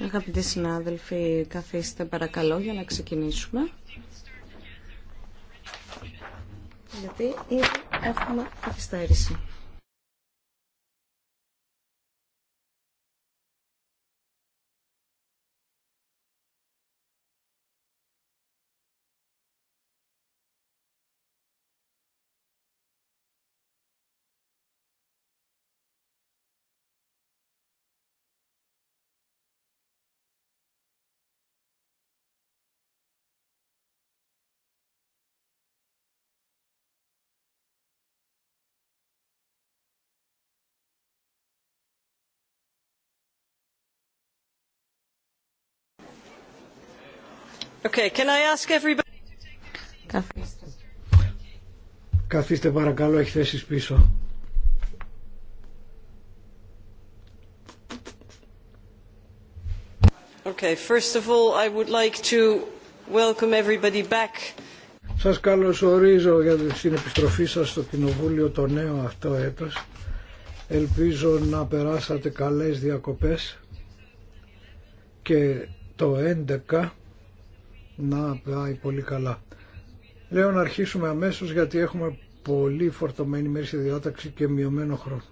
Αγαπητοί συνάδελφοι, καθίστε παρακαλώ για να ξεκινήσουμε. Γιατί ήδη έχουμε καθυστέρηση. Okay, can I ask everybody Καθίστε. Καθίστε παρακαλώ, έχει θέσεις πίσω. Okay, first of all, I would like to welcome everybody back. Σας καλωσορίζω για την επιστροφή σας στο Κοινοβούλιο το νέο αυτό έτος. Ελπίζω να περάσατε καλές διακοπές και το 11 να πάει πολύ καλά. Λέω να αρχίσουμε αμέσως γιατί έχουμε πολύ φορτωμένη μέση διάταξη και μειωμένο χρόνο.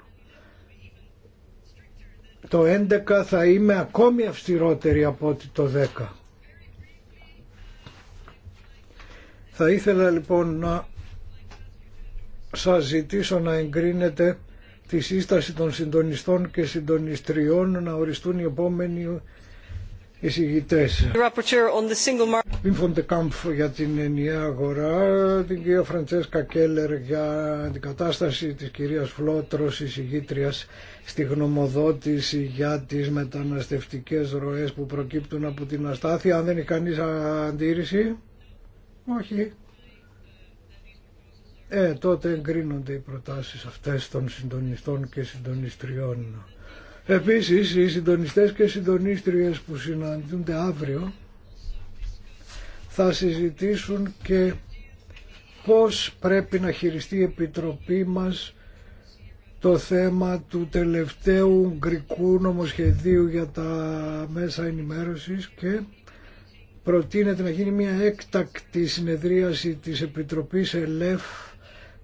Το 11 θα είμαι ακόμη αυστηρότερη από ότι το 10. Θα ήθελα λοιπόν να σας ζητήσω να εγκρίνετε τη σύσταση των συντονιστών και συντονιστριών να οριστούν οι επόμενοι εισηγητές. Βιμ για την ενιαία αγορά, την κυρία Φραντσέσκα Κέλλερ για την κατάσταση της κυρίας Φλότρος, εισηγήτριας στη γνωμοδότηση για τις μεταναστευτικές ροές που προκύπτουν από την αστάθεια. Αν δεν έχει κανεί αντίρρηση, όχι. Ε, τότε εγκρίνονται οι προτάσεις αυτές των συντονιστών και συντονιστριών. Επίσης, οι συντονιστές και συντονίστριες που συναντούνται αύριο θα συζητήσουν και πώς πρέπει να χειριστεί η Επιτροπή μας το θέμα του τελευταίου γκρικού νομοσχεδίου για τα μέσα ενημέρωσης και προτείνεται να γίνει μια έκτακτη συνεδρίαση της Επιτροπής ΕΛΕΦ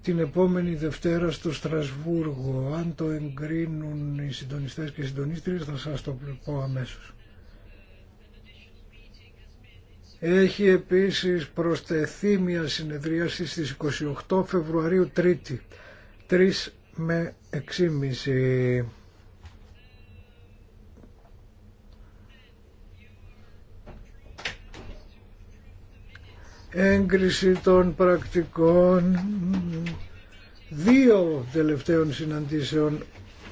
την επόμενη Δευτέρα στο Στρασβούργο. Αν το εγκρίνουν οι συντονιστές και οι συντονίστριες θα σας το πω αμέσως. Έχει επίσης προσθεθεί μια συνεδρίαση στις 28 Φεβρουαρίου Τρίτη, 3 με 6.30. έγκριση των πρακτικών δύο τελευταίων συναντήσεων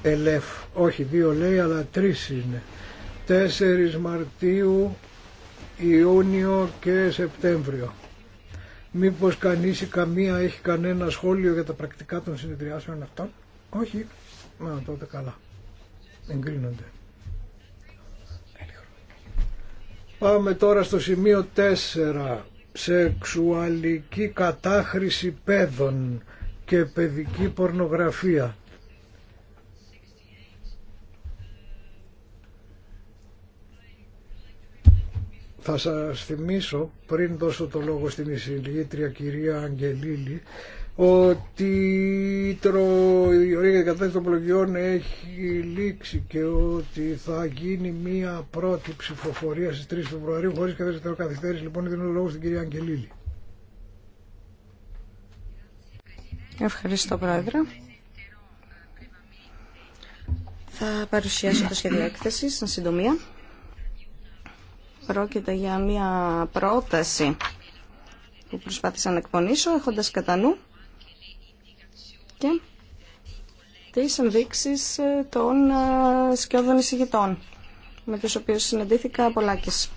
ΕΛΕΦ, όχι δύο λέει αλλά τρεις είναι 4 Μαρτίου, Ιούνιο και Σεπτέμβριο. Μήπως κανείς ή καμία έχει κανένα σχόλιο για τα πρακτικά των συνεδριάσεων αυτών. Όχι. Να τότε καλά. Εγκρίνονται. Πάμε τώρα στο σημείο 4 σεξουαλική κατάχρηση παιδών και παιδική πορνογραφία. Θα σας θυμίσω πριν δώσω το λόγο στην εισηγήτρια κυρία Αγγελίλη ότι η κατάσταση των πλογιών έχει λήξει και ότι θα γίνει μία πρώτη ψηφοφορία στις 3 Φεβρουαρίου χωρίς καθέστερο καθυστέρηση. Λοιπόν, δίνω λόγο στην κυρία Αγγελίλη. Ευχαριστώ, Πρόεδρε. Θα παρουσιάσω το σχέδιο έκθεση στην συντομία. Πρόκειται για μία πρόταση που προσπάθησα να εκπονήσω έχοντας κατά νου και τις ενδείξεις ε, των ε, σκιώδων εισηγητών με τους οποίους συναντήθηκα από Λάκης.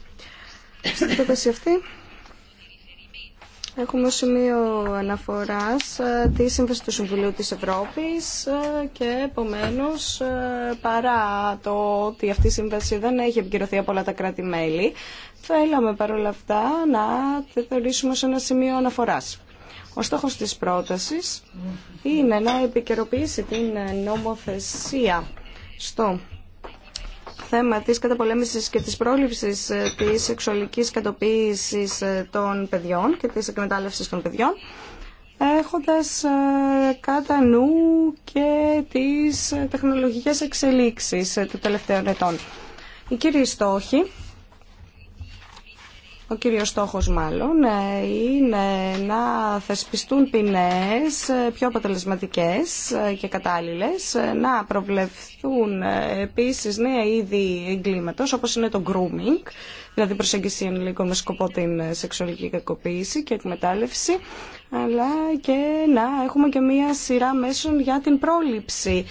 Στην πρόταση αυτή έχουμε ως σημείο αναφοράς ε, τη Σύμβαση του Συμβουλίου της Ευρώπης και επομένως παρά το ότι αυτή η σύμβαση δεν έχει επικυρωθεί από όλα τα κράτη-μέλη θέλαμε παρόλα αυτά να θεωρήσουμε σε ένα σημείο αναφοράς. Ο στόχος της πρότασης είναι να επικαιροποιήσει την νομοθεσία στο θέμα της καταπολέμησης και της πρόληψης της σεξουαλικής κατοποίησης των παιδιών και της εκμετάλλευσης των παιδιών έχοντας ε, κατά νου και τις τεχνολογικές εξελίξεις ε, του τελευταίων ετών. Οι κύριοι στόχοι ο κύριος στόχος μάλλον ε, είναι να θεσπιστούν ποινές ε, πιο αποτελεσματικές ε, και κατάλληλες, να προβλεφθούν επίσης νέα είδη εγκλήματος όπως είναι το grooming δηλαδή προσέγγιση ενηλίκων με σκοπό την σεξουαλική κακοποίηση και εκμετάλλευση, αλλά και να έχουμε και μία σειρά μέσων για την πρόληψη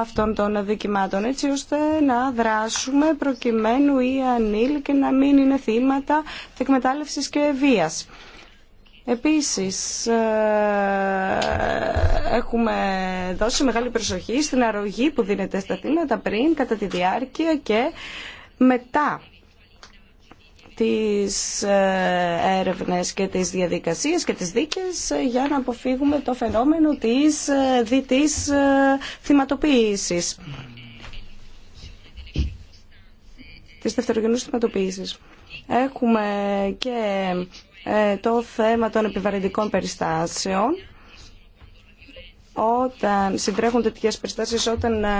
αυτών των αδικημάτων, έτσι ώστε να δράσουμε προκειμένου οι και να μην είναι θύματα εκμετάλλευσης και βίας. Επίσης, ε, έχουμε δώσει μεγάλη προσοχή στην αρρωγή που δίνεται στα θύματα πριν, κατά τη διάρκεια και μετά τις ε, έρευνες και τις διαδικασίες και τις δίκες ε, για να αποφύγουμε το φαινόμενο της ε, διτής θυματοποίησης. Της δευτερογενούς θυματοποίησης. Έχουμε και το θέμα των επιβαρυντικών περιστάσεων όταν συντρέχουν τέτοιες περιστάσεις, όταν ε,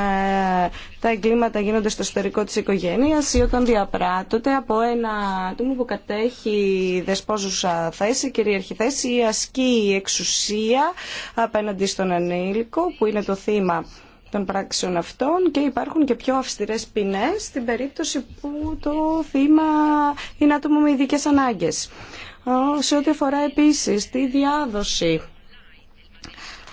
τα εγκλήματα γίνονται στο εσωτερικό της οικογένειας ή όταν διαπράττονται από ένα άτομο που κατέχει δεσπόζουσα θέση, κυρίαρχη θέση ή ασκεί εξουσία απέναντι στον ανήλικο που είναι το θύμα των πράξεων αυτών και υπάρχουν και πιο αυστηρές ποινές στην περίπτωση που το θύμα είναι άτομο με ειδικέ ανάγκες. Σε ό,τι αφορά επίσης τη διάδοση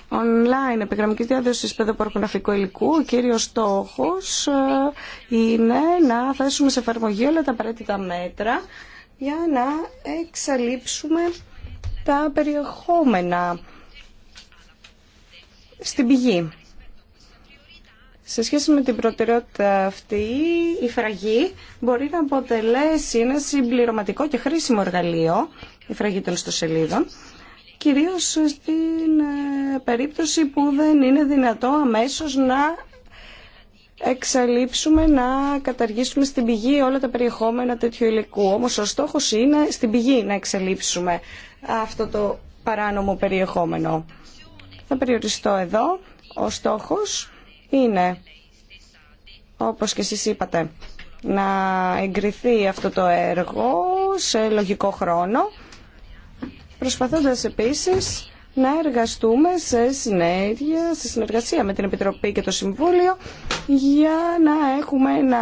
online επιγραμμική διάδοση παιδοπορκοναφικού υλικού. Ο κύριο στόχος ε, είναι να θέσουμε σε εφαρμογή όλα τα απαραίτητα μέτρα για να εξαλείψουμε τα περιεχόμενα στην πηγή. Σε σχέση με την προτεραιότητα αυτή, η φραγή μπορεί να αποτελέσει ένα συμπληρωματικό και χρήσιμο εργαλείο, η φραγή των ιστοσελίδων, κυρίως στην ε, περίπτωση που δεν είναι δυνατό αμέσως να εξαλείψουμε, να καταργήσουμε στην πηγή όλα τα περιεχόμενα τέτοιου υλικού. Όμως ο στόχος είναι στην πηγή να εξαλείψουμε αυτό το παράνομο περιεχόμενο. Θα περιοριστώ εδώ. Ο στόχος είναι, όπως και εσείς είπατε, να εγκριθεί αυτό το έργο σε λογικό χρόνο προσπαθώντας επίσης να εργαστούμε σε συνέργεια, σε συνεργασία με την Επιτροπή και το Συμβούλιο για να έχουμε ένα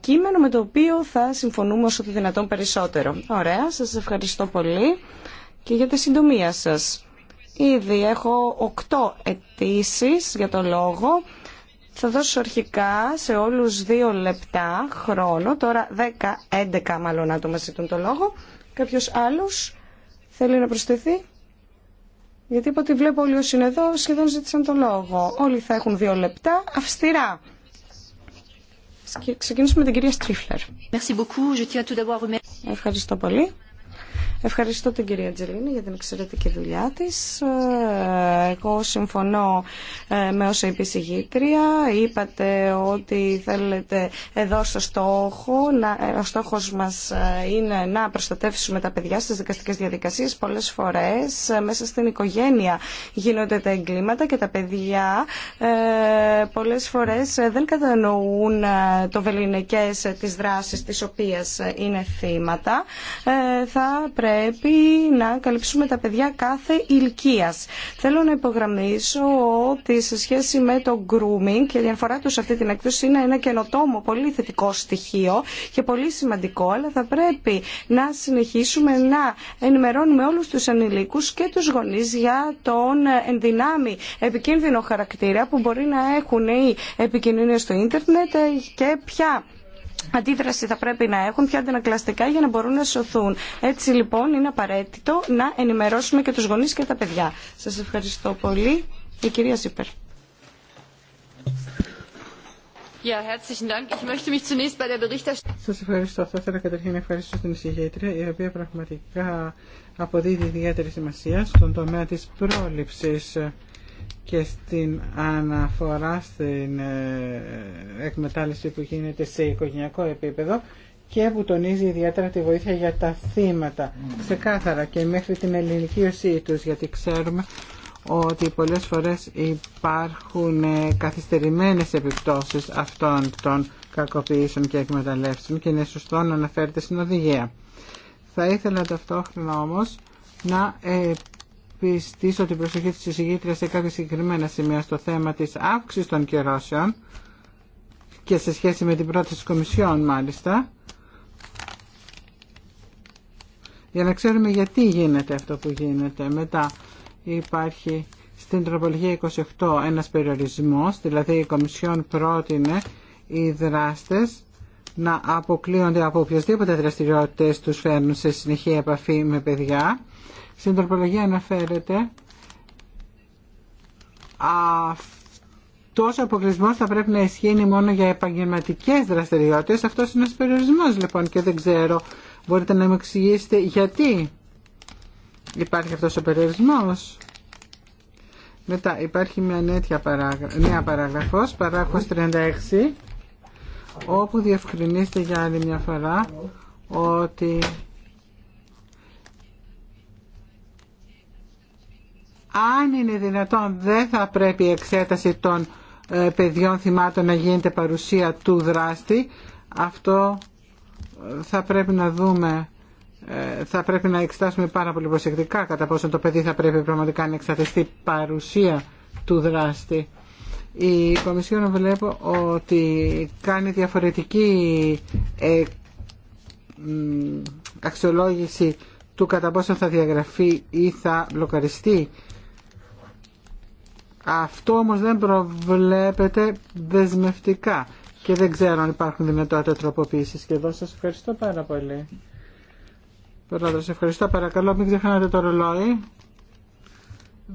κείμενο με το οποίο θα συμφωνούμε όσο το δυνατόν περισσότερο. Ωραία, σας ευχαριστώ πολύ και για τη συντομία σας. Ήδη έχω οκτώ αιτήσει για το λόγο. Θα δώσω αρχικά σε όλους δύο λεπτά χρόνο, τώρα 10-11 μάλλον άτομα ζητούν το λόγο. Κάποιος άλλος Θέλει να προσθεθεί. Γιατί είπα ότι βλέπω όλοι όσοι είναι εδώ σχεδόν ζήτησαν το λόγο. Όλοι θα έχουν δύο λεπτά αυστηρά. Ξεκινήσουμε με την κυρία Στρίφλερ. Ευχαριστώ πολύ. Ευχαριστώ την κυρία Τζελίνη για την εξαιρετική δουλειά της. Ε, εγώ συμφωνώ ε, με όσα είπε η συγγήτρια. Είπατε ότι θέλετε εδώ στο στόχο, να, ε, ο στόχος μας είναι να προστατεύσουμε τα παιδιά στις δικαστικές διαδικασίες. Πολλές φορές μέσα στην οικογένεια γίνονται τα εγκλήματα και τα παιδιά πολλές φορές δεν κατανοούν το βεληνικές τις δράσεις τις οποίες είναι θύματα. θα πρέπει πρέπει να καλυψούμε τα παιδιά κάθε ηλικία. Θέλω να υπογραμμίσω ότι σε σχέση με το grooming και η διαφορά του σε αυτή την εκδόση είναι ένα καινοτόμο, πολύ θετικό στοιχείο και πολύ σημαντικό, αλλά θα πρέπει να συνεχίσουμε να ενημερώνουμε όλους τους ανηλίκους και τους γονείς για τον ενδυνάμει επικίνδυνο χαρακτήρα που μπορεί να έχουν οι επικοινωνίες στο ίντερνετ και ποια αντίδραση θα πρέπει να έχουν, πια αντανακλαστικά για να μπορούν να σωθούν. Έτσι λοιπόν είναι απαραίτητο να ενημερώσουμε και τους γονείς και τα παιδιά. Σας ευχαριστώ πολύ. Η κυρία Σίπερ. Σας ευχαριστώ. Θα ήθελα καταρχήν να ευχαριστήσω την εισηγήτρια, η οποία πραγματικά αποδίδει ιδιαίτερη σημασία στον τομέα τη πρόληψη και στην αναφορά στην ε, εκμετάλλευση που γίνεται σε οικογενειακό επίπεδο και που τονίζει ιδιαίτερα τη βοήθεια για τα θύματα mm. κάθαρα και μέχρι την ουσία τους γιατί ξέρουμε ότι πολλές φορές υπάρχουν ε, καθυστερημένες επιπτώσεις αυτών των κακοποιήσεων και εκμεταλλεύσεων και είναι σωστό να αναφέρεται στην οδηγία. Θα ήθελα ταυτόχρονα όμως να πιστήσω την προσοχή της εισηγήτριας σε κάποια συγκεκριμένα σημεία στο θέμα της αύξησης των κυρώσεων και σε σχέση με την πρόταση της Κομισιόν μάλιστα για να ξέρουμε γιατί γίνεται αυτό που γίνεται. Μετά υπάρχει στην τροπολογία 28 ένας περιορισμός, δηλαδή η Κομισιόν πρότεινε οι δράστες να αποκλείονται από οποιασδήποτε δραστηριότητες τους φέρνουν σε συνεχή επαφή με παιδιά στην τροπολογία αναφέρεται αυτός ο αποκλεισμό θα πρέπει να ισχύει μόνο για επαγγελματικές δραστηριότητες. Αυτός είναι ο περιορισμός λοιπόν και δεν ξέρω. Μπορείτε να μου εξηγήσετε γιατί υπάρχει αυτός ο περιορισμός. Μετά υπάρχει μια νέα παράγραφος, παράγραφος 36, όπου διευκρινίστε για άλλη μια φορά ότι αν είναι δυνατόν δεν θα πρέπει η εξέταση των ε, παιδιών θυμάτων να γίνεται παρουσία του δράστη. Αυτό ε, θα πρέπει να δούμε, ε, θα πρέπει να εξετάσουμε πάρα πολύ προσεκτικά κατά πόσο το παιδί θα πρέπει πραγματικά να εξαρτηθεί παρουσία του δράστη. Η Κομισιόν βλέπω ότι κάνει διαφορετική αξιολόγηση του κατά πόσο θα διαγραφεί ή θα μπλοκαριστεί αυτό όμως δεν προβλέπεται δεσμευτικά και δεν ξέρω αν υπάρχουν δυνατότητα τροποποίησης και εδώ σας ευχαριστώ πάρα πολύ. Πρόεδρος, ευχαριστώ παρακαλώ μην ξεχνάτε το ρολόι.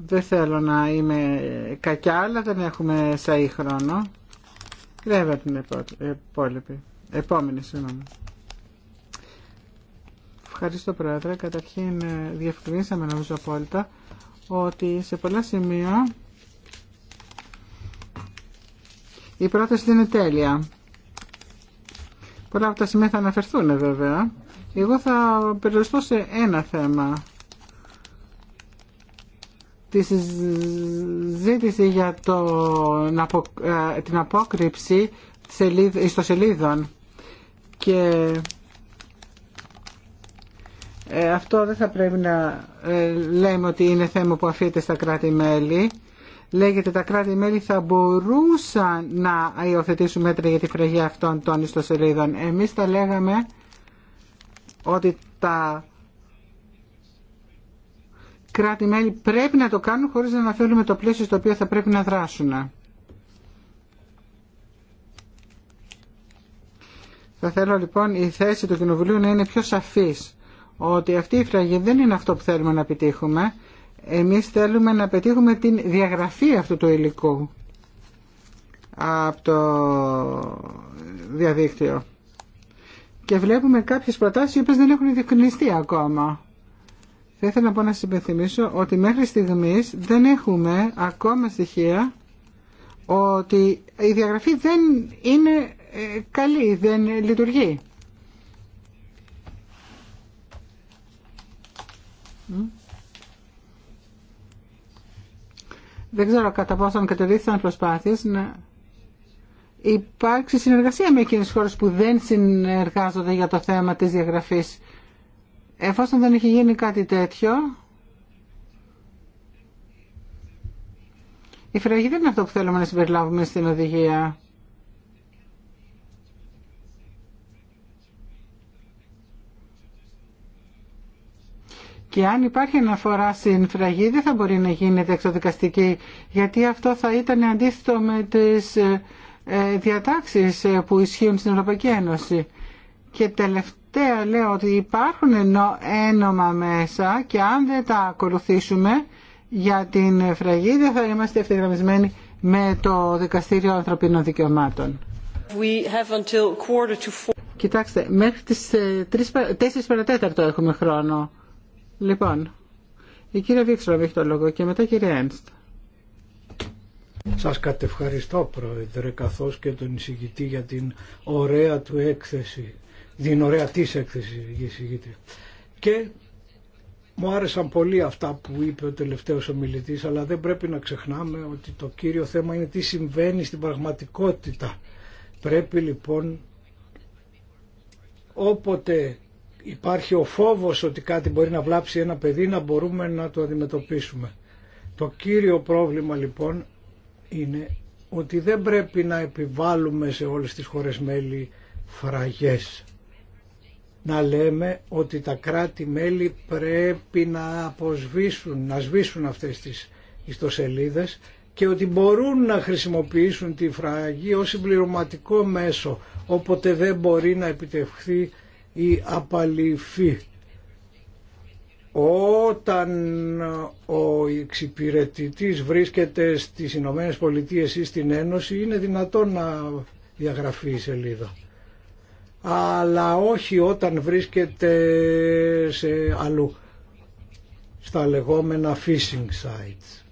Δεν θέλω να είμαι κακιά, αλλά δεν έχουμε σαΐ χρόνο. Ρέβα την επόμενη, επόμενη συγγνώμη. Ευχαριστώ Πρόεδρε. Καταρχήν ε, διευκρινίσαμε νομίζω απόλυτα ότι σε πολλά σημεία Η πρόταση δεν είναι τέλεια. Πολλά από τα σημεία θα αναφερθούν βέβαια. Εγώ θα περιοριστώ σε ένα θέμα. Τη συζήτηση για το, ε, την απόκρυψη ιστοσελίδων. Και ε, αυτό δεν θα πρέπει να ε, λέμε ότι είναι θέμα που αφήνεται στα κράτη-μέλη λέγεται τα κράτη-μέλη θα μπορούσαν να υιοθετήσουν μέτρα για τη φραγή αυτών των ιστοσελίδων. Εμείς τα λέγαμε ότι τα κράτη-μέλη πρέπει να το κάνουν χωρίς να αναφέρουμε το πλαίσιο στο οποίο θα πρέπει να δράσουν. Θα θέλω λοιπόν η θέση του Κοινοβουλίου να είναι πιο σαφής ότι αυτή η φραγή δεν είναι αυτό που θέλουμε να επιτύχουμε εμείς θέλουμε να πετύχουμε την διαγραφή αυτού του υλικού από το διαδίκτυο. Και βλέπουμε κάποιες προτάσεις οι δεν έχουν διευκρινιστεί ακόμα. Θα ήθελα να πω να σας υπενθυμίσω ότι μέχρι στιγμής δεν έχουμε ακόμα στοιχεία ότι η διαγραφή δεν είναι ε, καλή, δεν λειτουργεί. δεν ξέρω κατά πόσον κατελήφθησαν προσπάθειες να υπάρξει συνεργασία με εκείνες τις χώρες που δεν συνεργάζονται για το θέμα της διαγραφής. Εφόσον δεν έχει γίνει κάτι τέτοιο, η φραγή δεν είναι αυτό που θέλουμε να συμπεριλάβουμε στην οδηγία. Και αν υπάρχει αναφορά στην φραγή δεν θα μπορεί να γίνεται εξοδικαστική γιατί αυτό θα ήταν αντίθετο με τις ε, ε, διατάξεις ε, που ισχύουν στην Ευρωπαϊκή Ένωση. Και τελευταία λέω ότι υπάρχουν ενώ ένομα μέσα και αν δεν τα ακολουθήσουμε για την φραγή δεν θα είμαστε ευθυγραμμισμένοι με το Δικαστήριο Ανθρωπίνων Δικαιωμάτων. We have until quarter to four. Κοιτάξτε, μέχρι τις 4 παρατέταρτο έχουμε χρόνο. Λοιπόν, η κυρία Βίξτρομ έχει το λόγο και μετά η κυρία Ένστ. Σας κατευχαριστώ Πρόεδρε καθώς και τον εισηγητή για την ωραία του έκθεση, την ωραία της έκθεση εισηγητή. Και μου άρεσαν πολύ αυτά που είπε ο τελευταίος ομιλητής αλλά δεν πρέπει να ξεχνάμε ότι το κύριο θέμα είναι τι συμβαίνει στην πραγματικότητα. Πρέπει λοιπόν όποτε υπάρχει ο φόβος ότι κάτι μπορεί να βλάψει ένα παιδί να μπορούμε να το αντιμετωπίσουμε. Το κύριο πρόβλημα λοιπόν είναι ότι δεν πρέπει να επιβάλλουμε σε όλες τις χώρες μέλη φραγές. Να λέμε ότι τα κράτη-μέλη πρέπει να αποσβήσουν, να σβήσουν αυτές τις ιστοσελίδες και ότι μπορούν να χρησιμοποιήσουν τη φραγή ως συμπληρωματικό μέσο όποτε δεν μπορεί να επιτευχθεί η απαλήφη. Όταν ο εξυπηρετητής βρίσκεται στις Ηνωμένε Πολιτείες ή στην Πολιτείε η σελίδα. Αλλά όχι όταν βρίσκεται σε αλλού στα λεγόμενα phishing sites.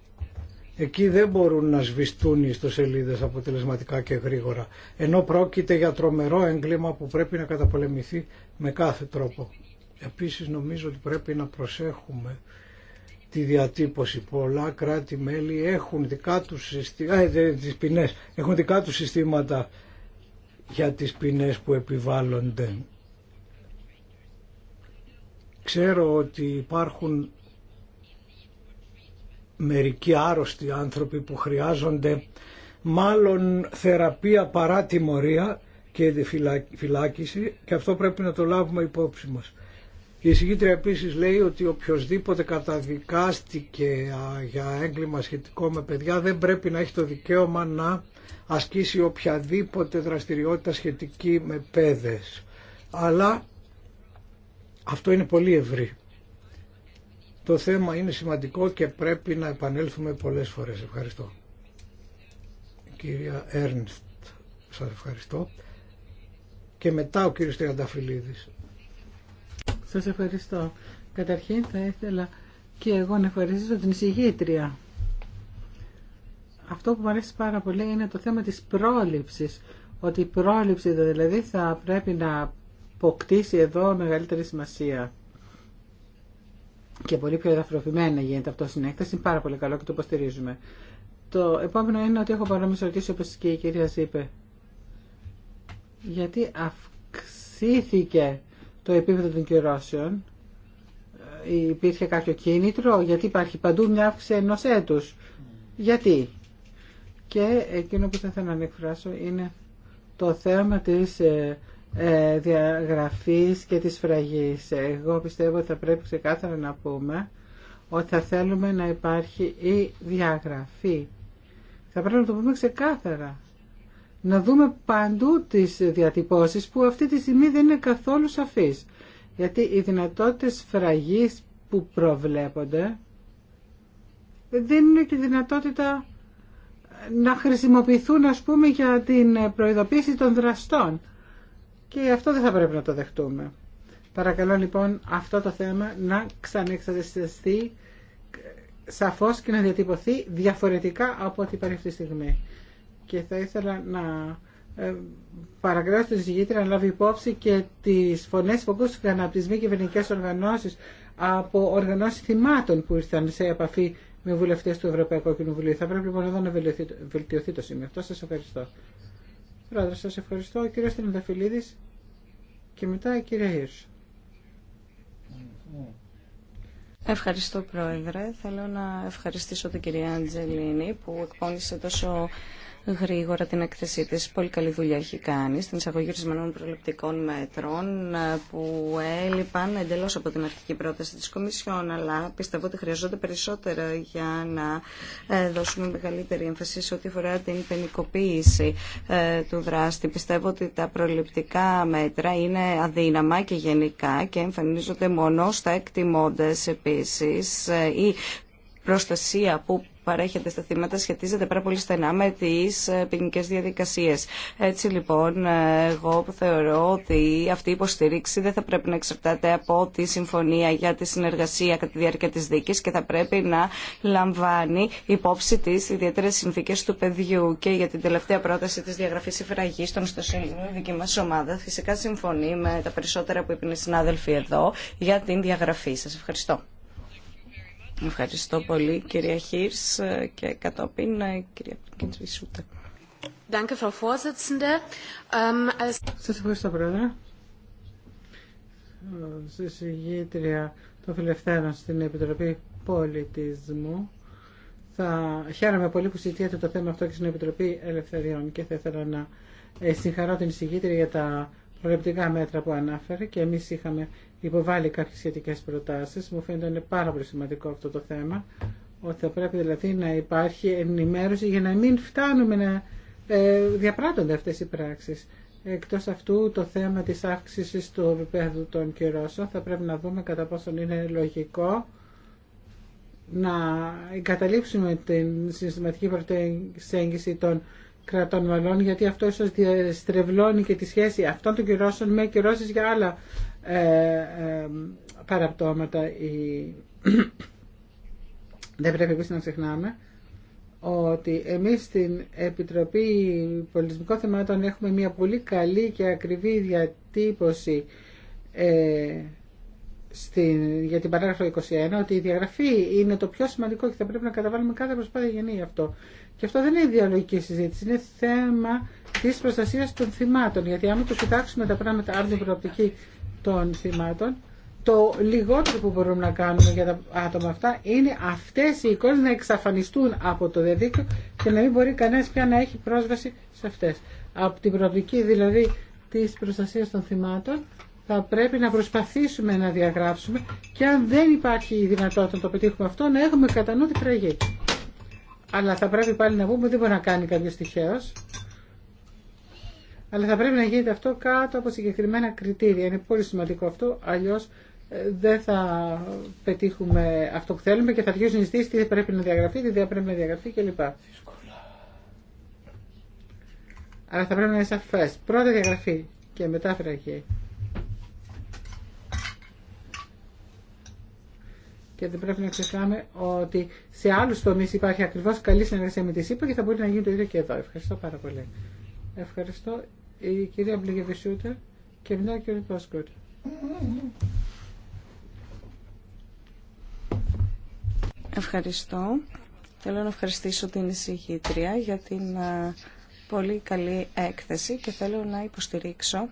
Εκεί δεν μπορούν να σβηστούν οι ιστοσελίδες αποτελεσματικά και γρήγορα, ενώ πρόκειται για τρομερό έγκλημα που πρέπει να καταπολεμηθεί με κάθε τρόπο. Επίσης νομίζω ότι πρέπει να προσέχουμε τη διατύπωση. Πολλά κράτη-μέλη έχουν δικά τους συστήματα, έχουν δικά τους συστήματα για τις ποινές που επιβάλλονται. Ξέρω ότι υπάρχουν μερικοί άρρωστοι άνθρωποι που χρειάζονται μάλλον θεραπεία παρά τιμωρία και φυλάκιση και αυτό πρέπει να το λάβουμε υπόψη μας. Η εισηγήτρια επίση λέει ότι οποιοδήποτε καταδικάστηκε για έγκλημα σχετικό με παιδιά δεν πρέπει να έχει το δικαίωμα να ασκήσει οποιαδήποτε δραστηριότητα σχετική με παιδες. Αλλά αυτό είναι πολύ ευρύ. Το θέμα είναι σημαντικό και πρέπει να επανέλθουμε πολλές φορές. Ευχαριστώ. Κυρία Έρνστ, σας ευχαριστώ. Και μετά ο κύριος Τριανταφυλλίδης. Σας ευχαριστώ. Καταρχήν θα ήθελα και εγώ να ευχαριστήσω την εισηγήτρια. Αυτό που μου αρέσει πάρα πολύ είναι το θέμα της πρόληψης. Ότι η πρόληψη δηλαδή θα πρέπει να αποκτήσει εδώ μεγαλύτερη σημασία και πολύ πιο εδαφροποιημένα γίνεται αυτό στην έκθεση. Είναι πάρα πολύ καλό και το υποστηρίζουμε. Το επόμενο είναι ότι έχω παρόμοιε ερωτήσει όπω και η κυρία είπε. Γιατί αυξήθηκε το επίπεδο των κυρώσεων, ε, υπήρχε κάποιο κίνητρο, γιατί υπάρχει παντού μια αύξηση ενό έτου. Γιατί. Και εκείνο που θα ήθελα να εκφράσω είναι το θέμα της ε, ε, διαγραφής και της φραγής. Εγώ πιστεύω ότι θα πρέπει ξεκάθαρα να πούμε ότι θα θέλουμε να υπάρχει η διαγραφή. Θα πρέπει να το πούμε ξεκάθαρα. Να δούμε παντού τις διατυπώσεις που αυτή τη στιγμή δεν είναι καθόλου σαφής. Γιατί οι δυνατότητες φραγής που προβλέπονται δεν είναι και δυνατότητα να χρησιμοποιηθούν ας πούμε για την προειδοποίηση των δραστών. Και αυτό δεν θα πρέπει να το δεχτούμε. Παρακαλώ λοιπόν αυτό το θέμα να ξανεξαρτηθεί σαφώς και να διατυπωθεί διαφορετικά από ό,τι υπάρχει αυτή τη στιγμή. Και θα ήθελα να ε, παρακαλώ τη συζητήτρια να λάβει υπόψη και τις φωνές που ακούστηκαν από τις μη κυβερνικές οργανώσεις, από οργανώσεις θυμάτων που ήρθαν σε επαφή με βουλευτές του Ευρωπαϊκού Κοινοβουλίου. Θα πρέπει λοιπόν εδώ να βελτιωθεί, το σημείο. Αυτό σας ευχαριστώ. Πρόεδρε, σας ευχαριστώ. Ο κύριος και μετά η κυρία Ευχαριστώ Πρόεδρε. Θέλω να ευχαριστήσω την κυρία Αντζελίνη που εκπώνησε τόσο γρήγορα την έκθεσή τη. Πολύ καλή δουλειά έχει κάνει στην εισαγωγή ορισμένων προληπτικών μέτρων ε, που έλειπαν εντελώς από την αρχική πρόταση της Κομισιόν, αλλά πιστεύω ότι χρειαζόνται περισσότερα για να ε, δώσουμε μεγαλύτερη έμφαση σε ό,τι αφορά την πενικοποίηση ε, του δράστη. Πιστεύω ότι τα προληπτικά μέτρα είναι αδύναμα και γενικά και εμφανίζονται μόνο στα εκτιμώντες επίση η προστασία που παρέχεται στα θύματα σχετίζεται πάρα πολύ στενά με τι ε, ποινικέ διαδικασίε. Έτσι λοιπόν, ε, εγώ θεωρώ ότι αυτή η υποστήριξη δεν θα πρέπει να εξαρτάται από τη συμφωνία για τη συνεργασία κατά τη διάρκεια τη δίκη και θα πρέπει να λαμβάνει υπόψη τις ιδιαίτερε συνθήκε του παιδιού και για την τελευταία πρόταση τη διαγραφή υφραγή των η δική μα ομάδα. Φυσικά συμφωνεί με τα περισσότερα που είπαν οι συνάδελφοι εδώ για την διαγραφή. σα ευχαριστώ. Ευχαριστώ πολύ κυρία Χίρς και κατόπιν ε, κυρία Κεντρισούτα. Ähm, Σας ευχαριστώ πρόεδρε. Συζητήτρια των Φιλευθέρων στην Επιτροπή Πολιτισμού. Θα χαίρομαι πολύ που συζητιέται το θέμα αυτό και στην Επιτροπή Ελευθεριών και θα ήθελα να ε, συγχαρώ την συγγήτρια για τα προεπτικά μέτρα που ανάφερε και εμείς είχαμε υποβάλει κάποιες σχετικές προτάσεις. Μου φαίνεται είναι πάρα πολύ σημαντικό αυτό το θέμα, ότι θα πρέπει δηλαδή να υπάρχει ενημέρωση για να μην φτάνουμε να ε, διαπράττονται αυτές οι πράξεις. Εκτός αυτού το θέμα της αύξησης του επίπεδου των κυρώσεων θα πρέπει να δούμε κατά πόσον είναι λογικό να εγκαταλείψουμε την συστηματική προσέγγιση των κρατών μελών γιατί αυτό ίσως στρεβλώνει και τη σχέση αυτών των κυρώσεων με κυρώσεις για άλλα ε, ε, παραπτώματα ή δεν πρέπει επίσης να ξεχνάμε ότι εμείς στην Επιτροπή Πολιτισμικών Θεμάτων έχουμε μια πολύ καλή και ακριβή διατύπωση ε, για την παράγραφο 21 ότι η διαγραφή είναι το πιο σημαντικό και θα πρέπει να καταβάλουμε κάθε προσπάθεια γεννή αυτό. Και αυτό δεν είναι ιδεολογική συζήτηση, είναι θέμα της προστασίας των θυμάτων. Γιατί άμα το κοιτάξουμε τα πράγματα από προοπτική των θυμάτων, το λιγότερο που μπορούμε να κάνουμε για τα άτομα αυτά είναι αυτές οι εικόνες να εξαφανιστούν από το διαδίκτυο και να μην μπορεί κανένας πια να έχει πρόσβαση σε αυτές. Από την προοπτική δηλαδή της προστασίας των θυμάτων θα πρέπει να προσπαθήσουμε να διαγράψουμε και αν δεν υπάρχει η δυνατότητα να το πετύχουμε αυτό να έχουμε κατά νου Αλλά θα πρέπει πάλι να πούμε ότι δεν μπορεί να κάνει κάποιο τυχαίος αλλά θα πρέπει να γίνεται αυτό κάτω από συγκεκριμένα κριτήρια. Είναι πολύ σημαντικό αυτό, αλλιώς ε, δεν θα πετύχουμε αυτό που θέλουμε και θα αρχίσουν οι τι πρέπει να διαγραφεί, τι δεν πρέπει να διαγραφεί κλπ. Αλλά θα πρέπει να είναι σαφέ. Πρώτα διαγραφή και μετά φυλακή. Και δεν πρέπει να ξεχνάμε ότι σε άλλους τομείς υπάρχει ακριβώς καλή συνεργασία με τη ΣΥΠΑ και θα μπορεί να γίνει το ίδιο και εδώ. Ευχαριστώ πάρα πολύ. Ευχαριστώ. Η κυρία Μπλεγεβισούτα και μετά ο κύριο Πάσκορ. Ευχαριστώ. Θέλω να ευχαριστήσω την εισηγήτρια για την ε, πολύ καλή έκθεση και θέλω να υποστηρίξω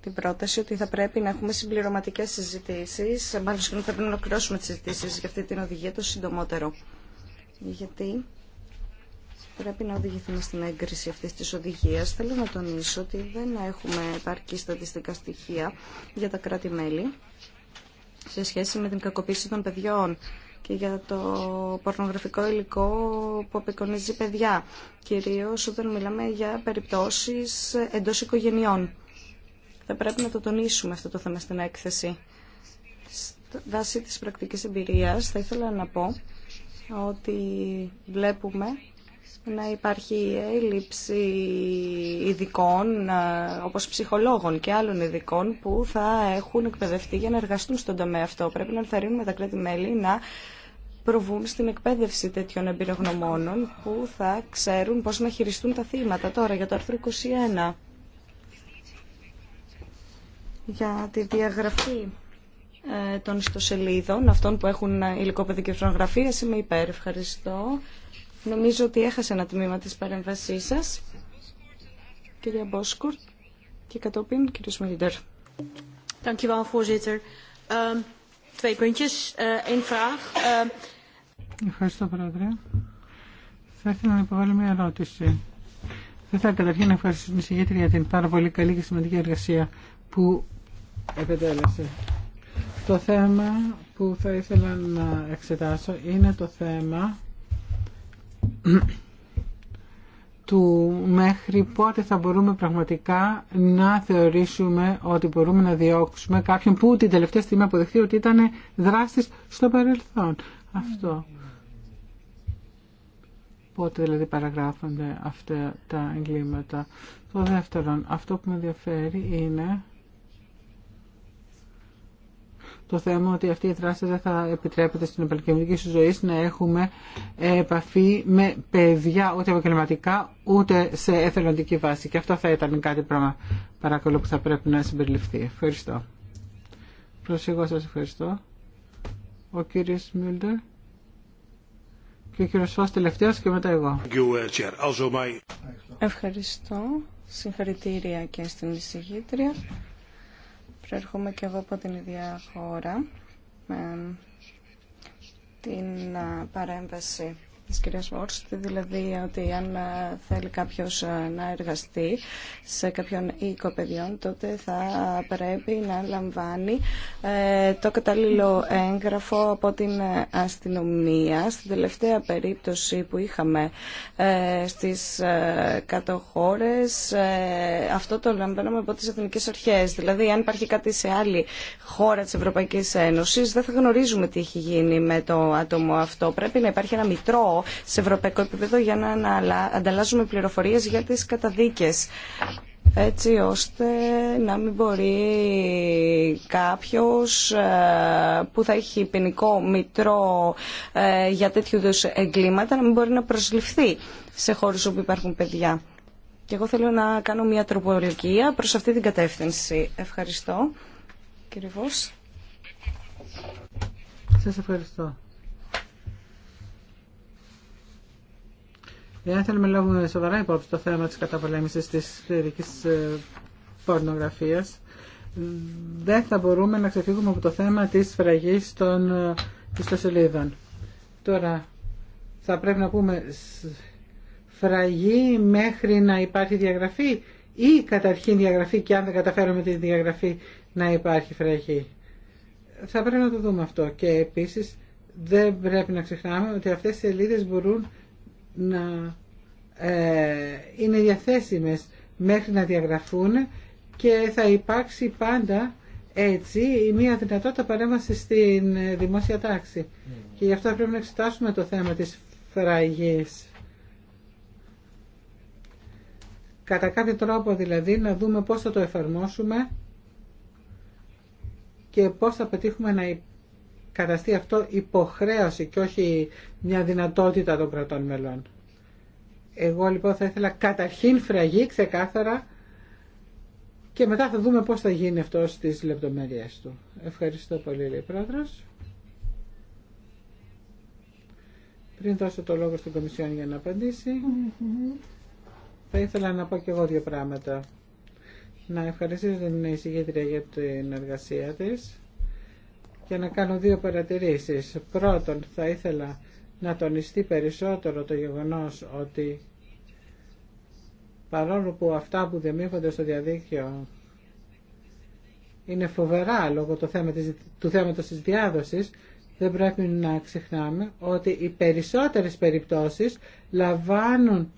την πρόταση ότι θα πρέπει να έχουμε συμπληρωματικές συζητήσεις, ε, μάλλον θα πρέπει να ολοκληρώσουμε τις συζητήσεις για αυτή την οδηγία το συντομότερο. Γιατί πρέπει να οδηγηθούμε στην έγκριση αυτή της οδηγίας. Θέλω να τονίσω ότι δεν έχουμε επαρκή στατιστικά στοιχεία για τα κράτη-μέλη σε σχέση με την κακοποίηση των παιδιών και για το πορνογραφικό υλικό που απεικονίζει παιδιά, κυρίως όταν μιλάμε για περιπτώσεις εντός οικογενειών. Θα πρέπει να το τονίσουμε αυτό το θέμα στην έκθεση. βάση της πρακτικής εμπειρίας θα ήθελα να πω ότι βλέπουμε να υπάρχει έλλειψη ειδικών, ε, όπως ψυχολόγων και άλλων ειδικών, που θα έχουν εκπαιδευτεί για να εργαστούν στον τομέα αυτό. Πρέπει να ενθαρρύνουμε τα κράτη-μέλη να προβούν στην εκπαίδευση τέτοιων εμπειρογνωμόνων που θα ξέρουν πώς να χειριστούν τα θύματα. Τώρα για το άρθρο 21, για τη διαγραφή ε, των ιστοσελίδων, αυτών που έχουν υλικό και είμαι υπέρ. Ευχαριστώ. Νομίζω ότι έχασε ένα τμήμα της παρέμβασής σας, κυρία Μπόσκουρτ, και κατόπιν κύριος Σμίλντερ. Ehm, eh, ehm, Ευχαριστώ, Πρόεδρε. Θα ήθελα να υποβάλω μια ερώτηση. Θα ήθελα καταρχήν να ευχαριστήσω την συγκέντρια για την πάρα πολύ καλή και σημαντική εργασία που επετέλεσε. Το θέμα που θα ήθελα να εξετάσω είναι το θέμα του μέχρι πότε θα μπορούμε πραγματικά να θεωρήσουμε ότι μπορούμε να διώξουμε κάποιον που την τελευταία στιγμή αποδεχτεί ότι ήταν δράστης στο παρελθόν. Αυτό. Πότε δηλαδή παραγράφονται αυτά τα εγκλήματα. Το δεύτερον, αυτό που με ενδιαφέρει είναι το θέμα ότι αυτή η δράση δεν θα επιτρέπεται στην επαγγελματική σου ζωή να έχουμε επαφή με παιδιά ούτε επαγγελματικά ούτε σε εθελοντική βάση. Και αυτό θα ήταν κάτι πράγμα παρακαλώ που θα πρέπει να συμπεριληφθεί. Ευχαριστώ. Προσεγώ σας ευχαριστώ. Ο κύριος Μιλτερ. και ο κύριος Φως τελευταίος και μετά εγώ. Uh, ευχαριστώ. Συγχαρητήρια και στην εισηγήτρια. Προέρχομαι και εγώ από την ίδια χώρα με την παρέμβαση της κυρίας Βόρστ, δηλαδή ότι αν ε, θέλει κάποιος ε, να εργαστεί σε κάποιον οίκο παιδιών, τότε θα πρέπει να λαμβάνει ε, το κατάλληλο έγγραφο από την αστυνομία. Στην τελευταία περίπτωση που είχαμε στις κατοχώρες, αυτό το λαμβάνουμε από τις εθνικές αρχές. Δηλαδή, αν υπάρχει κάτι σε άλλη χώρα της Ευρωπαϊκής Ένωσης, δεν θα γνωρίζουμε τι έχει γίνει με το άτομο αυτό. Πρέπει να υπάρχει ένα μητρό σε ευρωπαϊκό επίπεδο για να ανταλλάζουμε πληροφορίες για τις καταδίκες έτσι ώστε να μην μπορεί κάποιος ε, που θα έχει ποινικό μητρό ε, για τέτοιου είδους εγκλήματα να μην μπορεί να προσληφθεί σε χώρους όπου υπάρχουν παιδιά. Και εγώ θέλω να κάνω μια τροπολογία προς αυτή την κατεύθυνση. Ευχαριστώ. Κύριε Βος. Σας ευχαριστώ. Εάν θέλουμε να λάβουμε σοβαρά υπόψη το θέμα της καταπολέμησης της θερικής ε, πορνογραφίας, δεν θα μπορούμε να ξεφύγουμε από το θέμα της φραγής των ε, ιστοσελίδων. Τώρα, θα πρέπει να πούμε φραγή μέχρι να υπάρχει διαγραφή ή καταρχήν διαγραφή και αν δεν καταφέρουμε τη διαγραφή να υπάρχει φραγή. Θα πρέπει να το δούμε αυτό και επίσης δεν πρέπει να ξεχνάμε ότι αυτές οι σελίδες μπορούν να ε, είναι διαθέσιμες μέχρι να διαγραφούν και θα υπάρξει πάντα έτσι μια δυνατότητα παρέμβαση στην ε, δημόσια τάξη. Mm. Και γι' αυτό πρέπει να εξετάσουμε το θέμα της φραγής. Κατά κάποιο τρόπο δηλαδή να δούμε πώς θα το εφαρμόσουμε και πώς θα πετύχουμε να καταστεί αυτό υποχρέωση και όχι μια δυνατότητα των κρατών μελών. Εγώ λοιπόν θα ήθελα καταρχήν φραγή ξεκάθαρα και μετά θα δούμε πώς θα γίνει αυτό στις λεπτομέρειες του. Ευχαριστώ πολύ, λέει Πρόεδρος. Πριν δώσω το λόγο στην Κομισιόν για να απαντήσει, θα ήθελα να πω και εγώ δύο πράγματα. Να ευχαριστήσω την εισηγήτρια για την εργασία της για να κάνω δύο παρατηρήσεις. Πρώτον, θα ήθελα να τονιστεί περισσότερο το γεγονός ότι παρόλο που αυτά που δημιούργονται στο διαδίκτυο είναι φοβερά λόγω το θέμα του θέματος της διάδοσης, δεν πρέπει να ξεχνάμε ότι οι περισσότερες περιπτώσεις λαμβάνουν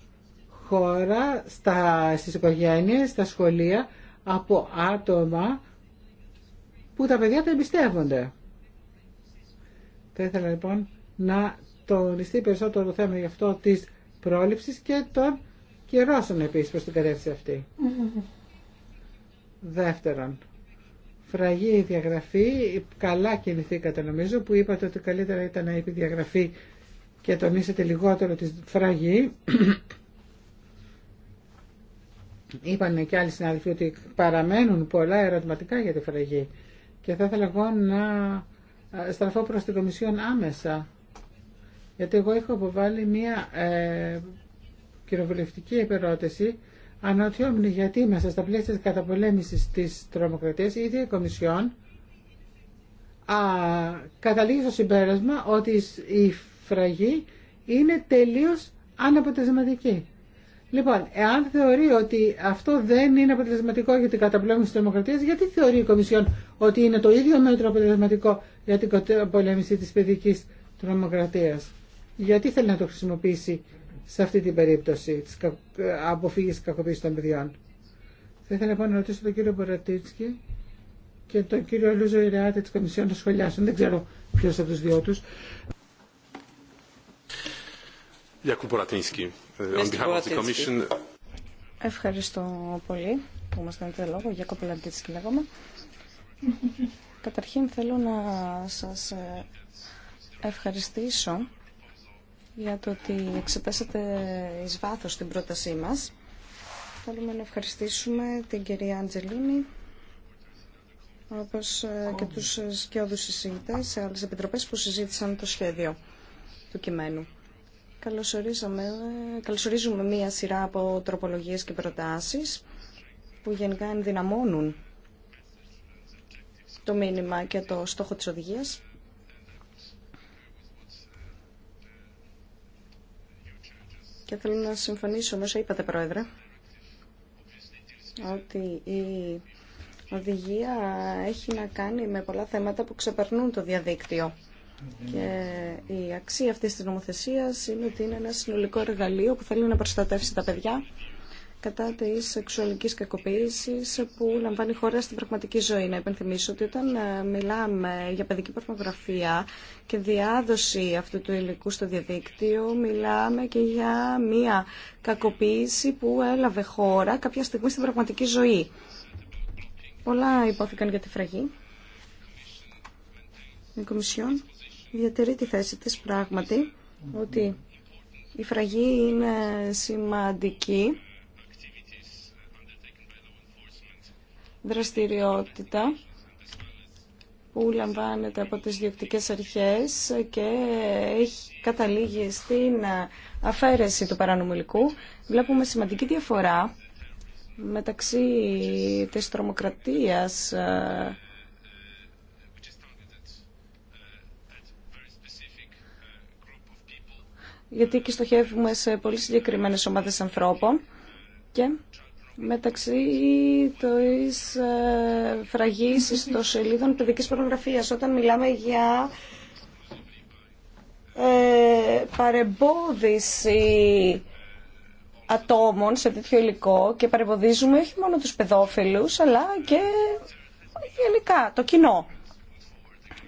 χώρα στα, στις στα σχολεία, από άτομα που τα παιδιά τα εμπιστεύονται. Θα ήθελα λοιπόν να τονιστεί περισσότερο το θέμα γι' αυτό της πρόληψης και των κυρώσεων επίσης προς την κατεύθυνση αυτή. Δεύτερον, φραγή η διαγραφή, καλά κινηθήκατε νομίζω που είπατε ότι καλύτερα ήταν να είπε διαγραφή και τονίσετε λιγότερο τη φραγή. Είπανε και άλλοι συνάδελφοι ότι παραμένουν πολλά ερωτηματικά για τη φραγή και θα ήθελα εγώ να στραφώ προς την Κομισιόν άμεσα. Γιατί εγώ έχω αποβάλει μία ε, κοινοβουλευτική υπερώτηση αναρωτιόμουν γιατί μέσα στα πλαίσια της καταπολέμησης της τρομοκρατίας η ίδια η Κομισιόν α, καταλήγει στο συμπέρασμα ότι η φραγή είναι τελείως αναποτελεσματική. Λοιπόν, εάν θεωρεί ότι αυτό δεν είναι αποτελεσματικό για την καταπολέμηση της τρομοκρατίας, γιατί θεωρεί η Κομισιόν ότι είναι το ίδιο μέτρο αποτελεσματικό για την καταπολέμηση της παιδικής τρομοκρατίας. Γιατί θέλει να το χρησιμοποιήσει σε αυτή την περίπτωση της αποφύγησης κακοποίησης των παιδιών. Θα ήθελα λοιπόν να ρωτήσω τον κύριο Μπορατίτσκι και τον κύριο Λούζο Ιρεάτη της Κομισιόν να σχολιάσουν. Δεν ξέρω ποιος από τους δυο τους. Ευχαριστώ πολύ που μας κάνετε λόγο. Γιάκο λέγομαι. Καταρχήν θέλω να σας ε, ευχαριστήσω για το ότι εξετάσατε εις βάθος την πρότασή μας. Θέλουμε να ευχαριστήσουμε την κυρία Αντζελίνη, όπως ε, και τους σκιώδους συζήτητες σε άλλες επιτροπές που συζήτησαν το σχέδιο του κειμένου. Καλωσορίζουμε μία σειρά από τροπολογίες και προτάσεις που γενικά ενδυναμώνουν το μήνυμα και το στόχο της οδηγίας. Και θέλω να συμφωνήσω με όσα είπατε, Πρόεδρε, ότι η οδηγία έχει να κάνει με πολλά θέματα που ξεπερνούν το διαδίκτυο. Και η αξία αυτής της νομοθεσίας είναι ότι είναι ένα συνολικό εργαλείο που θέλει να προστατεύσει τα παιδιά κατά τη σεξουαλική κακοποίηση που λαμβάνει χώρα στην πραγματική ζωή. Να υπενθυμίσω ότι όταν ε, μιλάμε για παιδική πορνογραφία και διάδοση αυτού του υλικού στο διαδίκτυο, μιλάμε και για μία κακοποίηση που έλαβε χώρα κάποια στιγμή στην πραγματική ζωή. Πολλά υπόθηκαν για τη φραγή. Η Κομισιόν διατηρεί τη θέση της πράγματι ότι η φραγή είναι σημαντική δραστηριότητα που λαμβάνεται από τις διοκτικές αρχές και έχει καταλήγει στην αφαίρεση του παρανομηλικού. Βλέπουμε σημαντική διαφορά μεταξύ της τρομοκρατίας ε, γιατί εκεί στοχεύουμε σε πολύ συγκεκριμένες ομάδες ανθρώπων και μεταξύ ε, φραγή των σελίδων παιδικής πορνογραφίας. Όταν μιλάμε για ε, παρεμπόδιση ατόμων σε τέτοιο υλικό και παρεμποδίζουμε όχι μόνο τους παιδόφιλους αλλά και γενικά το κοινό.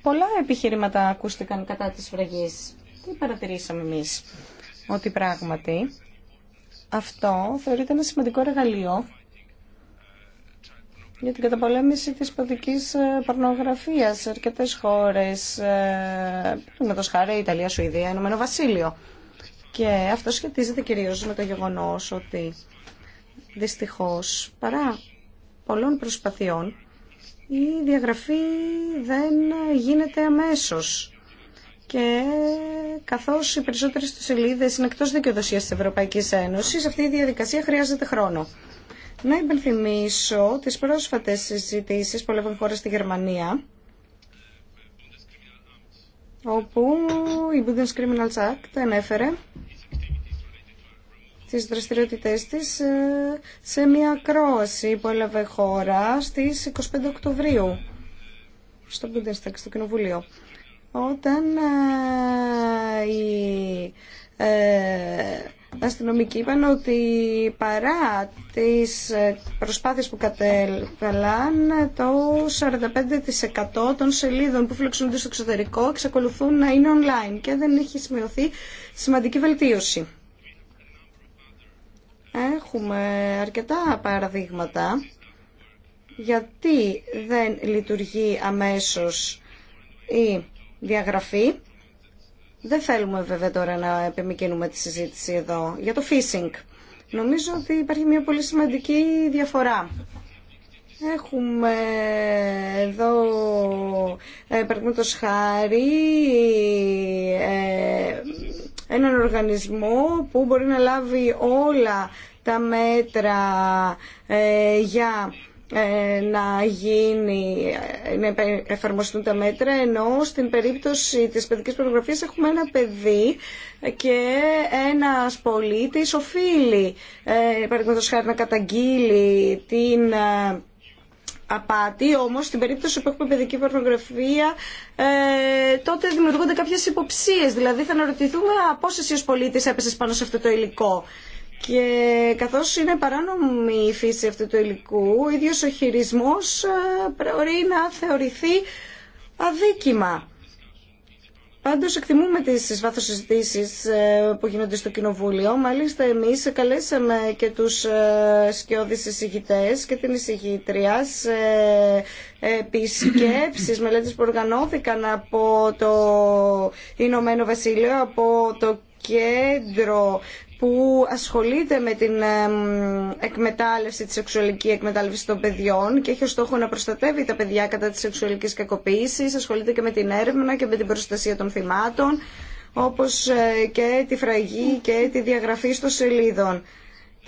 Πολλά επιχειρήματα ακούστηκαν κατά της φραγής. Τι παρατηρήσαμε εμείς, ότι πράγματι αυτό θεωρείται ένα σημαντικό εργαλείο για την καταπολέμηση της παιδικής ε, παρνογραφίας σε αρκετές χώρες, ε, με το σχάρι Ιταλία, Σουηδία, Ενωμένο Βασίλειο. Και αυτό σχετίζεται κυρίως με το γεγονός ότι δυστυχώς παρά πολλών προσπαθειών η διαγραφή δεν γίνεται αμέσως και καθώ οι περισσότερε του σελίδε είναι εκτό δικαιοδοσίας τη Ευρωπαϊκή Ένωση, αυτή η διαδικασία χρειάζεται χρόνο. Να υπενθυμίσω τι πρόσφατε συζητήσει που έλαβαν χώρα στη Γερμανία, όπου η Criminal Act ανέφερε τις δραστηριότητές της ε, σε μια κρόαση που έλαβε χώρα στις 25 Οκτωβρίου στο Bundestag, στο Κοινοβουλίο όταν ε, οι ε, αστυνομικοί είπαν ότι παρά τις ε, προσπάθειες που κατεβαλάν το 45% των σελίδων που φιλοξενούνται στο εξωτερικό εξακολουθούν να είναι online και δεν έχει σημειωθεί σημαντική βελτίωση. Έχουμε αρκετά παραδείγματα γιατί δεν λειτουργεί αμέσως η διαγραφή. Δεν θέλουμε βέβαια τώρα να επιμηκύνουμε τη συζήτηση εδώ για το phishing. Νομίζω ότι υπάρχει μια πολύ σημαντική διαφορά. Έχουμε εδώ, ε, παραδείγματος χάρη, ε, έναν οργανισμό που μπορεί να λάβει όλα τα μέτρα ε, για ε, να γίνει, εφαρμοστούν τα μέτρα, ενώ στην περίπτωση της παιδικής πορνογραφίας έχουμε ένα παιδί και ένας πολίτης οφείλει, ε, παραδείγματος χάρη, να καταγγείλει την ε, απάτη, όμως στην περίπτωση που έχουμε παιδική πορνογραφία ε, τότε δημιουργούνται κάποιες υποψίες, δηλαδή θα αναρωτηθούμε εσύ ως πολίτης έπεσες πάνω σε αυτό το υλικό. Και καθώς είναι παράνομη η φύση αυτού του υλικού, ο ίδιος ο χειρισμός μπορεί ε, να θεωρηθεί αδίκημα. Πάντως εκτιμούμε τις βάθο συζητήσει ε, που γίνονται στο Κοινοβούλιο. Μάλιστα εμείς καλέσαμε και τους ε, σκιώδεις εισηγητέ και την εισηγήτρια σε επισκέψεις, μελέτες που οργανώθηκαν από το Ηνωμένο Βασίλειο, από το κέντρο που ασχολείται με την εκμετάλλευση, τη σεξουαλική εκμετάλλευση των παιδιών και έχει ως στόχο να προστατεύει τα παιδιά κατά της σεξουαλικής κακοποίησης, ασχολείται και με την έρευνα και με την προστασία των θυμάτων, όπως ε, και τη φραγή και τη διαγραφή των σελίδων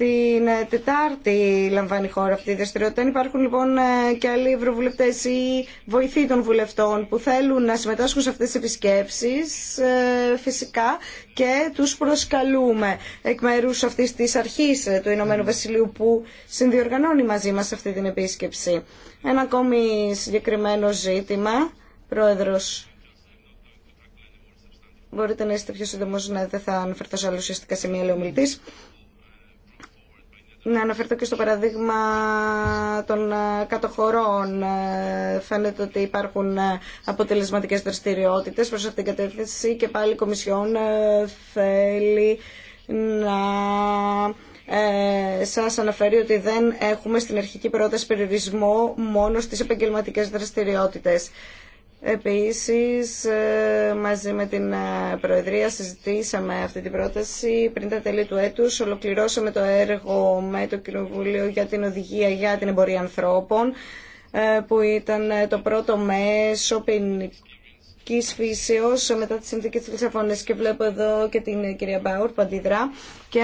την ε, Τετάρτη λαμβάνει η χώρα αυτή η δραστηριότητα. Υπάρχουν λοιπόν ε, και άλλοι ευρωβουλευτέ ή βοηθοί των βουλευτών που θέλουν να συμμετάσχουν σε αυτέ τι επισκέψει, ε, φυσικά και του προσκαλούμε εκ μέρου αυτή τη αρχή του Ηνωμένου Βασιλείου που συνδιοργανώνει μαζί μα αυτή την επίσκεψη. Ένα ακόμη συγκεκριμένο ζήτημα, Πρόεδρο. Μπορείτε να είστε πιο σύντομο, ναι, δεν θα αναφερθώ σε άλλο ουσιαστικά σε μια ο να αναφερθώ και στο παραδείγμα των ε, κατοχωρών. Ε, φαίνεται ότι υπάρχουν ε, αποτελεσματικές δραστηριότητες προς αυτήν την κατεύθυνση και πάλι η Κομισιόν θέλει να ε, σας αναφέρει ότι δεν έχουμε στην αρχική πρόταση περιορισμό μόνο στις επαγγελματικέ δραστηριότητες. Επίσης, ε, μαζί με την ε, Προεδρία συζητήσαμε αυτή την πρόταση. Πριν τα τέλη του έτους ολοκληρώσαμε το έργο με το Κοινοβούλιο για την Οδηγία για την Εμπορία Ανθρώπων, ε, που ήταν το πρώτο μέσο ποινική φύσεως μετά τη συνθήκη της Λισαφώνης. Και βλέπω εδώ και την κυρία Μπάουρ που αντιδρά. Και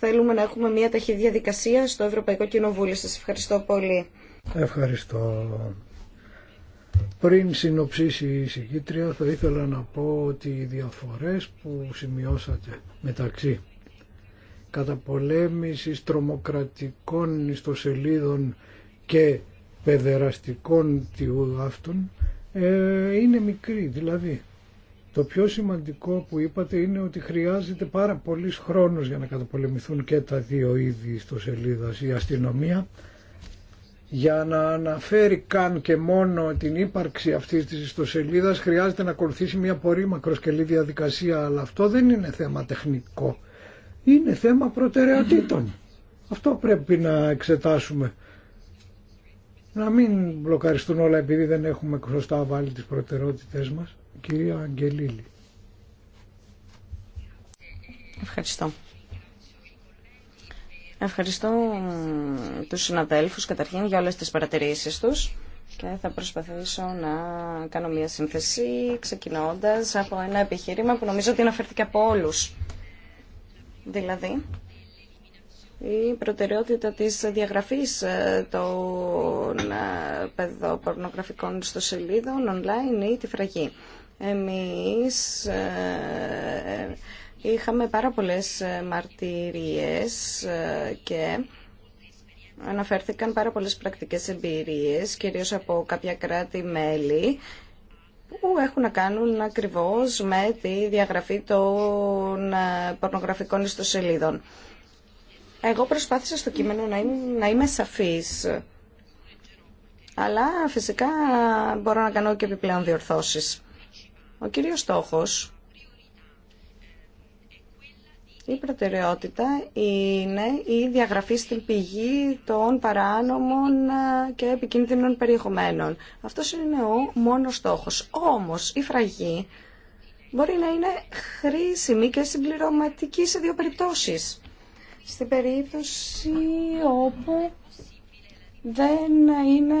θέλουμε να έχουμε μια ταχύ διαδικασία στο Ευρωπαϊκό Κοινοβούλιο. Σας ευχαριστώ πολύ. Ευχαριστώ. Πριν συνοψίσει η συγκήτρια θα ήθελα να πω ότι οι διαφορές που σημειώσατε μεταξύ καταπολέμησης τρομοκρατικών ιστοσελίδων και παιδεραστικών αυτών ε, είναι μικρή. Δηλαδή το πιο σημαντικό που είπατε είναι ότι χρειάζεται πάρα πολύς χρόνος για να καταπολεμηθούν και τα δύο είδη ιστοσελίδας η αστυνομία για να αναφέρει καν και μόνο την ύπαρξη αυτής της ιστοσελίδας χρειάζεται να ακολουθήσει μια πολύ μακροσκελή διαδικασία, αλλά αυτό δεν είναι θέμα τεχνικό. Είναι θέμα προτεραιοτήτων. Αυτό πρέπει να εξετάσουμε. Να μην μπλοκαριστούν όλα επειδή δεν έχουμε σωστά βάλει τις προτεραιότητες μας. Κυρία Αγγελίλη. Ευχαριστώ. Ευχαριστώ τους συναδέλφους καταρχήν για όλες τις παρατηρήσεις τους και θα προσπαθήσω να κάνω μια σύνθεση ξεκινώντας από ένα επιχείρημα που νομίζω ότι αναφέρθηκε από όλους. Δηλαδή, η προτεραιότητα της διαγραφής των ε, παιδοπορνογραφικών στο σελίδων online ή τη φραγή. Εμείς ε, ε, Είχαμε πάρα πολλές ε, μαρτυρίες ε, και αναφέρθηκαν πάρα πολλές πρακτικές εμπειρίες, κυρίως από κάποια κράτη-μέλη, που έχουν να κάνουν ακριβώς με τη διαγραφή των ε, πορνογραφικών ιστοσελίδων. Εγώ προσπάθησα στο κείμενο να είμαι, να σαφής, αλλά φυσικά μπορώ να κάνω και επιπλέον διορθώσεις. Ο κύριος στόχος η προτεραιότητα είναι η διαγραφή στην πηγή των παράνομων ε, και επικίνδυνων περιεχομένων. Αυτός είναι ο μόνος στόχος. Όμως η φραγή μπορεί να είναι χρήσιμη και συμπληρωματική σε δύο περιπτώσεις. Στην περίπτωση όπου δεν είναι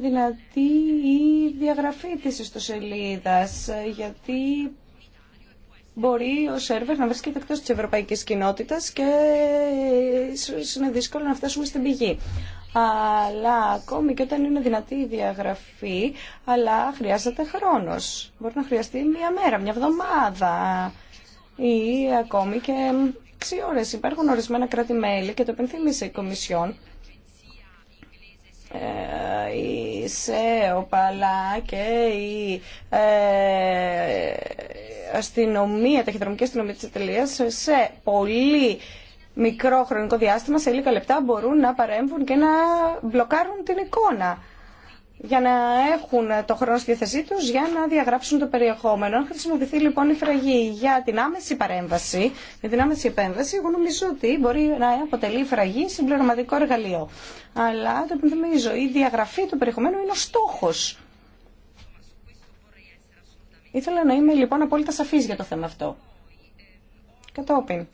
δυνατή η διαγραφή της ιστοσελίδας, ε, γιατί μπορεί ο σερβερ να βρίσκεται εκτός της ευρωπαϊκής κοινότητας και ίσως είναι δύσκολο να φτάσουμε στην πηγή. Αλλά ακόμη και όταν είναι δυνατή η διαγραφή, αλλά χρειάζεται χρόνος. Μπορεί να χρειαστεί μία μέρα, μία εβδομάδα ή ακόμη και 6 ώρες. Υπάρχουν ορισμένα κράτη-μέλη και το επενθύμησε η Κομισιόν ε, η ΣΕΟΠΑΛΑ και η ε, αστυνομία, ταχυδρομική αστυνομία τη Ιταλίας σε πολύ μικρό χρονικό διάστημα, σε λίγα λεπτά μπορούν να παρέμβουν και να μπλοκάρουν την εικόνα για να έχουν το χρόνο στη διαθεσή του για να διαγράψουν το περιεχόμενο. Αν χρησιμοποιηθεί λοιπόν η φραγή για την άμεση παρέμβαση, για την άμεση επέμβαση, εγώ νομίζω ότι μπορεί να αποτελεί η φραγή συμπληρωματικό εργαλείο. Αλλά το επιθυμίζω, η διαγραφή του περιεχομένου είναι ο στόχο. Ήθελα να είμαι λοιπόν απόλυτα σαφής για το θέμα αυτό. Κατόπιν.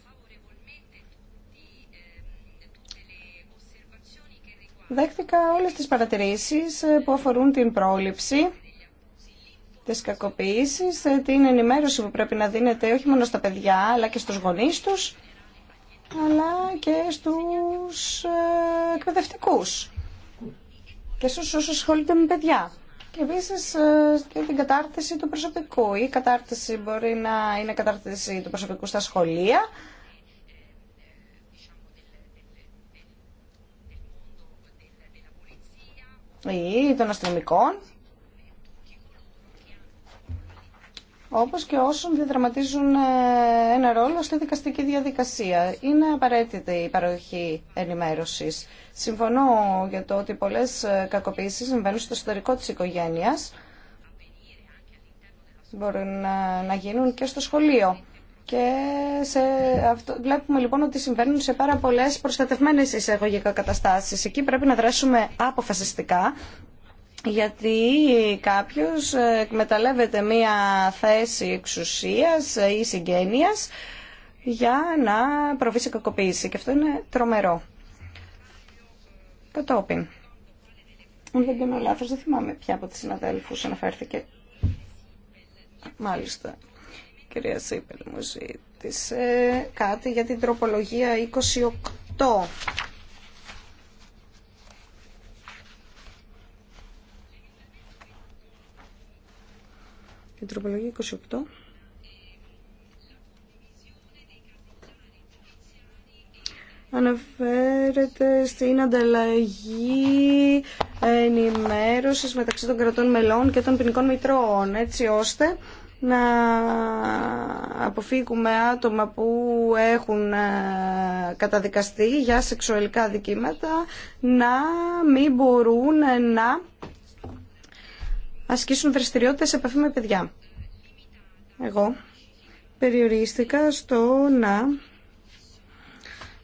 Δέχτηκα όλες τις παρατηρήσεις ε, που αφορούν την πρόληψη της κακοποίησης, ε, την ενημέρωση που πρέπει να δίνεται όχι μόνο στα παιδιά αλλά και στους γονείς τους, αλλά και στους ε, εκπαιδευτικούς και στους όσους ασχολούνται με παιδιά. Και επίση ε, και την κατάρτιση του προσωπικού. Η κατάρτιση μπορεί να είναι κατάρτιση του προσωπικού στα σχολεία. ή των αστυνομικών όπως και όσων διαδραματίζουν ε, ένα ρόλο στη δικαστική διαδικασία. Είναι απαραίτητη η παροχή ενημέρωσης. Συμφωνώ για το ότι πολλές ε, κακοποίησεις συμβαίνουν στο εσωτερικό της οικογένειας. Μπορούν ε, να γίνουν και στο σχολείο. Και σε αυτό, βλέπουμε λοιπόν ότι συμβαίνουν σε πάρα πολλές προστατευμένες εισαγωγικά καταστάσεις. Εκεί πρέπει να δράσουμε αποφασιστικά γιατί κάποιος ε, εκμεταλλεύεται μία θέση εξουσίας ή συγγένειας για να προβεί σε κακοποίηση. Και αυτό είναι τρομερό. Κατόπιν. Αν δεν κάνω λάθος, δεν θυμάμαι ποια από τις συναδέλφους αναφέρθηκε. Μάλιστα. Η κυρία Σίπελ μου ζήτησε κάτι για την τροπολογία 28 Η τροπολογία 28. Αναφέρεται στην ανταλλαγή ενημέρωσης μεταξύ των κρατών μελών και των ποινικών μητρώων, έτσι ώστε να αποφύγουμε άτομα που έχουν ε, καταδικαστεί για σεξουαλικά δικήματα να μην μπορούν να ασκήσουν δραστηριότητες σε επαφή με παιδιά. Εγώ περιορίστηκα στο να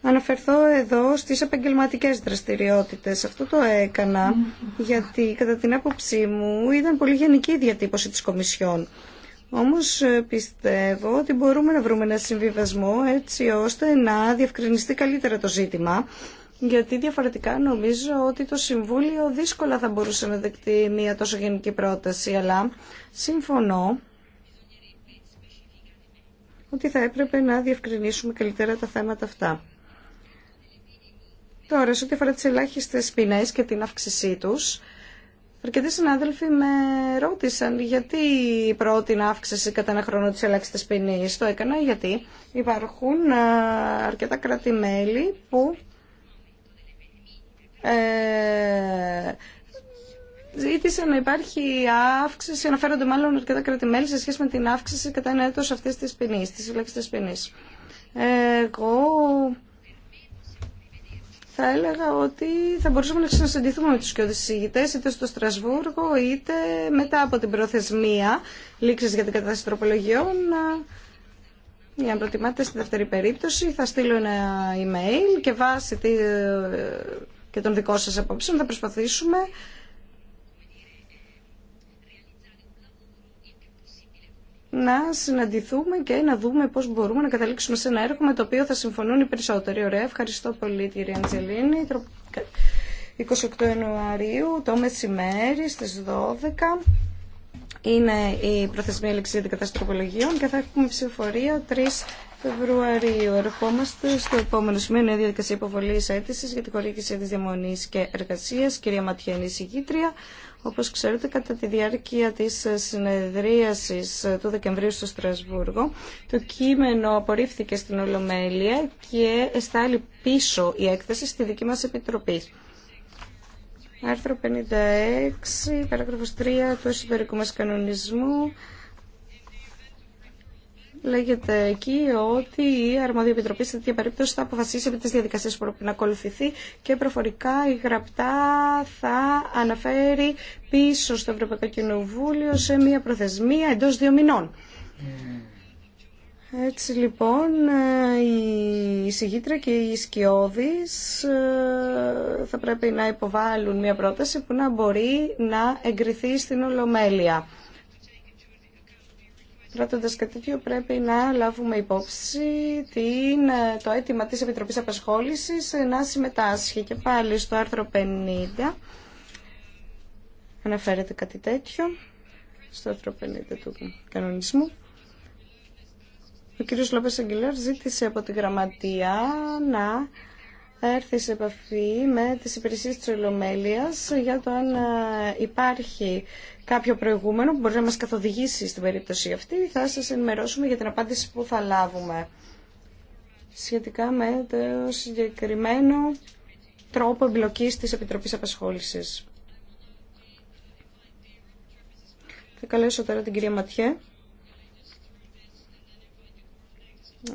αναφερθώ εδώ στις επαγγελματικές δραστηριότητες. Αυτό το έκανα γιατί κατά την άποψή μου ήταν πολύ γενική η διατύπωση της Κομισιόν. Όμως ε, πιστεύω ότι μπορούμε να βρούμε ένα συμβιβασμό έτσι ώστε να διευκρινιστεί καλύτερα το ζήτημα γιατί διαφορετικά νομίζω ότι το Συμβούλιο δύσκολα θα μπορούσε να δεκτεί μια τόσο γενική πρόταση, αλλά συμφωνώ ότι θα έπρεπε να διευκρινίσουμε καλύτερα τα θέματα αυτά. Τώρα, σε ό,τι αφορά τι ελάχιστε ποινέ και την αύξησή του, αρκετοί συνάδελφοι με ρώτησαν γιατί πρώτη αύξηση κατά ένα χρόνο τη ελάχιστη ποινή. Το έκανα γιατί υπάρχουν αρκετά κράτη-μέλη που ε, ζήτησαν να υπάρχει αύξηση, αναφέρονται μάλλον αρκετά κρατημέλη σε σχέση με την αύξηση κατά ένα έτος αυτής της ποινής, της ελάχιστης ποινής. Εγώ θα έλεγα ότι θα μπορούσαμε να ξανασυντηθούμε με τους και οδησυγητές είτε στο Στρασβούργο είτε μετά από την προθεσμία λήξης για την κατάσταση τροπολογιών για να προτιμάτε στη δεύτερη περίπτωση θα στείλω ένα email και βάσει τη και των δικών σας απόψεων. Θα προσπαθήσουμε να συναντηθούμε και να δούμε πώς μπορούμε να καταλήξουμε σε ένα έργο με το οποίο θα συμφωνούν οι περισσότεροι. Ωραία, ευχαριστώ πολύ κύριε Αντζελίνη. 28 Ιανουαρίου, το μεσημέρι στις 12 είναι η προθεσμία λήξη για και θα έχουμε ψηφοφορία Φεβρουαρίου. Ερχόμαστε στο επόμενο σημείο, είναι η διαδικασία υποβολή αίτηση για τη χορήγηση τη διαμονή και εργασία. Κυρία Ματιανή, συγκήτρια. Όπω ξέρετε, κατά τη διάρκεια τη συνεδρίαση του Δεκεμβρίου στο Στρασβούργο, το κείμενο απορρίφθηκε στην Ολομέλεια και εστάλει πίσω η έκθεση στη δική μα επιτροπή. Άρθρο 56, παράγραφος 3 του εσωτερικού μας κανονισμού Λέγεται εκεί ότι η αρμόδια επιτροπή σε τέτοια περίπτωση θα αποφασίσει επί τη διαδικασία που πρέπει να ακολουθηθεί και προφορικά η γραπτά θα αναφέρει πίσω στο Ευρωπαϊκό Κοινοβούλιο σε μια προθεσμία εντό δύο μηνών. Mm. Έτσι λοιπόν ε, η συγγήτρα και οι σκιώδεις ε, θα πρέπει να υποβάλουν μια πρόταση που να μπορεί να εγκριθεί στην Ολομέλεια. Πράττοντας κάτι τέτοιο πρέπει να λάβουμε υπόψη την, το αίτημα της Επιτροπής Απασχόλησης να συμμετάσχει. Και πάλι στο άρθρο 50 αναφέρεται κάτι τέτοιο, στο άρθρο 50 του κανονισμού. Ο κύριος Λόπες Αγγιλάρ ζήτησε από τη Γραμματεία να έρθει σε επαφή με τις υπηρεσίες της Ολομέλειας για το αν ε, υπάρχει κάποιο προηγούμενο που μπορεί να μας καθοδηγήσει στην περίπτωση αυτή. Θα σας ενημερώσουμε για την απάντηση που θα λάβουμε σχετικά με το συγκεκριμένο τρόπο εμπλοκής της Επιτροπής Απασχόλησης. Θα καλέσω τώρα την κυρία Ματιέ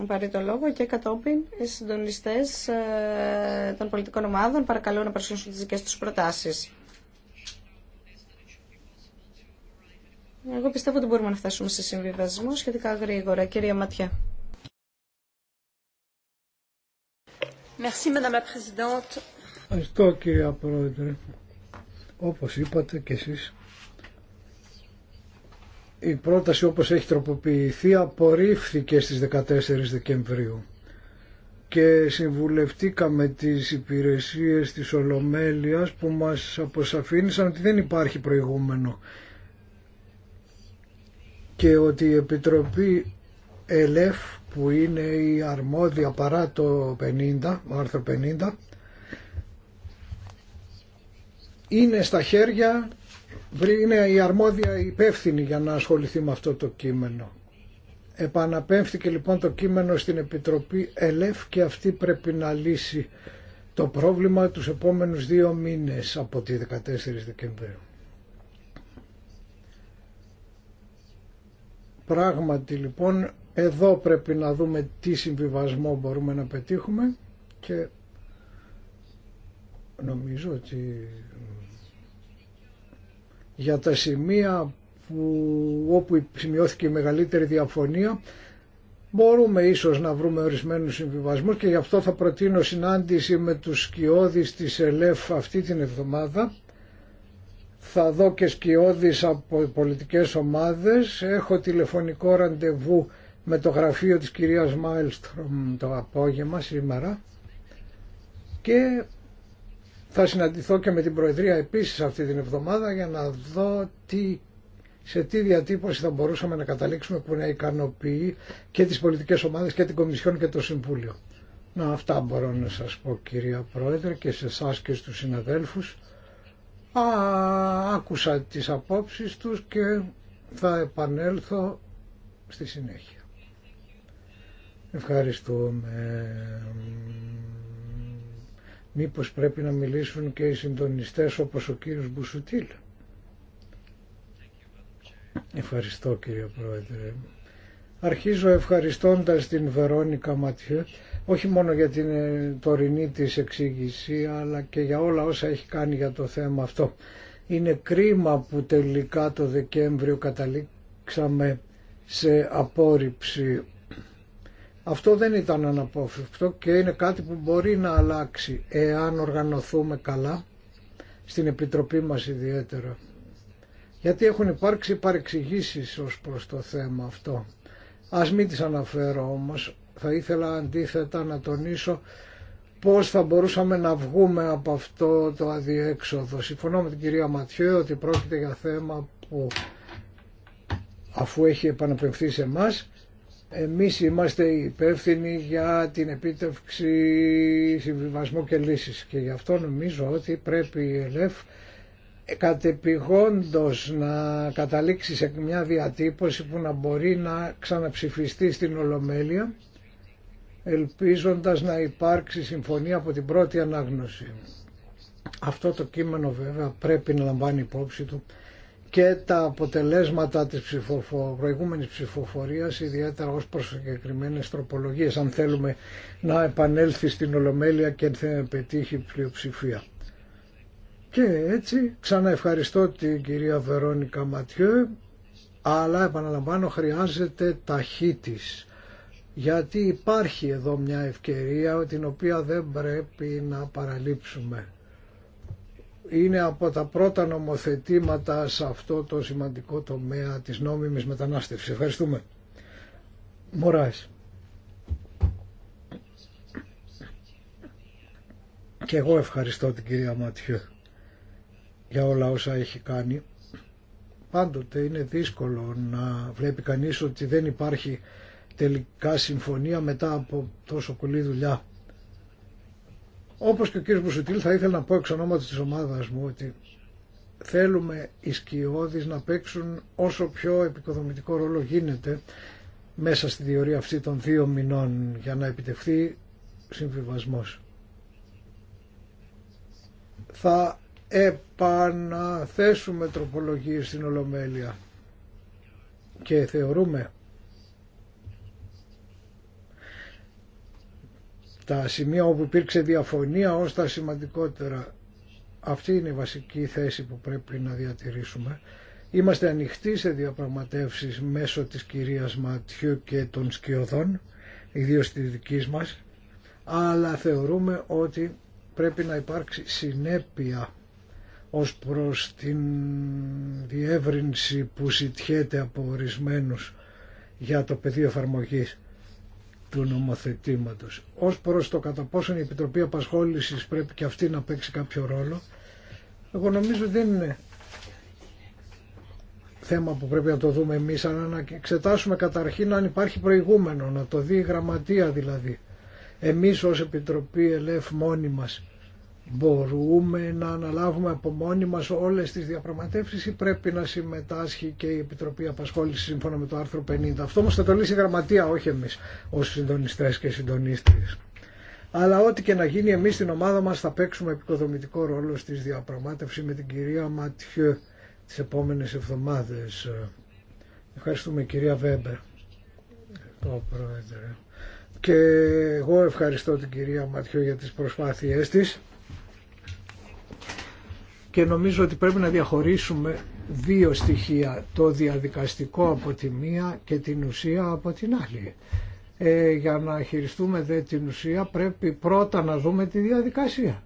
πάρει το λόγο και κατόπιν οι συντονιστές ε, των πολιτικών ομάδων παρακαλώ να παρουσιάσουν τις δικές τους προτάσεις. Εγώ πιστεύω ότι μπορούμε να φτάσουμε σε συμβιβασμό σχετικά γρήγορα. Κυρία Ματιά. Ευχαριστώ κυρία Πρόεδρε. Όπως είπατε και εσείς η πρόταση όπως έχει τροποποιηθεί απορρίφθηκε στις 14 Δεκεμβρίου και συμβουλευτήκαμε τις υπηρεσίες της Ολομέλειας που μας αποσαφήνισαν ότι δεν υπάρχει προηγούμενο και ότι η Επιτροπή ΕΛΕΦ που είναι η αρμόδια παρά το 50, άρθρο 50 είναι στα χέρια είναι η αρμόδια υπεύθυνη για να ασχοληθεί με αυτό το κείμενο. Επαναπέμφθηκε λοιπόν το κείμενο στην Επιτροπή ΕΛΕΦ και αυτή πρέπει να λύσει το πρόβλημα τους επόμενους δύο μήνες από τη 14 Δεκεμβρίου. Πράγματι λοιπόν εδώ πρέπει να δούμε τι συμβιβασμό μπορούμε να πετύχουμε και νομίζω ότι για τα σημεία που, όπου σημειώθηκε η μεγαλύτερη διαφωνία μπορούμε ίσως να βρούμε ορισμένους συμβιβασμούς και γι' αυτό θα προτείνω συνάντηση με τους σκιώδεις της ΕΛΕΦ αυτή την εβδομάδα θα δω και σκιώδεις από πολιτικές ομάδες έχω τηλεφωνικό ραντεβού με το γραφείο της κυρίας Μάιλστρομ το απόγευμα σήμερα θα συναντηθώ και με την Προεδρία επίσης αυτή την εβδομάδα για να δω τι, σε τι διατύπωση θα μπορούσαμε να καταλήξουμε που να ικανοποιεί και τις πολιτικές ομάδες και την Κομισιόν και το Συμβούλιο. Να αυτά μπορώ να σας πω κυρία Πρόεδρε και σε εσά και στους συναδέλφους. Α, άκουσα τις απόψεις τους και θα επανέλθω στη συνέχεια. Ευχαριστούμε. Μήπως πρέπει να μιλήσουν και οι συντονιστές όπως ο κύριος Μπουσουτήλ. Ευχαριστώ κύριε Πρόεδρε. Αρχίζω ευχαριστώντας την Βερόνικα Ματιέ, όχι μόνο για την ε, τωρινή της εξήγηση, αλλά και για όλα όσα έχει κάνει για το θέμα αυτό. Είναι κρίμα που τελικά το Δεκέμβριο καταλήξαμε σε απόρριψη αυτό δεν ήταν αναπόφευκτο και είναι κάτι που μπορεί να αλλάξει εάν οργανωθούμε καλά, στην Επιτροπή μας ιδιαίτερα. Γιατί έχουν υπάρξει παρεξηγήσεις ως προς το θέμα αυτό. Ας μην τις αναφέρω όμως, θα ήθελα αντίθετα να τονίσω πώς θα μπορούσαμε να βγούμε από αυτό το αδιέξοδο. Συμφωνώ με την κυρία Ματιέ ότι πρόκειται για θέμα που αφού έχει επαναπευθεί σε εμάς εμείς είμαστε υπεύθυνοι για την επίτευξη συμβιβασμού και λύσης και γι' αυτό νομίζω ότι πρέπει η ΕΛΕΦ κατεπηγόντως να καταλήξει σε μια διατύπωση που να μπορεί να ξαναψηφιστεί στην Ολομέλεια ελπίζοντας να υπάρξει συμφωνία από την πρώτη ανάγνωση. Αυτό το κείμενο βέβαια πρέπει να λαμβάνει υπόψη του και τα αποτελέσματα της ψηφοφο... προηγούμενης ψηφοφορίας ιδιαίτερα ως προς συγκεκριμένες τροπολογίες αν θέλουμε να επανέλθει στην Ολομέλεια και να πετύχει πλειοψηφία. Και έτσι ξαναευχαριστώ την κυρία Βερόνικα Ματιέ αλλά επαναλαμβάνω χρειάζεται ταχύτης γιατί υπάρχει εδώ μια ευκαιρία την οποία δεν πρέπει να παραλείψουμε είναι από τα πρώτα νομοθετήματα σε αυτό το σημαντικό τομέα της νόμιμης μετανάστευσης. Ευχαριστούμε. Μωράς. Και εγώ ευχαριστώ την κυρία Ματιού για όλα όσα έχει κάνει. Πάντοτε είναι δύσκολο να βλέπει κανείς ότι δεν υπάρχει τελικά συμφωνία μετά από τόσο πολλή δουλειά. Όπως και ο κύριος Μπουσουτήλ θα ήθελα να πω εξ ονόματος της ομάδας μου ότι θέλουμε οι σκιώδεις να παίξουν όσο πιο επικοδομητικό ρόλο γίνεται μέσα στη διορία αυτή των δύο μηνών για να επιτευχθεί συμβιβασμός. Θα επαναθέσουμε τροπολογίες στην Ολομέλεια και θεωρούμε τα σημεία όπου υπήρξε διαφωνία ως τα σημαντικότερα. Αυτή είναι η βασική θέση που πρέπει να διατηρήσουμε. Είμαστε ανοιχτοί σε διαπραγματεύσεις μέσω της κυρίας Ματιού και των σκιωδών, ιδίως τη δική μας, αλλά θεωρούμε ότι πρέπει να υπάρξει συνέπεια ως προς την διεύρυνση που ζητιέται από ορισμένου για το πεδίο εφαρμογής του νομοθετήματος. Ως προς το κατά πόσον η Επιτροπή Απασχόλησης πρέπει και αυτή να παίξει κάποιο ρόλο, εγώ νομίζω δεν είναι θέμα που πρέπει να το δούμε εμείς, αλλά να εξετάσουμε καταρχήν αν υπάρχει προηγούμενο, να το δει η γραμματεία δηλαδή. Εμείς ως Επιτροπή ΕΛΕΦ μόνοι μας Μπορούμε να αναλάβουμε από μόνοι μας όλες τις διαπραγματεύσεις ή πρέπει να συμμετάσχει και η Επιτροπή Απασχόλησης σύμφωνα με το άρθρο 50. Αυτό όμως θα το λύσει η γραμματεία, όχι εμείς ως συντονιστές και συντονίστριες. Αλλά ό,τι και να γίνει εμείς στην ομάδα μας θα παίξουμε επικοδομητικό ρόλο στις διαπραγμάτευση με την κυρία Ματιού τις επόμενες εβδομάδες. Ευχαριστούμε κυρία Βέμπερ, ο πρόεδρε. Και εγώ ευχαριστώ την κυρία Ματιού για τις προσπάθειές της και νομίζω ότι πρέπει να διαχωρίσουμε δύο στοιχεία, το διαδικαστικό από τη μία και την ουσία από την άλλη. Ε, για να χειριστούμε δε την ουσία πρέπει πρώτα να δούμε τη διαδικασία.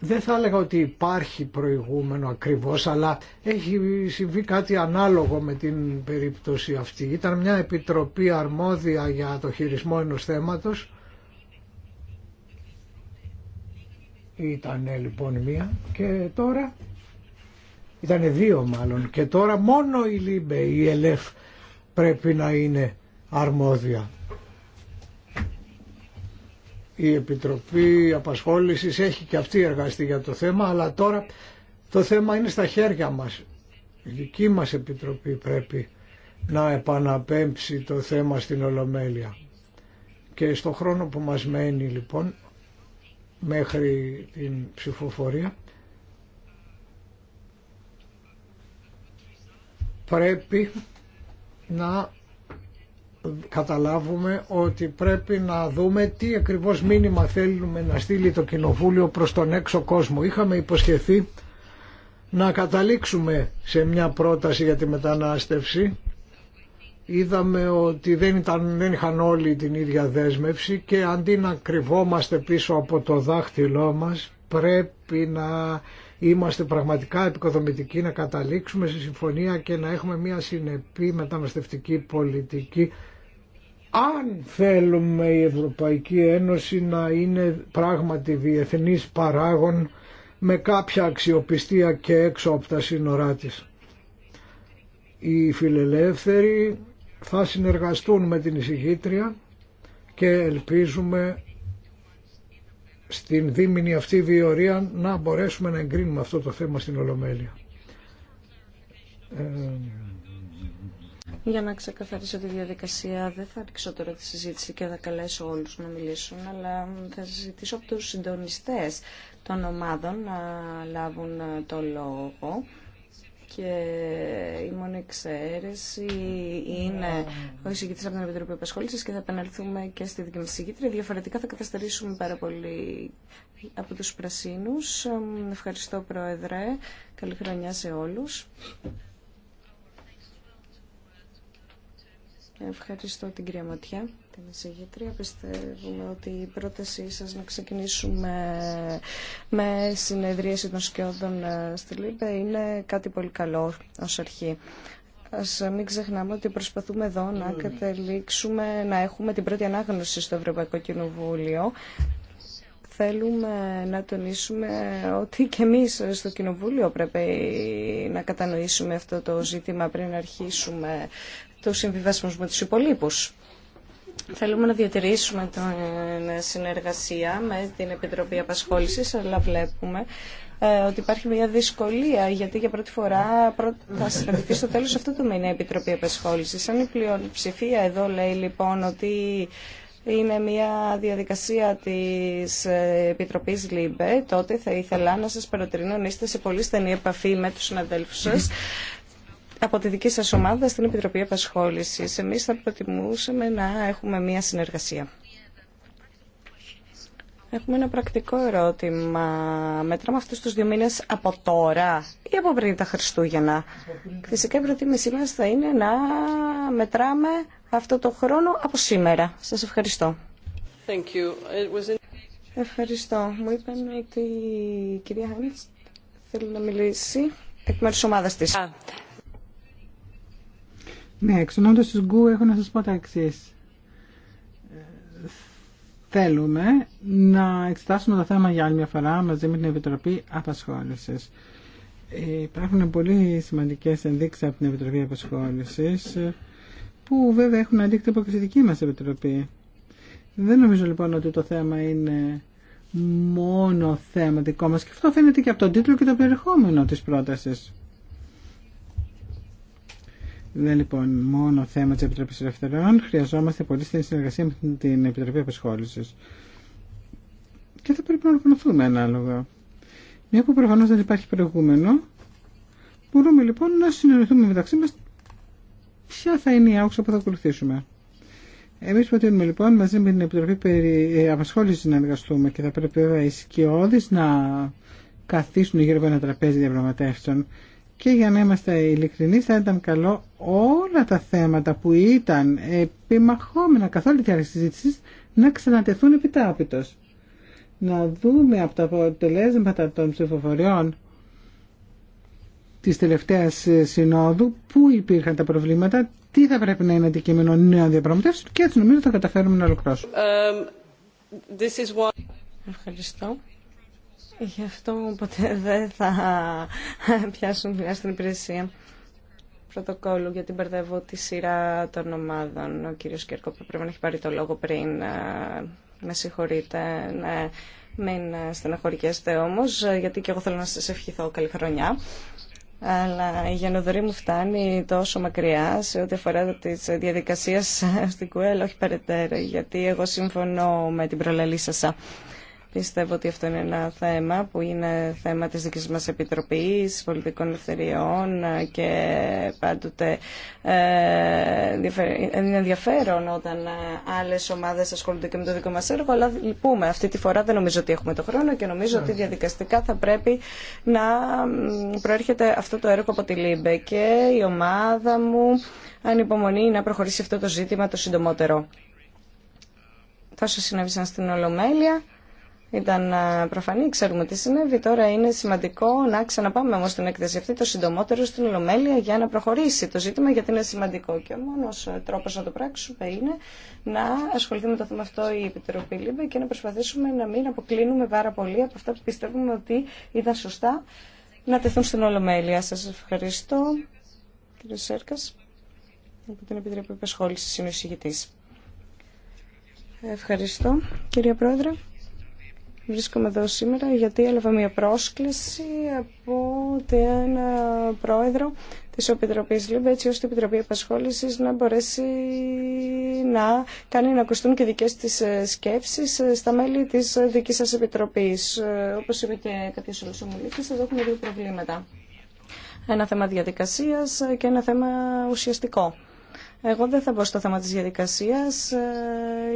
Δεν θα έλεγα ότι υπάρχει προηγούμενο ακριβώς, αλλά έχει συμβεί κάτι ανάλογο με την περίπτωση αυτή. Ήταν μια επιτροπή αρμόδια για το χειρισμό ενός θέματος, Ήταν λοιπόν μία και τώρα ήταν δύο μάλλον και τώρα μόνο η ΛΥΜΠΕ, η ΕΛΕΦ πρέπει να είναι αρμόδια. Η Επιτροπή Απασχόλησης έχει και αυτή εργαστεί για το θέμα αλλά τώρα το θέμα είναι στα χέρια μας. Η δική μας Επιτροπή πρέπει να επαναπέμψει το θέμα στην Ολομέλεια. Και στο χρόνο που μας μένει λοιπόν μέχρι την ψηφοφορία πρέπει να καταλάβουμε ότι πρέπει να δούμε τι ακριβώς μήνυμα θέλουμε να στείλει το Κοινοβούλιο προς τον έξω κόσμο. Είχαμε υποσχεθεί να καταλήξουμε σε μια πρόταση για τη μετανάστευση είδαμε ότι δεν, ήταν, δεν είχαν όλοι την ίδια δέσμευση και αντί να κρυβόμαστε πίσω από το δάχτυλό μας πρέπει να είμαστε πραγματικά επικοδομητικοί να καταλήξουμε σε συμφωνία και να έχουμε μια συνεπή μεταναστευτική πολιτική αν θέλουμε η Ευρωπαϊκή Ένωση να είναι πράγματι διεθνής παράγων με κάποια αξιοπιστία και έξω από τα σύνορά της. Οι φιλελεύθεροι θα συνεργαστούν με την εισηγήτρια και ελπίζουμε στην δίμηνη αυτή διορία να μπορέσουμε να εγκρίνουμε αυτό το θέμα στην Ολομέλεια. Ε, Για να ξεκαθαρίσω τη διαδικασία, δεν θα ρίξω τώρα τη συζήτηση και θα καλέσω όλους να μιλήσουν, αλλά θα ζητήσω από τους συντονιστές των ομάδων να λάβουν το λόγο και η μόνη εξαίρεση είναι ο εισηγητής από την Επιτροπή Επασχόλησης και θα επανέλθουμε και στη δική μας εισηγήτρια. Διαφορετικά θα καταστερήσουμε πάρα πολύ από τους πρασίνους. Ευχαριστώ Πρόεδρε. Καλή χρονιά σε όλους. Ευχαριστώ την κυρία Ματιά την εισηγήτρια. Πιστεύουμε ότι η πρότασή σας να ξεκινήσουμε με συνεδρίαση των σκιώδων ε, στη Λίμπε είναι κάτι πολύ καλό ως αρχή. Α ε, μην ξεχνάμε ότι προσπαθούμε εδώ να mm. καταλήξουμε, να έχουμε την πρώτη ανάγνωση στο Ευρωπαϊκό Κοινοβούλιο θέλουμε να τονίσουμε ότι και εμείς στο Κοινοβούλιο πρέπει να κατανοήσουμε αυτό το ζήτημα πριν αρχίσουμε το συμβιβασμό με του υπολείπου. Θέλουμε να διατηρήσουμε την συνεργασία με την Επιτροπή Απασχόλησης, αλλά βλέπουμε ε, ότι υπάρχει μια δυσκολία, γιατί για πρώτη φορά θα συναντηθεί στο τέλος αυτού του μήνα η Επιτροπή Απασχόλησης. Αν η πλειοψηφία εδώ λέει λοιπόν ότι είναι μια διαδικασία της ε, Επιτροπής ΛΥΜΠΕ, τότε θα ήθελα να σας παροτρύνω να είστε σε πολύ στενή επαφή με τους συναδέλφους σας από τη δική σας ομάδα στην Επιτροπή Επασχόλησης. Εμείς θα προτιμούσαμε να έχουμε μία συνεργασία. Έχουμε ένα πρακτικό ερώτημα. Μετράμε αυτού του δύο μήνε από τώρα ή από πριν τα Χριστούγεννα. Φυσικά η προτίμησή μα θα είναι να μετράμε αυτό το χρόνο από σήμερα. Σα ευχαριστώ. Ευχαριστώ. Μου είπαν ότι η κυρία Χάνη θέλει να μιλήσει εκ μέρου ομάδα τη. Ναι, εξ ονόντως Γκου έχω να σας πω τα εξή. Θέλουμε να εξετάσουμε το θέμα για άλλη μια φορά μαζί με την Επιτροπή Απασχόλησης. Ε, υπάρχουν πολύ σημαντικές ενδείξεις από την Επιτροπή Απασχόλησης που βέβαια έχουν αντίκτυπο και στη δική μας Επιτροπή. Δεν νομίζω λοιπόν ότι το θέμα είναι μόνο θέμα δικό μας και αυτό φαίνεται και από τον τίτλο και το περιεχόμενο της πρότασης. Δεν λοιπόν μόνο θέμα τη Επιτροπή Ελευθερών. Χρειαζόμαστε πολύ στην συνεργασία με την Επιτροπή Απασχόληση. Και θα πρέπει να οργανωθούμε ανάλογα. Μια που προφανώ δεν υπάρχει προηγούμενο, μπορούμε λοιπόν να συνεργαστούμε μεταξύ μα ποια θα είναι η άκουσα που θα ακολουθήσουμε. Εμεί προτείνουμε λοιπόν μαζί με την Επιτροπή περί ε, Απασχόληση να εργαστούμε και θα πρέπει βέβαια οι σκιώδει να καθίσουν γύρω από ένα τραπέζι διαπραγματεύσεων και για να είμαστε ειλικρινεί, θα ήταν καλό όλα τα θέματα που ήταν επιμαχόμενα καθ' όλη τη διάρκεια συζήτηση να ξανατεθούν επιτάπητο. Να δούμε από τα αποτελέσματα των ψηφοφοριών της τελευταίας συνόδου πού υπήρχαν τα προβλήματα, τι θα πρέπει να είναι αντικείμενο νέων διαπραγματεύσεων και έτσι νομίζω θα καταφέρουμε να ολοκληρώσουμε. Um, Ευχαριστώ. Γι' αυτό ποτέ δεν θα πιάσουν μια στην υπηρεσία πρωτοκόλλου γιατί μπερδεύω τη σειρά των ομάδων. Ο κύριος Κέρκο πρέπει να έχει πάρει το λόγο πριν. Ε, με συγχωρείτε. Ναι. Μην στεναχωριέστε όμως, γιατί και εγώ θέλω να σας ευχηθώ καλή χρονιά. Αλλά η γενοδορή μου φτάνει τόσο μακριά σε ό,τι αφορά τη διαδικασία στην ΚΟΕΛ, όχι περαιτέρω, γιατί εγώ συμφωνώ με την προλαλή σας. Πιστεύω ότι αυτό είναι ένα θέμα που είναι θέμα της δικής μας Επιτροπής Πολιτικών Ελευθεριών και πάντοτε ε, είναι ενδιαφέρον όταν ε, άλλες ομάδες ασχολούνται και με το δικό μας έργο αλλά λυπούμε. Αυτή τη φορά δεν νομίζω ότι έχουμε το χρόνο και νομίζω ότι διαδικαστικά θα πρέπει να προέρχεται αυτό το έργο από τη ΛΥΜΠΕ και η ομάδα μου ανυπομονεί να προχωρήσει αυτό το ζήτημα το συντομότερο. Θα σας συνέβησαν στην Ολομέλεια ήταν ε, προφανή, ξέρουμε τι συνέβη. Τώρα είναι σημαντικό να ξαναπάμε όμω την έκθεση αυτή το συντομότερο στην Ολομέλεια για να προχωρήσει το ζήτημα, γιατί είναι σημαντικό. Και ο μόνο ε, τρόπο να το πράξουμε είναι να ασχοληθεί με το θέμα αυτό η Επιτροπή Λίμπε και να προσπαθήσουμε να μην αποκλίνουμε πάρα πολύ από αυτά που πιστεύουμε ότι ήταν σωστά να τεθούν στην Ολομέλεια. Σα ευχαριστώ, κύριε Σέρκα, από την Επιτροπή Επασχόληση, είναι ο Ευχαριστώ, κύριε Πρόεδρε. Βρίσκομαι εδώ σήμερα γιατί έλαβα μια πρόσκληση από ένα πρόεδρο της Επιτροπής ΛΥΜΠ έτσι ώστε η Επιτροπή Επασχόλησης να μπορέσει να κάνει να ακουστούν και δικές της ε, σκέψεις ε, στα μέλη της ε, δικής σας Επιτροπής. Όπως είπε και κάποιος όλος ομιλήτης, εδώ έχουμε δύο προβλήματα. Ένα θέμα διαδικασίας και ένα θέμα ουσιαστικό. Εγώ δεν θα μπω στο θέμα της διαδικασίας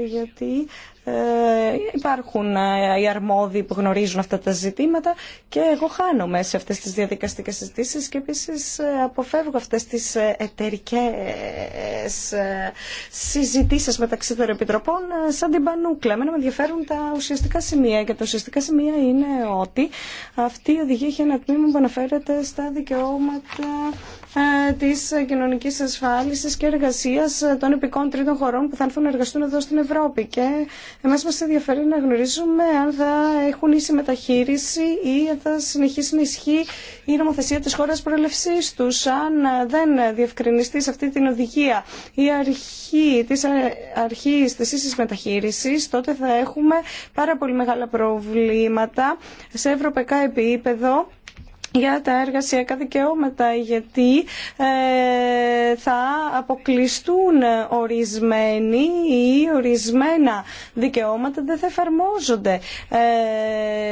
γιατί ε, υπάρχουν ε, οι αρμόδιοι που γνωρίζουν αυτά τα ζητήματα και εγώ χάνομαι σε αυτές τις διαδικαστικές συζητήσει και επίσης ε, αποφεύγω αυτές τις εταιρικέ συζητήσεις μεταξύ των επιτροπών σαν την πανούκλα. Μένα με ενδιαφέρουν τα ουσιαστικά σημεία και τα ουσιαστικά σημεία είναι ότι αυτή η οδηγία έχει ένα τμήμα που αναφέρεται στα δικαιώματα της κοινωνικής ασφάλισης και εργασίας των επικών τρίτων χωρών που θα έρθουν να εργαστούν εδώ στην Ευρώπη και Εμάς μας ενδιαφέρει να γνωρίζουμε αν θα έχουν ίση μεταχείριση ή αν θα συνεχίσει να ισχύει η νομοθεσία της χώρας προελευσής τους. Αν δεν διευκρινιστεί σε αυτή την οδηγία η αρχή της, αρχής της ίσης μεταχείρισης, τότε θα έχουμε πάρα πολύ μεγάλα προβλήματα σε ευρωπαϊκά επίπεδο για τα εργασιακά δικαιώματα γιατί ε, θα αποκλειστούν ορισμένοι ή ορισμένα δικαιώματα δεν θα εφαρμόζονται.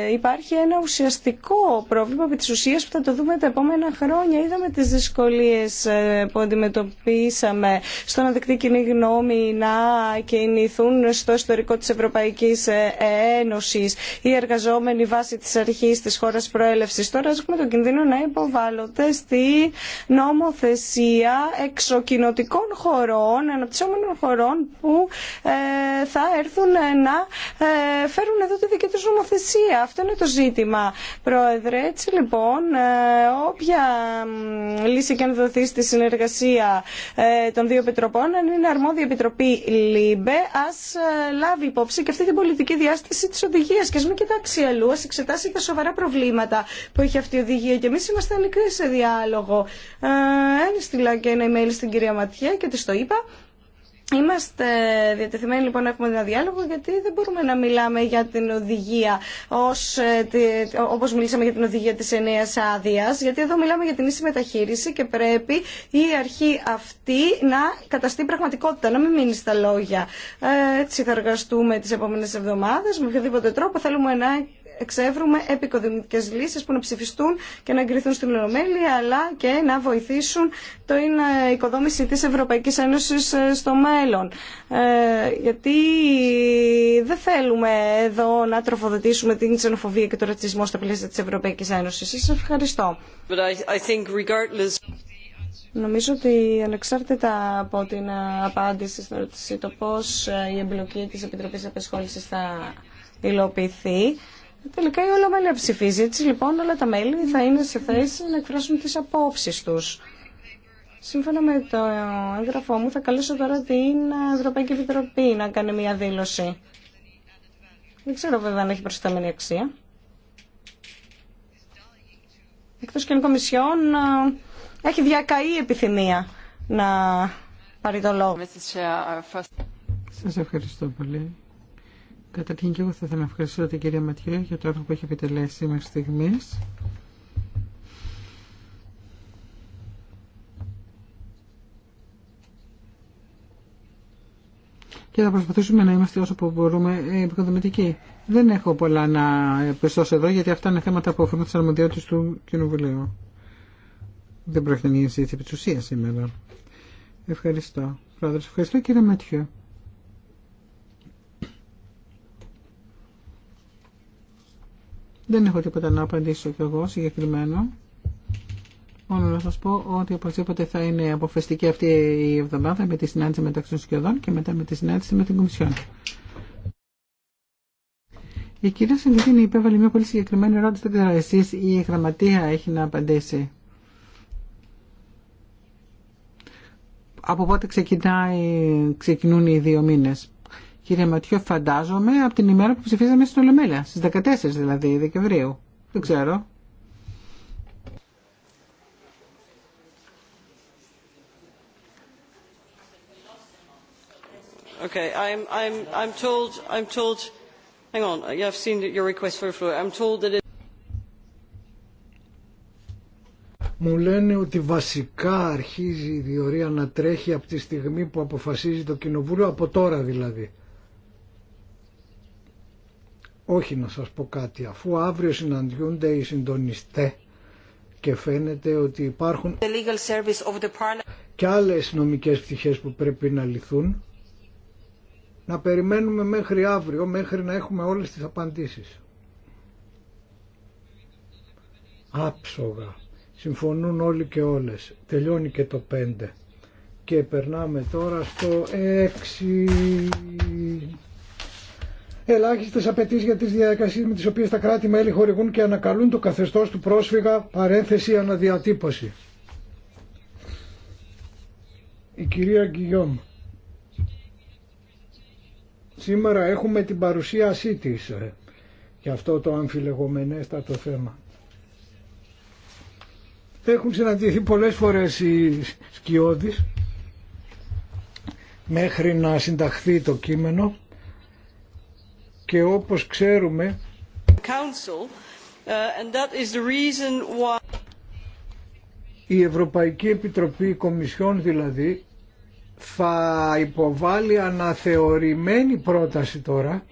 Ε, υπάρχει ένα ουσιαστικό πρόβλημα επί της ουσίας που θα το δούμε τα επόμενα χρόνια. Είδαμε τις δυσκολίες ε, που αντιμετωπίσαμε στο να δεκτεί κοινή γνώμη να κινηθούν στο ιστορικό της Ευρωπαϊκής ε, Ένωσης οι εργαζόμενοι βάσει της αρχής της χώρας προέλευσης. Τώρα έχουμε τον κινδύνου να υποβάλλονται στη νομοθεσία εξοκοινοτικών χωρών, αναπτυσσόμενων χωρών που ε, θα έρθουν να ε, φέρουν εδώ τη δική τους νομοθεσία. Αυτό είναι το ζήτημα, Πρόεδρε. Έτσι λοιπόν, ε, όποια λύση και αν δοθεί στη συνεργασία των δύο επιτροπών, αν είναι αρμόδια επιτροπή ΛΥΜΠΕ, ας λάβει υπόψη και αυτή την πολιτική διάσταση της οδηγίας και ας μην κοιτάξει αλλού, ας εξετάσει τα σοβαρά προβλήματα που έχει αυτή η οδηγία και εμείς είμαστε μικροί σε διάλογο. Ε, έστειλα και ένα email στην κυρία Ματιέ και τη το είπα. Είμαστε διατεθειμένοι λοιπόν να έχουμε ένα διάλογο γιατί δεν μπορούμε να μιλάμε για την οδηγία ως, ε, όπως μιλήσαμε για την οδηγία της ενέας άδεια, γιατί εδώ μιλάμε για την ίση μεταχείριση και πρέπει η αρχή αυτή να καταστεί πραγματικότητα, να μην μείνει στα λόγια. Ε, έτσι θα εργαστούμε τις επόμενες εβδομάδες, με οποιοδήποτε τρόπο θέλουμε να εξεύρουμε επικοδομικές λύσεις που να ψηφιστούν και να εγκριθούν στην Ολομέλεια αλλά και να βοηθήσουν το ε, οικοδόμηση της Ευρωπαϊκής Ένωση ε, στο μέλλον. Ε, γιατί δεν θέλουμε εδώ να τροφοδοτήσουμε την ξενοφοβία και τον ρατσισμό στα πλαίσια της Ευρωπαϊκής Ένωση. Σας ευχαριστώ. Νομίζω ότι ανεξάρτητα από την ε, απάντηση στην ερώτηση το πώς η εμπλοκή της Επιτροπής Απασχόλησης θα υλοποιηθεί, Τελικά η Ολομέλεια ψηφίζει. Έτσι λοιπόν όλα τα μέλη θα είναι σε θέση να εκφράσουν τις απόψεις τους. Σύμφωνα με το έγγραφό μου θα καλέσω τώρα την Ευρωπαϊκή Επιτροπή να κάνει μια δήλωση. Δεν ξέρω βέβαια αν έχει προσταμένη αξία. Εκτός και η Κομισιόν ε, έχει διακαή επιθυμία να πάρει το λόγο. Σας ευχαριστώ πολύ. Καταρχήν και εγώ θα ήθελα να ευχαριστήσω την κυρία Ματιέ για το έργο που έχει επιτελέσει μέχρι στιγμή. και θα προσπαθήσουμε να είμαστε όσο που μπορούμε επικοδομητικοί. Δεν έχω πολλά να πιστώσω εδώ, γιατί αυτά είναι θέματα που αφορούν τι αρμοδιότητε του Κοινοβουλίου. Δεν πρόκειται να γίνει συζήτηση επί σήμερα. Ευχαριστώ. Πρόεδρε, ευχαριστώ κύριε Ματιού. Δεν έχω τίποτα να απαντήσω κι εγώ συγκεκριμένο. Μόνο να σας πω ότι οπωσδήποτε θα είναι αποφεστική αυτή η εβδομάδα με τη συνάντηση μεταξύ των σχεδόν και μετά με τη συνάντηση με την Κομισιόν. Η κυρία Σεντίνη υπέβαλε μια πολύ συγκεκριμένη ερώτηση. Δεν ξέρω εσείς η γραμματεία έχει να απαντήσει. Από πότε ξεκινάει, ξεκινούν οι δύο μήνες κύριε Ματιό, φαντάζομαι από την ημέρα που ψηφίσαμε στην Ολομέλεια, στις 14 δηλαδή Δεκεμβρίου. Δεν ξέρω. Okay, I'm, I'm, I'm told, I'm told, hang on, seen your request for floor. I'm told that it... Μου λένε ότι βασικά αρχίζει η διορία να τρέχει από τη στιγμή που αποφασίζει το Κοινοβούλιο, από τώρα δηλαδή. Όχι να σας πω κάτι, αφού αύριο συναντιούνται οι συντονιστές και φαίνεται ότι υπάρχουν και άλλες νομικές πτυχές που πρέπει να λυθούν, να περιμένουμε μέχρι αύριο, μέχρι να έχουμε όλες τις απαντήσεις. Άψογα. Συμφωνούν όλοι και όλες. Τελειώνει και το 5. Και περνάμε τώρα στο 6 ελάχιστες απαιτήσει για τις διαδικασίες με τις οποίες τα κράτη-μέλη χορηγούν και ανακαλούν το καθεστώς του πρόσφυγα παρένθεση αναδιατύπωση. Η κυρία Γκυγιόμ. Σήμερα έχουμε την παρουσίασή της ε, για αυτό το αμφιλεγομενέστατο θέμα. Έχουν συναντηθεί πολλές φορές οι σκιώδεις μέχρι να συνταχθεί το κείμενο και όπως ξέρουμε uh, η Ευρωπαϊκή Επιτροπή η δηλαδή θα υποβάλει αναθεωρημένη πρόταση τώρα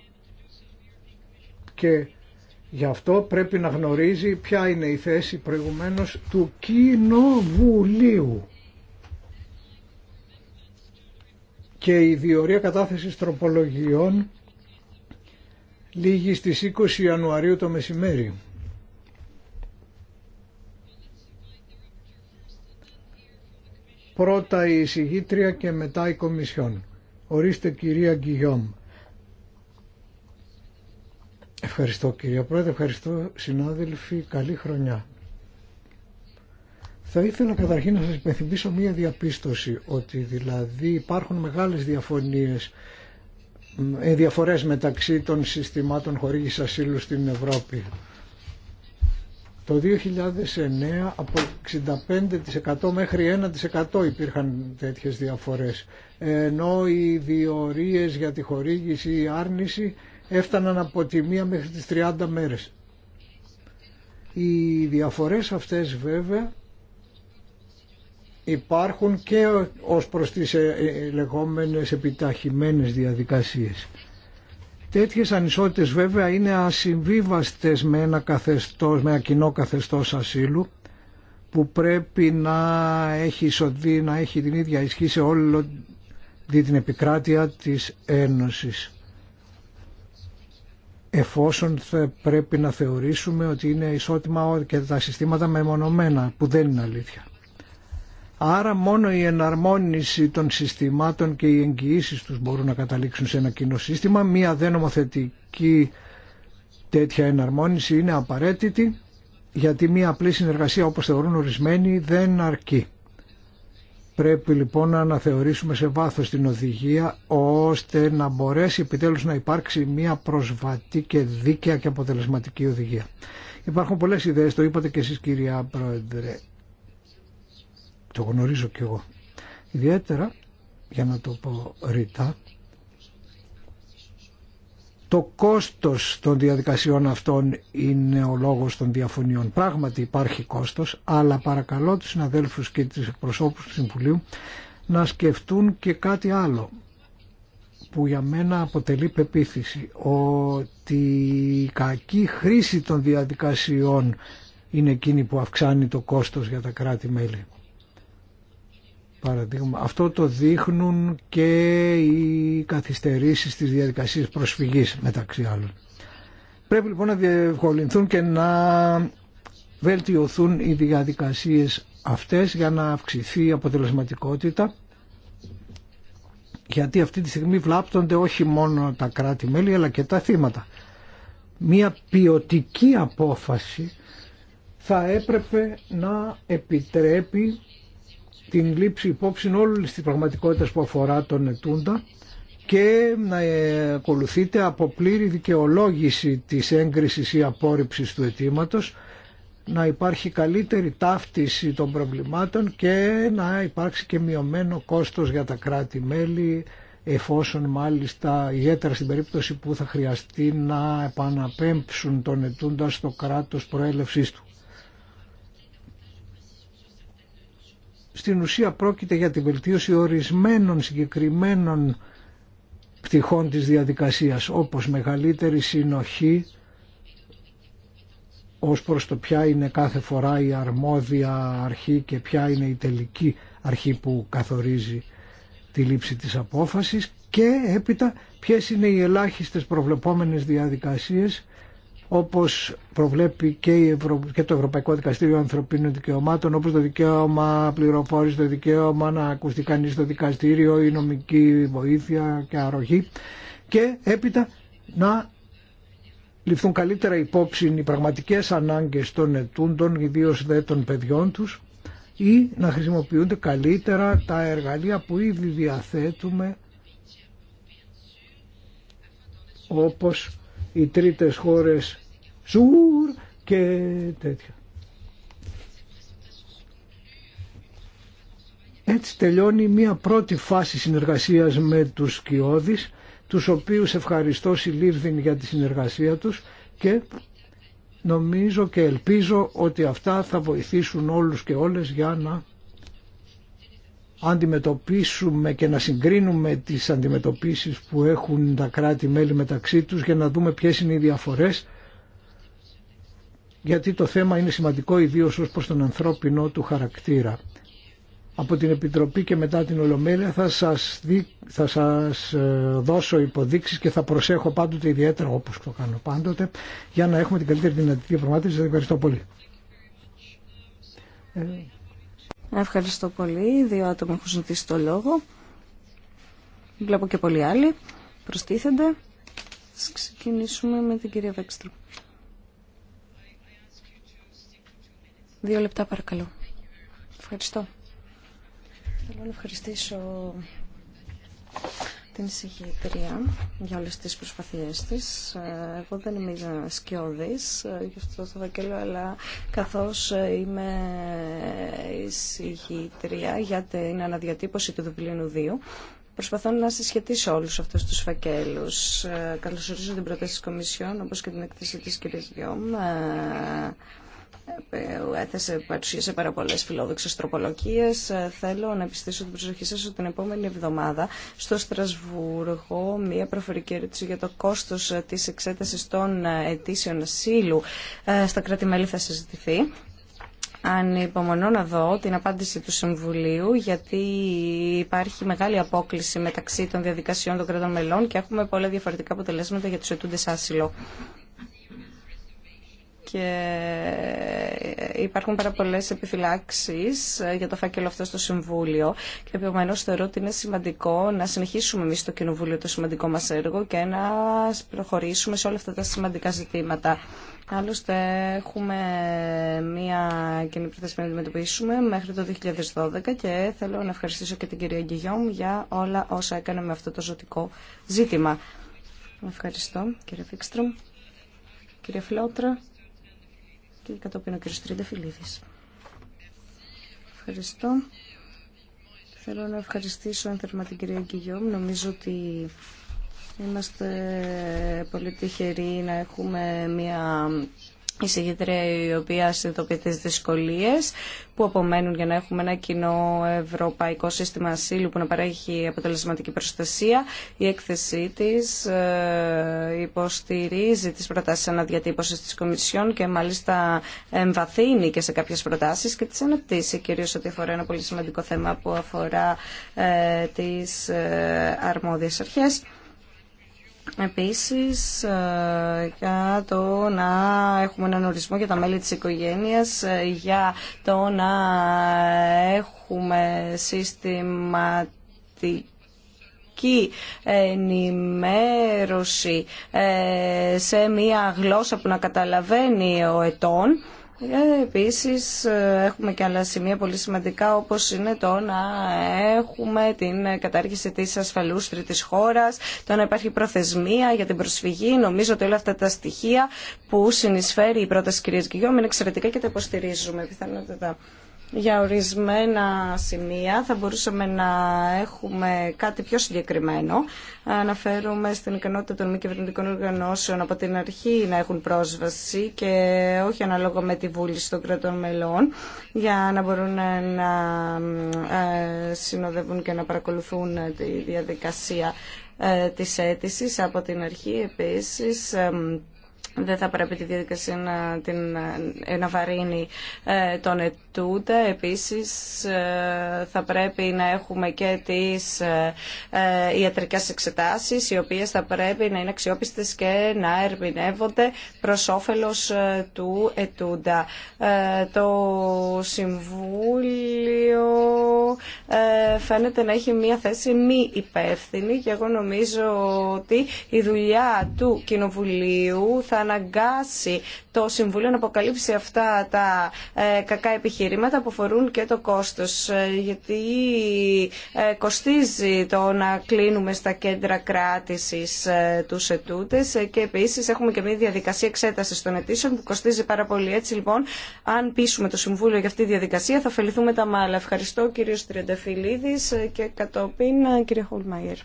και γι' αυτό πρέπει να γνωρίζει ποια είναι η θέση προηγουμένως του Κοινοβουλίου. Και η διορία κατάθεσης τροπολογιών Λίγη στις 20 Ιανουαρίου το μεσημέρι. Πρώτα η εισηγήτρια και μετά η Κομισιόν. Ορίστε κυρία Γκυγιόμ. Ευχαριστώ κυρία Πρόεδρε, ευχαριστώ συνάδελφοι, καλή χρονιά. Θα ήθελα καταρχήν να σας υπενθυμίσω μία διαπίστωση, ότι δηλαδή υπάρχουν μεγάλες διαφωνίες ε, διαφορές μεταξύ των συστημάτων χορήγης ασύλου στην Ευρώπη. Το 2009 από 65% μέχρι 1% υπήρχαν τέτοιες διαφορές, ενώ οι διορίες για τη χορήγηση ή άρνηση έφταναν από τη μία μέχρι τις 30 μέρες. Οι διαφορές αυτές βέβαια υπάρχουν και ως προς τις ε, ε, λεγόμενες επιταχυμένες διαδικασίες. Τέτοιες ανισότητες βέβαια είναι ασυμβίβαστες με ένα, καθεστώς, με ένα κοινό καθεστώς ασύλου που πρέπει να έχει να έχει την ίδια ισχύ σε όλη την επικράτεια της Ένωσης εφόσον θα πρέπει να θεωρήσουμε ότι είναι ισότιμα και τα συστήματα μεμονωμένα που δεν είναι αλήθεια. Άρα μόνο η εναρμόνιση των συστημάτων και οι εγγυήσει τους μπορούν να καταλήξουν σε ένα κοινό σύστημα. Μία δεν νομοθετική τέτοια εναρμόνιση είναι απαραίτητη γιατί μία απλή συνεργασία όπως θεωρούν ορισμένοι δεν αρκεί. Πρέπει λοιπόν να αναθεωρήσουμε σε βάθος την οδηγία ώστε να μπορέσει επιτέλους να υπάρξει μία προσβατή και δίκαια και αποτελεσματική οδηγία. Υπάρχουν πολλές ιδέες, το είπατε και εσείς κυρία Πρόεδρε το γνωρίζω κι εγώ. Ιδιαίτερα, για να το πω ρητά, το κόστος των διαδικασιών αυτών είναι ο λόγος των διαφωνιών. Πράγματι υπάρχει κόστος, αλλά παρακαλώ τους συναδέλφους και τους προσώπους του Συμβουλίου να σκεφτούν και κάτι άλλο που για μένα αποτελεί πεποίθηση ότι η κακή χρήση των διαδικασιών είναι εκείνη που αυξάνει το κόστος για τα κράτη-μέλη. Αυτό το δείχνουν και οι καθυστερήσεις της διαδικασίας προσφυγής μεταξύ άλλων. Πρέπει λοιπόν να διευκολυνθούν και να βελτιωθούν οι διαδικασίες αυτές για να αυξηθεί η αποτελεσματικότητα γιατί αυτή τη στιγμή βλάπτονται όχι μόνο τα κράτη-μέλη αλλά και τα θύματα. Μία ποιοτική απόφαση θα έπρεπε να επιτρέπει την λήψη υπόψη όλη τη πραγματικότητα που αφορά τον ετούντα και να ε, ακολουθείται από πλήρη δικαιολόγηση της έγκρισης ή απόρριψης του αιτήματο, να υπάρχει καλύτερη ταύτιση των προβλημάτων και να υπάρξει και μειωμένο κόστος για τα κράτη-μέλη εφόσον μάλιστα ιδιαίτερα στην περίπτωση που θα χρειαστεί να επαναπέμψουν τον ετούντα στο κράτος προέλευσής του. στην ουσία πρόκειται για τη βελτίωση ορισμένων συγκεκριμένων πτυχών της διαδικασίας όπως μεγαλύτερη συνοχή ως προς το ποια είναι κάθε φορά η αρμόδια αρχή και ποια είναι η τελική αρχή που καθορίζει τη λήψη της απόφασης και έπειτα ποιες είναι οι ελάχιστες προβλεπόμενες διαδικασίες όπως προβλέπει και, το Ευρωπαϊκό Δικαστήριο Ανθρωπίνων Δικαιωμάτων, όπως το δικαίωμα πληροφόρηση, το δικαίωμα να ακουστεί κανείς στο δικαστήριο, η νομική βοήθεια και αρρωγή και έπειτα να ληφθούν καλύτερα υπόψη οι πραγματικές ανάγκες των ετούντων, ιδίως δε των παιδιών τους ή να χρησιμοποιούνται καλύτερα τα εργαλεία που ήδη διαθέτουμε όπως οι τρίτες χώρες σουρ και τέτοια. Έτσι τελειώνει μία πρώτη φάση συνεργασίας με τους κοιόδης τους οποίους ευχαριστώ συλλήβδιν για τη συνεργασία τους και νομίζω και ελπίζω ότι αυτά θα βοηθήσουν όλους και όλες για να αντιμετωπίσουμε και να συγκρίνουμε τις αντιμετωπίσεις που έχουν τα κράτη-μέλη μεταξύ τους για να δούμε ποιες είναι οι διαφορές γιατί το θέμα είναι σημαντικό ιδίω ω προς τον ανθρώπινο του χαρακτήρα. Από την Επιτροπή και μετά την Ολομέλεια θα σας, δι... θα σας ε, δώσω υποδείξεις και θα προσέχω πάντοτε ιδιαίτερα όπως το κάνω πάντοτε για να έχουμε την καλύτερη δυνατή διαπραγμάτευση. Σας ευχαριστώ πολύ. Ε, Ευχαριστώ πολύ. Δύο άτομα έχουν ζητήσει το λόγο. Βλέπω και πολλοί άλλοι. Προστίθενται. Ας ξεκινήσουμε με την κυρία Βέξτρου. Δύο λεπτά παρακαλώ. Ευχαριστώ. Θέλω να ευχαριστήσω την συγχύτρια για όλες τις προσπαθίες της. Ε, εγώ δεν είμαι σκιώδης ε, γι' αυτό το φακέλο, αλλά καθώς ε, είμαι συγχύτρια για την αναδιατύπωση του Δουπλίνου 2, Προσπαθώ να συσχετίσω όλους αυτούς τους φακέλους. Καλωσορίζω την πρόταση της Κομισιόν, όπως και την εκθέση της κυρίας Γιώμ έθεσε, παρουσίασε πάρα πολλέ φιλόδοξε τροπολογίε. Ε, θέλω να επιστήσω την προσοχή σα ότι την επόμενη εβδομάδα στο Στρασβούργο μία προφορική ερώτηση για το κόστο ε, τη εξέταση των ε, αιτήσεων ασύλου στα κράτη-μέλη θα συζητηθεί. υπομονώ να δω την απάντηση του Συμβουλίου γιατί υπάρχει μεγάλη απόκληση μεταξύ των διαδικασιών των κρατών μελών και έχουμε πολλά διαφορετικά αποτελέσματα για τους ετούντες άσυλο και υπάρχουν πάρα πολλέ επιφυλάξει ε, για το φάκελο αυτό στο Συμβούλιο. Και επομένω θεωρώ ότι είναι σημαντικό να συνεχίσουμε εμεί στο Κοινοβούλιο το σημαντικό μα έργο και να προχωρήσουμε σε όλα αυτά τα σημαντικά ζητήματα. Άλλωστε έχουμε μία κοινή πρόθεση να αντιμετωπίσουμε μέχρι το 2012 και θέλω να ευχαριστήσω και την κυρία Γκυγιόμ για όλα όσα έκανε με αυτό το ζωτικό ζήτημα. Ευχαριστώ κύριε Φίξτρομ. Κύριε Φλότρα, και κατόπιν ο κ. Τριανταφυλλίδης. Ευχαριστώ. Θέλω να ευχαριστήσω ενθερμα την κυρία Κιγιόμ. Νομίζω ότι είμαστε πολύ τυχεροί να έχουμε μια η συγγετρία η οποία συνειδητοποιεί τις δυσκολίες που απομένουν για να έχουμε ένα κοινό ευρωπαϊκό σύστημα ασύλου που να παρέχει αποτελεσματική προστασία. Η έκθεσή της ε, υποστηρίζει τις προτάσεις αναδιατύπωσης της Κομισιόν και μάλιστα εμβαθύνει και σε κάποιες προτάσεις και τις αναπτύσσει κυρίως ό,τι αφορά ένα πολύ σημαντικό θέμα που αφορά ε, τις ε, αρμόδιες αρχές. Επίσης, ε, για το να έχουμε έναν ορισμό για τα μέλη της οικογένειας, ε, για το να έχουμε συστηματική ενημέρωση ε, σε μία γλώσσα που να καταλαβαίνει ο ετών ε, επίσης ε, έχουμε και άλλα σημεία πολύ σημαντικά όπως είναι το να έχουμε την κατάργηση της ασφαλούς τρίτης χώρας, το να υπάρχει προθεσμία για την προσφυγή. Νομίζω ότι όλα αυτά τα στοιχεία που συνεισφέρει η πρόταση κυρίας Γιώμη είναι εξαιρετικά και τα υποστηρίζουμε πιθανότητα για ορισμένα σημεία θα μπορούσαμε να έχουμε κάτι πιο συγκεκριμένο. Αναφέρομαι στην ικανότητα των μη κυβερνητικών οργανώσεων από την αρχή να έχουν πρόσβαση και όχι αναλόγω με τη βούληση των κρατών μελών για να μπορούν να ε, συνοδεύουν και να παρακολουθούν τη διαδικασία ε, της αίτησης από την αρχή επίσης ε, δεν θα πρέπει τη διαδικασία να, την, να βαρύνει τον Τούτα επίσης ε, θα πρέπει να έχουμε και τις ε, ε, ιατρικές εξετάσεις οι οποίες θα πρέπει να είναι αξιόπιστες και να ερμηνεύονται προς όφελος του ετούντα. Το Συμβούλιο φαίνεται να έχει μία θέση μη υπεύθυνη και εγώ νομίζω ότι η δουλειά του Κοινοβουλίου θα αναγκάσει το Συμβούλιο να αποκαλύψει αυτά τα κακά επιχειρήματα επιχειρήματα που αφορούν και το κόστος, ε, γιατί ε, κοστίζει το να κλείνουμε στα κέντρα κράτησης ε, τους ετούτες και επίσης έχουμε και μια διαδικασία εξέτασης των αιτήσεων που κοστίζει πάρα πολύ. Έτσι λοιπόν, αν πείσουμε το Συμβούλιο για αυτή τη διαδικασία θα ωφεληθούμε τα μάλα. Ευχαριστώ κύριο Τριανταφυλίδης και κατόπιν κύριε Χολμαϊρ.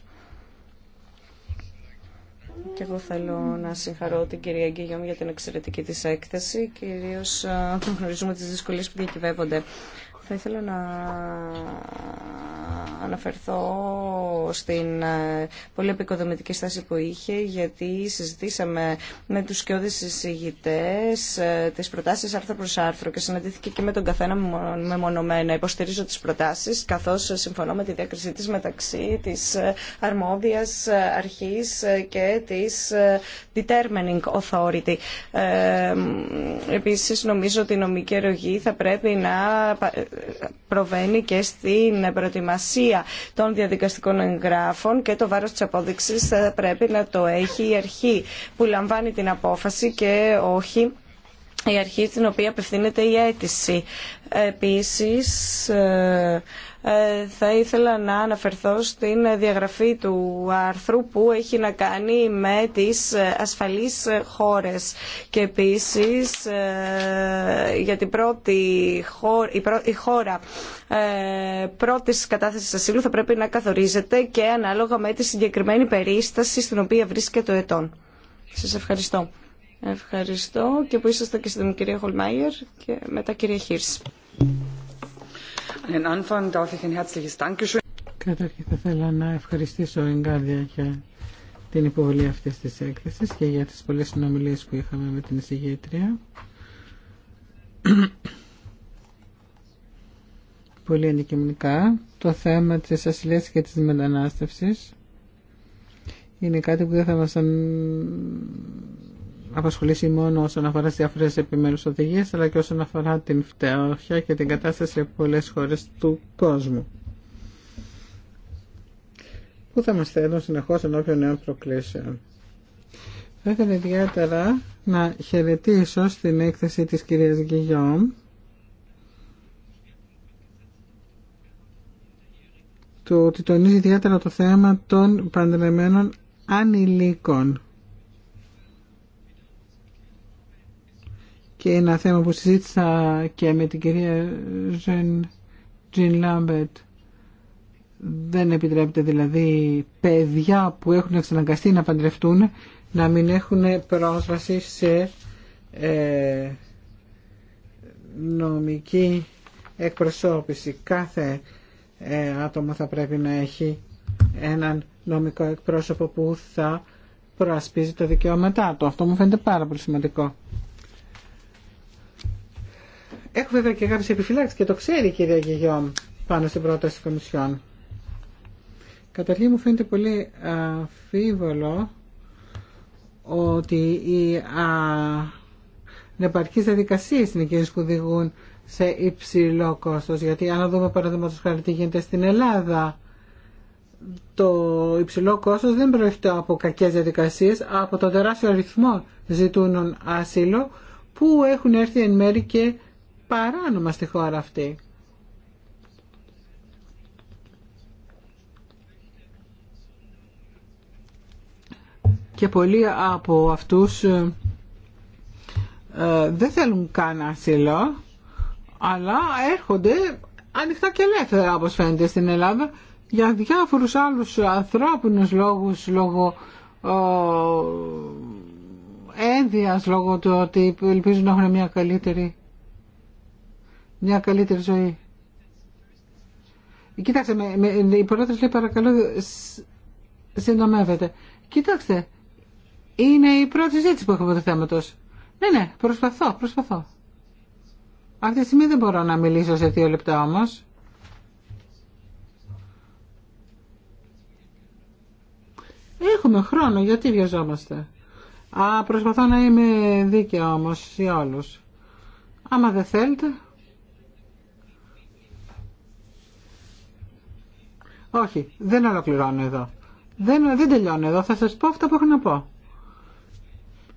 Και εγώ θέλω να συγχαρώ την κυρία Γκυγιόμ για την εξαιρετική της έκθεση, κυρίως ε, γνωρίζουμε τις δυσκολίες που διακυβεύονται θα ήθελα να αναφερθώ στην ε, πολύ επικοδομητική στάση που είχε γιατί συζητήσαμε με τους σκιώδες συζητητές ε, τις προτάσεις άρθρο προς άρθρο και συναντήθηκε και με τον καθένα μεμονωμένα. Υποστηρίζω τις προτάσεις καθώς συμφωνώ με τη διάκριση της μεταξύ της ε, αρμόδιας αρχής και της determining authority. Επίσης νομίζω ότι η νομική ερωγή θα πρέπει να προβαίνει και στην προετοιμασία των διαδικαστικών εγγράφων και το βάρος της απόδειξης πρέπει να το έχει η αρχή που λαμβάνει την απόφαση και όχι η αρχή στην οποία απευθύνεται η αίτηση. Επίσης, ε, ε, θα ήθελα να αναφερθώ στην διαγραφή του άρθρου που έχει να κάνει με τις ασφαλείς χώρες. Και επίσης, ε, για την πρώτη χώρα, η χώρα πρώτης κατάθεσης ασύλου θα πρέπει να καθορίζεται και ανάλογα με τη συγκεκριμένη περίσταση στην οποία βρίσκεται το ετών. Σας ευχαριστώ. Ευχαριστώ και που ήσασταν και στην κυρία Χολμάιερ και μετά κυρία Χίρς. Καταρχήν θα ήθελα να ευχαριστήσω εγκάρδια για την υποβολή αυτή τη έκθεση και για τις πολλές συνομιλίες που είχαμε με την εισηγήτρια. Πολύ αντικειμενικά. Το θέμα της ασυλίας και της μετανάστευσης είναι κάτι που δεν θα μας απασχολήσει μόνο όσον αφορά τι διάφορε επιμέρου οδηγίε, αλλά και όσον αφορά την φτώχεια και την κατάσταση σε πολλέ χώρε του κόσμου. Πού θα μα θέλουν συνεχώ ενώπιον νέων προκλήσεων. Θα ήθελα ιδιαίτερα να χαιρετήσω στην έκθεση της κυρίας Γκυγιόμ το ότι τονίζει ιδιαίτερα το θέμα των παντρεμένων ανηλίκων και ένα θέμα που συζήτησα και με την κυρία Ζεν Τζιν Λάμπετ δεν επιτρέπεται δηλαδή παιδιά που έχουν εξαναγκαστεί να παντρευτούν να μην έχουν πρόσβαση σε ε, νομική εκπροσώπηση. Κάθε ε, άτομο θα πρέπει να έχει έναν νομικό εκπρόσωπο που θα προασπίζει τα δικαιώματά του. Αυτό μου φαίνεται πάρα πολύ σημαντικό. Έχω βέβαια και κάποιε επιφυλάξει και το ξέρει η κυρία Γεγιόμ πάνω στην πρόταση τη Κομισιόν. Καταρχήν μου φαίνεται πολύ αφίβολο ότι οι νεπαρκεί διαδικασίε είναι εκείνε που οδηγούν σε υψηλό κόστο. Γιατί αν δούμε παραδείγματο χάρη τι γίνεται στην Ελλάδα, το υψηλό κόστος δεν προέρχεται από κακές διαδικασίες, από τον τεράστιο αριθμό ζητούν άσυλο που έχουν έρθει εν μέρη και παράνομα στη χώρα αυτή. Και πολλοί από αυτούς ε, ε, δεν θέλουν καν ασύλο, αλλά έρχονται ανοιχτά και ελεύθερα όπως φαίνεται στην Ελλάδα για διάφορους άλλους ανθρώπινους λόγους λόγω ε, ένδυας λόγω του ότι ελπίζουν να έχουν μια καλύτερη μια καλύτερη ζωή. Κοιτάξτε, με, με, η πρόταση λέει παρακαλώ συντομεύεται. Κοιτάξτε, είναι η πρώτη ζήτηση που έχουμε το θέματος. Ναι, ναι, προσπαθώ, προσπαθώ. Αυτή τη στιγμή δεν μπορώ να μιλήσω σε δύο λεπτά όμως. Έχουμε χρόνο, γιατί βιαζόμαστε. Α, προσπαθώ να είμαι δίκαιο όμως για όλους. Άμα δεν θέλετε, Όχι, δεν ολοκληρώνω εδώ. Δεν, δεν τελειώνω εδώ. Θα σα πω αυτά που έχω να πω.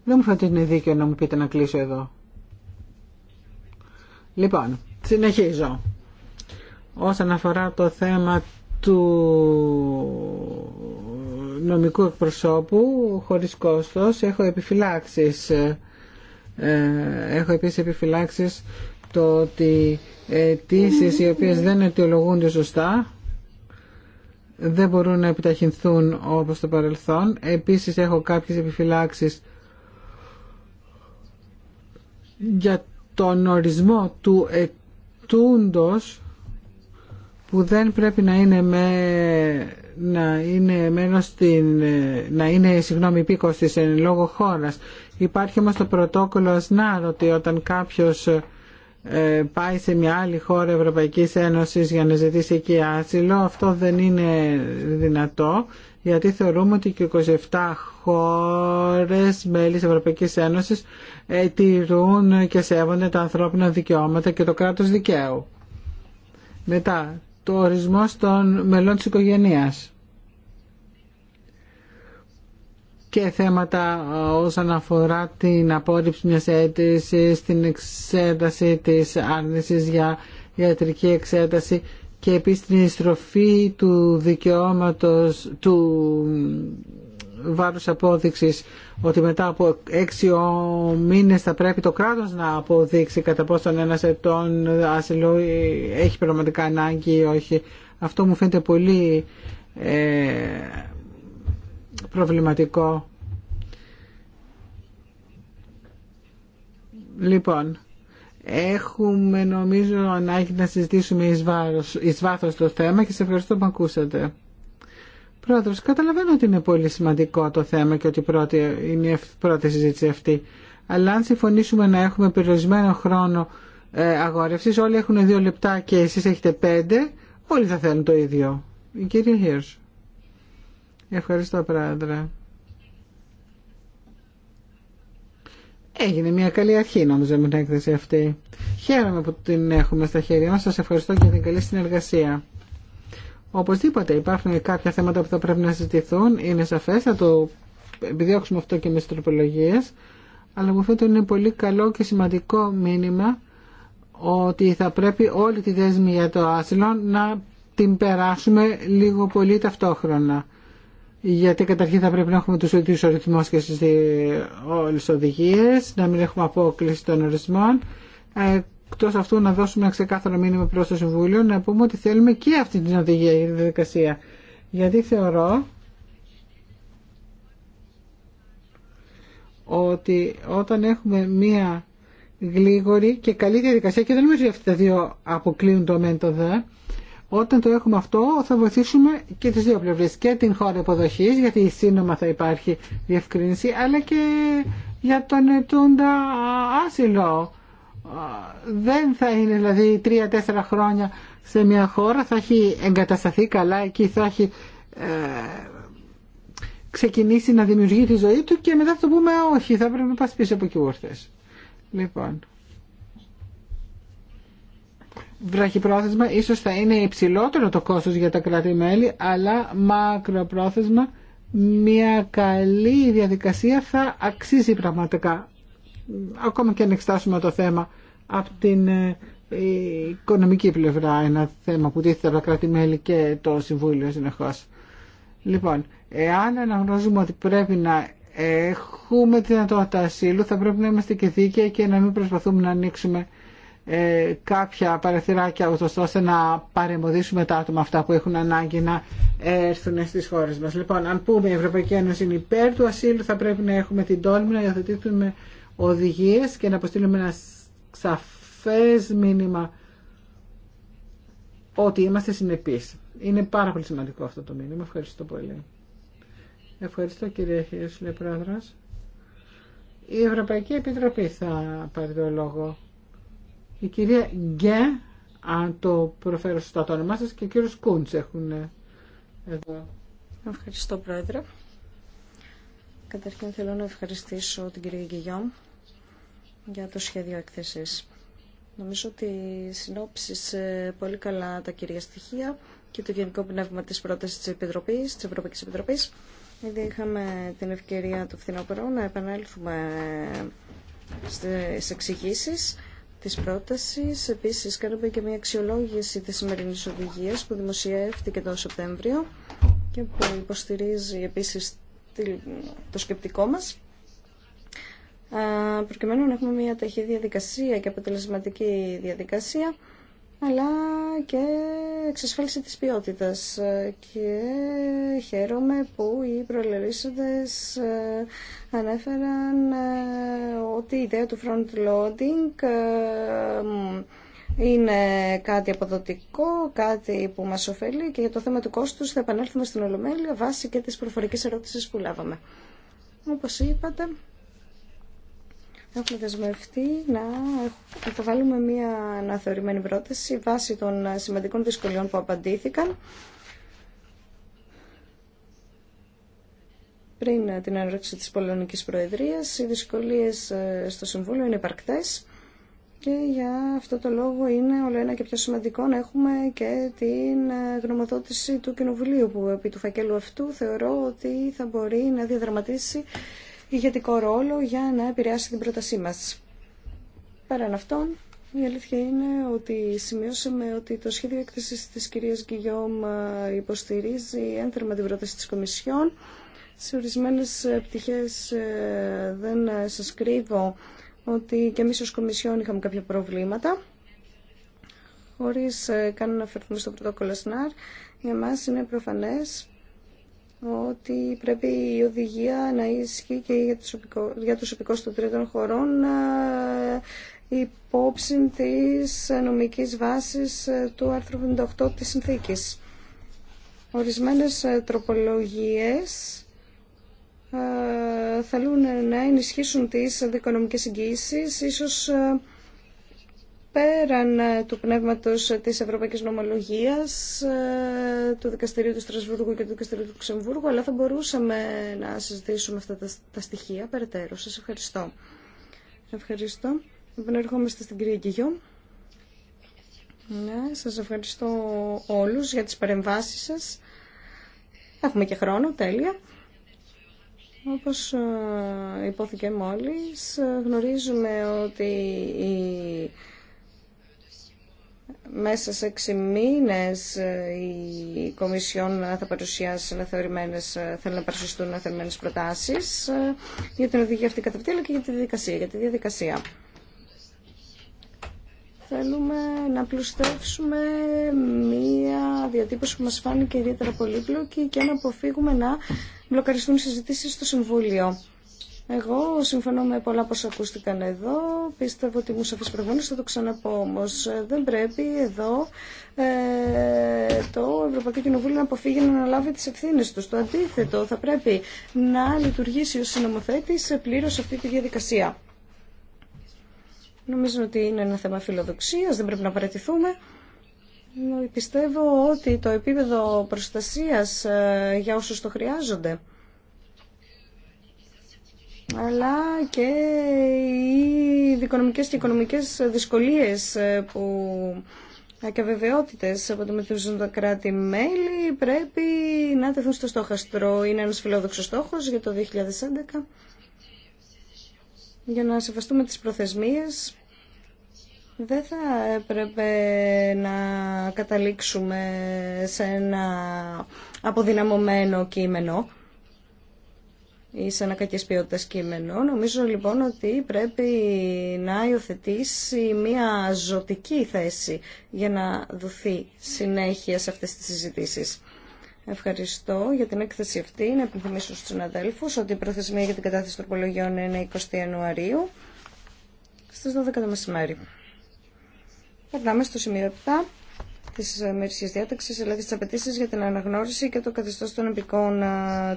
Δεν μου φαίνεται ότι είναι δίκαιο να μου πείτε να κλείσω εδώ. Λοιπόν, συνεχίζω. Όσον αφορά το θέμα του νομικού εκπροσώπου χωρίς κόστος έχω επιφυλάξεις ε, έχω επίσης επιφυλάξεις το ότι αιτήσει οι οποίες δεν αιτιολογούνται σωστά δεν μπορούν να επιταχυνθούν όπως το παρελθόν. Επίσης έχω κάποιες επιφυλάξεις για τον ορισμό του ετούντος που δεν πρέπει να είναι με να είναι στην, να είναι συγγνώμη πίκος εν λόγω χώρας. Υπάρχει όμως το πρωτόκολλο Ασνάρ ότι όταν κάποιος ε, πάει σε μια άλλη χώρα Ευρωπαϊκής Ένωσης για να ζητήσει εκεί άσυλο. Αυτό δεν είναι δυνατό γιατί θεωρούμε ότι και 27 χώρες μέλη της Ευρωπαϊκής Ένωσης ε, τηρούν και σέβονται τα ανθρώπινα δικαιώματα και το κράτος δικαίου. Μετά, το ορισμός των μελών της οικογένειας. και θέματα ε, όσον αφορά την απόρριψη μιας αίτησης, την εξέταση της άρνησης για ιατρική εξέταση και επίσης την στροφή του δικαιώματος του βάρους απόδειξης ότι μετά από έξι μήνες θα πρέπει το κράτος να αποδείξει κατά πόσον ένας ετών άσυλο έχει πραγματικά ανάγκη ή όχι. Αυτό μου φαίνεται πολύ ε, προβληματικό. Λοιπόν, έχουμε νομίζω ανάγκη να συζητήσουμε εις, βάθος το θέμα και σε ευχαριστώ που ακούσατε. Πρόεδρος, καταλαβαίνω ότι είναι πολύ σημαντικό το θέμα και ότι πρώτη, είναι η πρώτη συζήτηση αυτή. Αλλά αν συμφωνήσουμε να έχουμε περιορισμένο χρόνο ε, αγόρευσης, όλοι έχουν δύο λεπτά και εσείς έχετε πέντε, όλοι θα θέλουν το ίδιο. Η κυρία Χίρς. Ευχαριστώ, Πρόεδρε. Έγινε μια καλή αρχή νομίζω με την έκθεση αυτή. Χαίρομαι που την έχουμε στα χέρια μας. Σας ευχαριστώ για την καλή συνεργασία. Οπωσδήποτε υπάρχουν κάποια θέματα που θα πρέπει να συζητηθούν. Είναι σαφές, θα το επιδιώξουμε αυτό και με τροπολογίες. Αλλά μου φαίνεται είναι πολύ καλό και σημαντικό μήνυμα ότι θα πρέπει όλη τη δέσμη για το άσυλο να την περάσουμε λίγο πολύ ταυτόχρονα γιατί καταρχήν θα πρέπει να έχουμε τους ίδιους ορισμούς και στις όλες τις οδηγίες, να μην έχουμε απόκληση των ορισμών. Εκτός αυτού να δώσουμε ένα ξεκάθαρο μήνυμα προς το Συμβούλιο, να πούμε ότι θέλουμε και αυτή την οδηγία για τη διαδικασία. Γιατί θεωρώ ότι όταν έχουμε μία γλίγορη και καλή διαδικασία και δεν νομίζω ότι αυτά τα δύο αποκλείουν το μεν όταν το έχουμε αυτό θα βοηθήσουμε και τις δύο πλευρές και την χώρα υποδοχής γιατί σύνομα θα υπάρχει διευκρίνηση αλλά και για τον ετούντα άσυλο. Δεν θα είναι δηλαδή τρία-τέσσερα χρόνια σε μια χώρα, θα έχει εγκατασταθεί καλά εκεί, θα έχει ε, ξεκινήσει να δημιουργεί τη ζωή του και μετά θα το πούμε όχι, θα πρέπει να πας πίσω από εκεί όρθες. Λοιπόν, βραχυπρόθεσμα ίσως θα είναι υψηλότερο το κόστος για τα κράτη-μέλη, αλλά μακροπρόθεσμα μια καλή διαδικασία θα αξίζει πραγματικά. Ακόμα και αν εξτάσουμε το θέμα από την ε, οικονομική πλευρά, ένα θέμα που τίθεται από τα κράτη-μέλη και το Συμβούλιο συνεχώς. Λοιπόν, εάν αναγνωρίζουμε ότι πρέπει να έχουμε δυνατότητα ασύλου, θα πρέπει να είμαστε και δίκαιοι και να μην προσπαθούμε να ανοίξουμε ε, κάποια παραθυράκια ούτως ώστε να παρεμποδίσουμε τα άτομα αυτά που έχουν ανάγκη να έρθουν στις χώρες μας. Λοιπόν, αν πούμε η Ευρωπαϊκή Ένωση είναι υπέρ του ασύλου θα πρέπει να έχουμε την τόλμη να υιοθετήσουμε οδηγίες και να αποστείλουμε ένα σαφές μήνυμα ότι είμαστε συνεπείς. Είναι πάρα πολύ σημαντικό αυτό το μήνυμα. Ευχαριστώ πολύ. Ευχαριστώ κύριε Χίρσλε Πρόεδρος. Η Ευρωπαϊκή Επιτροπή θα πάρει το λόγο η κυρία Γκέ, αν το προφέρω σωστά το όνομά σας, και ο κύριος Κούντς έχουν ε, εδώ. Ευχαριστώ, Πρόεδρε. Καταρχήν θέλω να ευχαριστήσω την κυρία Γκυγιόμ για το σχέδιο έκθεσης. Νομίζω ότι συνόψεις ε, πολύ καλά τα κυρία στοιχεία και το γενικό πνεύμα της πρότασης της, Επιτροπής, της Ευρωπαϊκής Επιτροπής. Ήδη είχαμε την ευκαιρία του φθινόπωρο να επανέλθουμε ε, στις εξηγήσει της πρότασης. Επίσης, κάνουμε και μια αξιολόγηση της σημερινής οδηγίας που δημοσιεύτηκε τον Σεπτέμβριο και που υποστηρίζει επίσης το σκεπτικό μας. Προκειμένου να έχουμε μια ταχύ διαδικασία και αποτελεσματική διαδικασία αλλά και εξασφάλιση της ποιότητας. Και χαίρομαι που οι προλερίσοντες ε, ανέφεραν ε, ότι η ιδέα του front-loading ε, είναι κάτι αποδοτικό, κάτι που μας ωφελεί και για το θέμα του κόστους θα επανέλθουμε στην Ολομέλεια βάσει και της προφορικής ερώτησης που λάβαμε. Όπως είπατε, έχουμε δεσμευτεί να βάλουμε μια αναθεωρημένη πρόταση βάσει των σημαντικών δυσκολιών που απαντήθηκαν πριν την έναρξη της Πολωνικής Προεδρίας. Οι δυσκολίες ε, στο Συμβούλιο είναι υπαρκτές και για αυτό το λόγο είναι όλο ένα και πιο σημαντικό να έχουμε και την ε, γνωμοδότηση του Κοινοβουλίου που επί του φακέλου αυτού θεωρώ ότι θα μπορεί να διαδραματίσει ηγετικό ρόλο για να επηρεάσει την πρότασή μας. Πέραν αυτών, η αλήθεια είναι ότι σημειώσαμε ότι το σχέδιο έκθεση της κυρίας Γκυγιόμ ε, υποστηρίζει ένθερμα την πρόταση της Κομισιόν. Σε ορισμένες ε, πτυχές ε, δεν σας κρύβω ότι και εμείς ως Κομισιόν είχαμε κάποια προβλήματα χωρίς καν να αφαιρθούμε στο πρωτόκολλο ΣΝΑΡ, για μας είναι προφανές ότι πρέπει η οδηγία να ισχύει και για τους, οπικό, για τους οπικούς των τρίτων χωρών ε, υπόψη της νομικής βάσης ε, του άρθρου 58 της συνθήκης. Ορισμένες ε, τροπολογίες θέλουν να ενισχύσουν τις δικονομικές εγγύησεις, ίσως πέραν ε, του πνεύματος της Ευρωπαϊκής Νομολογίας, ε, του Δικαστηρίου του Στρασβούργου και του Δικαστηρίου του Ξεμβούργου, αλλά θα μπορούσαμε να συζητήσουμε αυτά τα, στοιχεία περαιτέρω. Σας ευχαριστώ. Ευχαριστώ. Επανερχόμαστε στην κυρία Κιγιό. Ναι, σας ευχαριστώ όλους για τις παρεμβάσεις σας. Έχουμε και χρόνο, τέλεια. Όπως ε, υπόθηκε μόλις, γνωρίζουμε ότι η μέσα σε έξι μήνες ε, η Κομισιόν θα παρουσιάσει θεωρημένες ε, να παρουσιαστούν προτάσεις ε, για την οδηγία αυτή κατά αλλά και για τη διαδικασία. Για τη διαδικασία. Θέλουμε να πλουστεύσουμε μία διατύπωση που μας φάνηκε ιδιαίτερα πολύπλοκη και να αποφύγουμε να μπλοκαριστούν συζητήσεις στο Συμβούλιο. Εγώ συμφωνώ με πολλά πως ακούστηκαν εδώ. Πίστευω ότι μου σαφείς προηγούμενος, θα το ξαναπώ όμως. Δεν πρέπει εδώ ε, το Ευρωπαϊκό Κοινοβούλιο να αποφύγει να αναλάβει τις ευθύνες του. Το αντίθετο, θα πρέπει να λειτουργήσει ο συνομοθέτης πλήρως αυτή τη διαδικασία. Νομίζω ότι είναι ένα θέμα φιλοδοξίας, δεν πρέπει να παρατηθούμε. Πιστεύω ότι το επίπεδο προστασίας ε, για όσους το χρειάζονται αλλά και οι δικονομικές και οικονομικές δυσκολίες ε, που ε, και βεβαιότητες από το τα κράτη-μέλη πρέπει να τεθούν στο στόχαστρο. Είναι ένας φιλόδοξος στόχος για το 2011 για να σεβαστούμε τις προθεσμίες. Δεν θα έπρεπε να καταλήξουμε σε ένα αποδυναμωμένο κείμενο ή ένα κακές ποιότητας κείμενο. Νομίζω λοιπόν ότι πρέπει να υιοθετήσει μια ζωτική θέση για να δοθεί συνέχεια σε αυτές τις συζητήσεις. Ευχαριστώ για την έκθεση αυτή. Να επιθυμίσω στους συναδέλφους ότι η προθεσμία για την κατάθεση τροπολογιών είναι 20 Ιανουαρίου στις 12 το μεσημέρι. Περνάμε στο σημείο 7 της αλλά και τι απαιτήσει για την αναγνώριση και το καθεστώ των επικών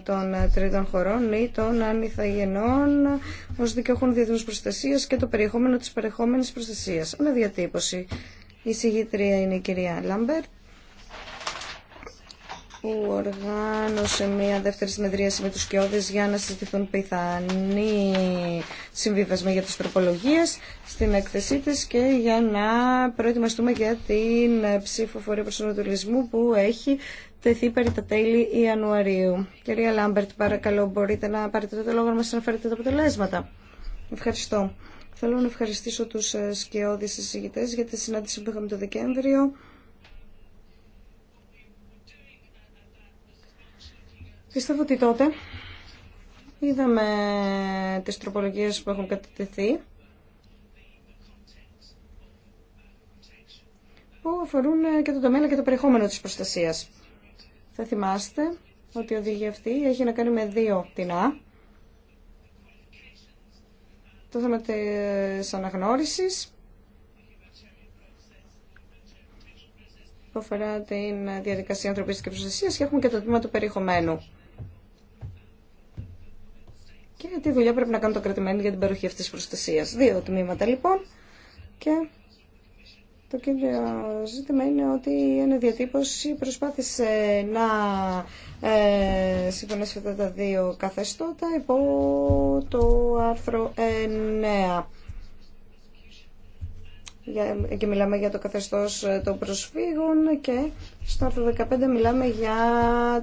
των ε, τρίτων χωρών ή των ανιθαγενών ω δικαιούχων διεθνού προστασία και το περιεχόμενο της περιεχόμενης προστασία. Με διατύπωση. Η συγγήτρια είναι η κυρία Λάμπερτ που οργάνωσε μια δεύτερη συνεδρίαση με τους Κιώδες για να συζητηθούν πιθανή συμβίβασμα για τις τροπολογίες στην έκθεσή της και για να προετοιμαστούμε για την ψηφοφορία προσανατολισμού που έχει τεθεί περί τα τέλη Ιανουαρίου. Κυρία Λάμπερτ, παρακαλώ μπορείτε να πάρετε το λόγο να μας αναφέρετε τα αποτελέσματα. Ευχαριστώ. Θέλω να ευχαριστήσω τους ε, σκιώδεις συζητητές για τη συνάντηση που είχαμε το Δεκέμβριο Πιστεύω ότι τότε είδαμε τις τροπολογίες που έχουν κατατεθεί που αφορούν και το τομέα και το περιεχόμενο της προστασίας. Θα θυμάστε ότι η οδηγία αυτή έχει να κάνει με δύο τεινά. Το θέμα της αναγνώρισης που αφορά την διαδικασία και προστασίας και έχουμε και το τμήμα του περιεχομένου και τι δουλειά πρέπει να κάνουν το κρατημένο για την παροχή αυτής της προστασίας. Δύο τμήματα λοιπόν και το κύριο ζήτημα είναι ότι η διατύπωση προσπάθησε να ε, συμφωνήσει αυτά τα δύο καθεστώτα υπό το άρθρο 9 και μιλάμε για το καθεστώς ε, των προσφύγων και στο άρθρο 15 μιλάμε για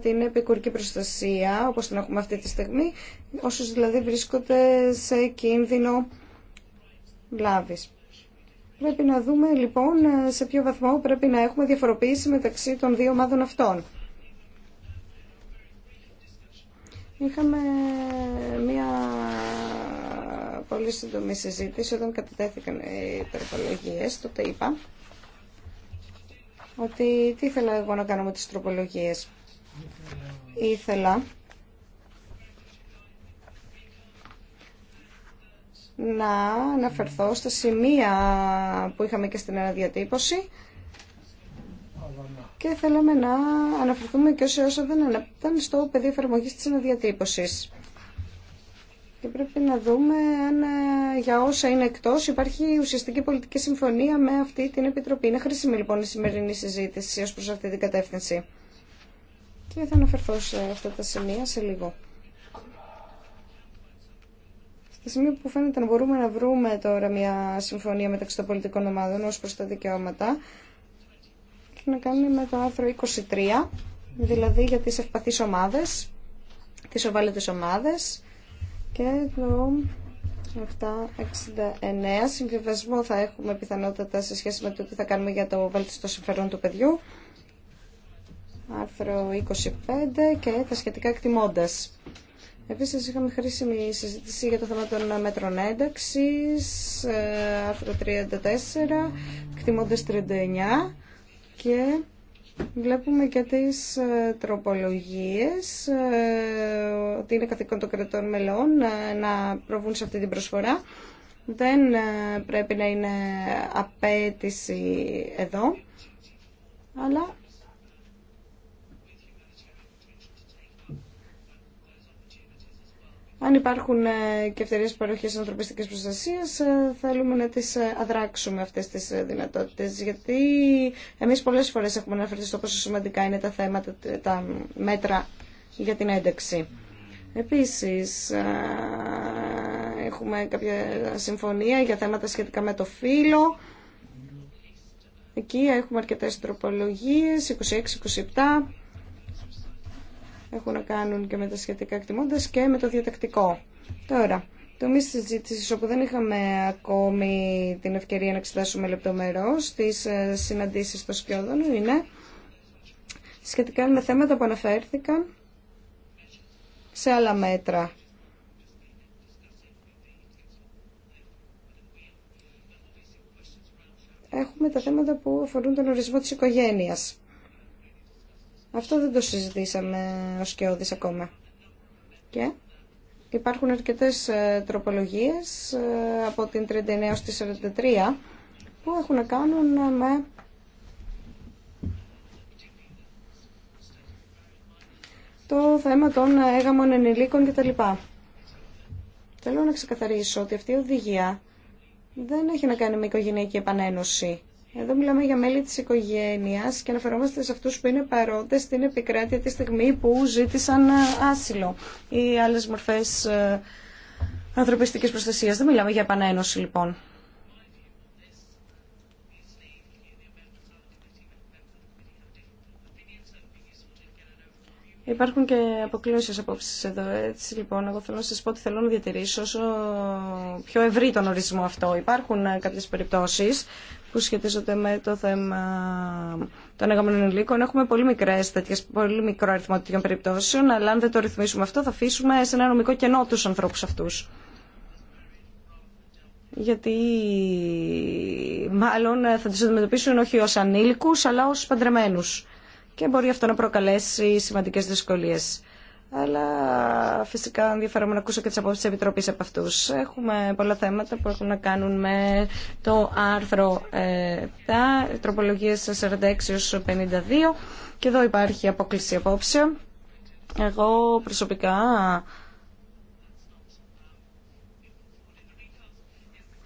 την επικουρική προστασία όπως την έχουμε αυτή τη στιγμή όσους δηλαδή βρίσκονται σε κίνδυνο βλάβης. Πρέπει να δούμε λοιπόν ε, σε ποιο βαθμό πρέπει να έχουμε διαφοροποίηση μεταξύ των δύο ομάδων αυτών. Είχαμε μία πολύ σύντομη συζήτηση όταν κατατέθηκαν οι τροπολογίες, τότε είπα ότι τι ήθελα εγώ να κάνω με τις τροπολογίες. Ήθελα να αναφερθώ στα σημεία που είχαμε και στην αναδιατύπωση και θέλαμε να αναφερθούμε και όσοι όσα δεν αναπτύσσαν στο πεδίο εφαρμογή της αναδιατύπωσης. Και πρέπει να δούμε αν ε, για όσα είναι εκτός υπάρχει ουσιαστική πολιτική συμφωνία με αυτή την Επιτροπή. Είναι χρήσιμη λοιπόν η σημερινή συζήτηση ως προς αυτή την κατεύθυνση. Και θα αναφερθώ σε αυτά τα σημεία σε λίγο. Στη σημεία που φαίνεται να μπορούμε να βρούμε τώρα μια συμφωνία μεταξύ των πολιτικών ομάδων ως προς τα δικαιώματα έχει να κάνει με το άρθρο 23, δηλαδή για τις ευπαθείς ομάδες, τις οβάλλοντες ομάδες και εδώ 769 συμβιβασμό θα έχουμε πιθανότατα σε σχέση με το τι θα κάνουμε για το βέλτιστο συμφερόν του παιδιού. Άρθρο 25 και τα σχετικά εκτιμώντα. Επίσης είχαμε χρήσιμη συζήτηση για το θέμα των μέτρων ένταξης, ε, άρθρο 34, εκτιμώντα 39 και Βλέπουμε και τις ε, τροπολογίες ε, ότι είναι καθήκον των κρατών μελών ε, να προβούν σε αυτή την προσφορά. Δεν πρέπει να είναι απέτηση εδώ, αλλά Αν υπάρχουν ε, και ευτερίες παροχές ανθρωπιστικής προστασίας, ε, θέλουμε να τις ε, αδράξουμε αυτές τις δυνατότητες, γιατί εμείς πολλές φορές έχουμε αναφερθεί στο πόσο σημαντικά είναι τα θέματα, τα μέτρα για την ένταξη. Επίσης, έχουμε κάποια συμφωνία για θέματα σχετικά με το φύλλο. Εκεί έχουμε αρκετές τροπολογίες, 26-27 έχουν να κάνουν και με τα σχετικά εκτιμώντας και με το διατακτικό. Τώρα, το τομείς συζήτηση όπου δεν είχαμε ακόμη την ευκαιρία να εξετάσουμε λεπτομερώς τις ε, συναντήσεις των σκιώδων είναι σχετικά με θέματα που αναφέρθηκαν σε άλλα μέτρα. Έχουμε τα θέματα που αφορούν τον ορισμό της οικογένειας. Αυτό δεν το συζητήσαμε ως και ακόμα. Και υπάρχουν αρκετές ε, τροπολογίες ε, από την 39 ως τη 43 που έχουν να κάνουν με το θέμα των έγαμων ενηλίκων κτλ. Θέλω να ξεκαθαρίσω ότι αυτή η οδηγία δεν έχει να κάνει με οικογενειακή επανένωση εδώ μιλάμε για μέλη της οικογένειας και αναφερόμαστε σε αυτούς που είναι παρόντες στην επικράτεια τη στιγμή που ζήτησαν ε, άσυλο ή άλλες μορφές ε, ανθρωπιστικής προστασίας. Δεν μιλάμε για επανένωση λοιπόν. Υπάρχουν και αποκλήσει απόψει εδώ. Έτσι λοιπόν, εγώ θέλω να σα πω ότι θέλω να διατηρήσω πιο ευρύ τον ορισμό αυτό. Υπάρχουν ε, κάποιε περιπτώσει που σχετίζονται με το θέμα των αγαπημένων υλίκων. Έχουμε πολύ μικρέ τέτοιε, πολύ μικρό αριθμό τέτοιων περιπτώσεων, αλλά αν δεν το ρυθμίσουμε αυτό θα αφήσουμε σε ένα νομικό κενό του ανθρώπους αυτούς. Γιατί μάλλον θα του αντιμετωπίσουν όχι ως ανήλικους, αλλά ως παντρεμένους. Και μπορεί αυτό να προκαλέσει σημαντικές δυσκολίες αλλά φυσικά ενδιαφέρομαι να ακούσω και τι απόψει τη επιτροπή από αυτού. Έχουμε πολλά θέματα που έχουν να κάνουν με το άρθρο 7, Τροπολογίε 46 46-52 και εδώ υπάρχει απόκληση απόψεων. Εγώ προσωπικά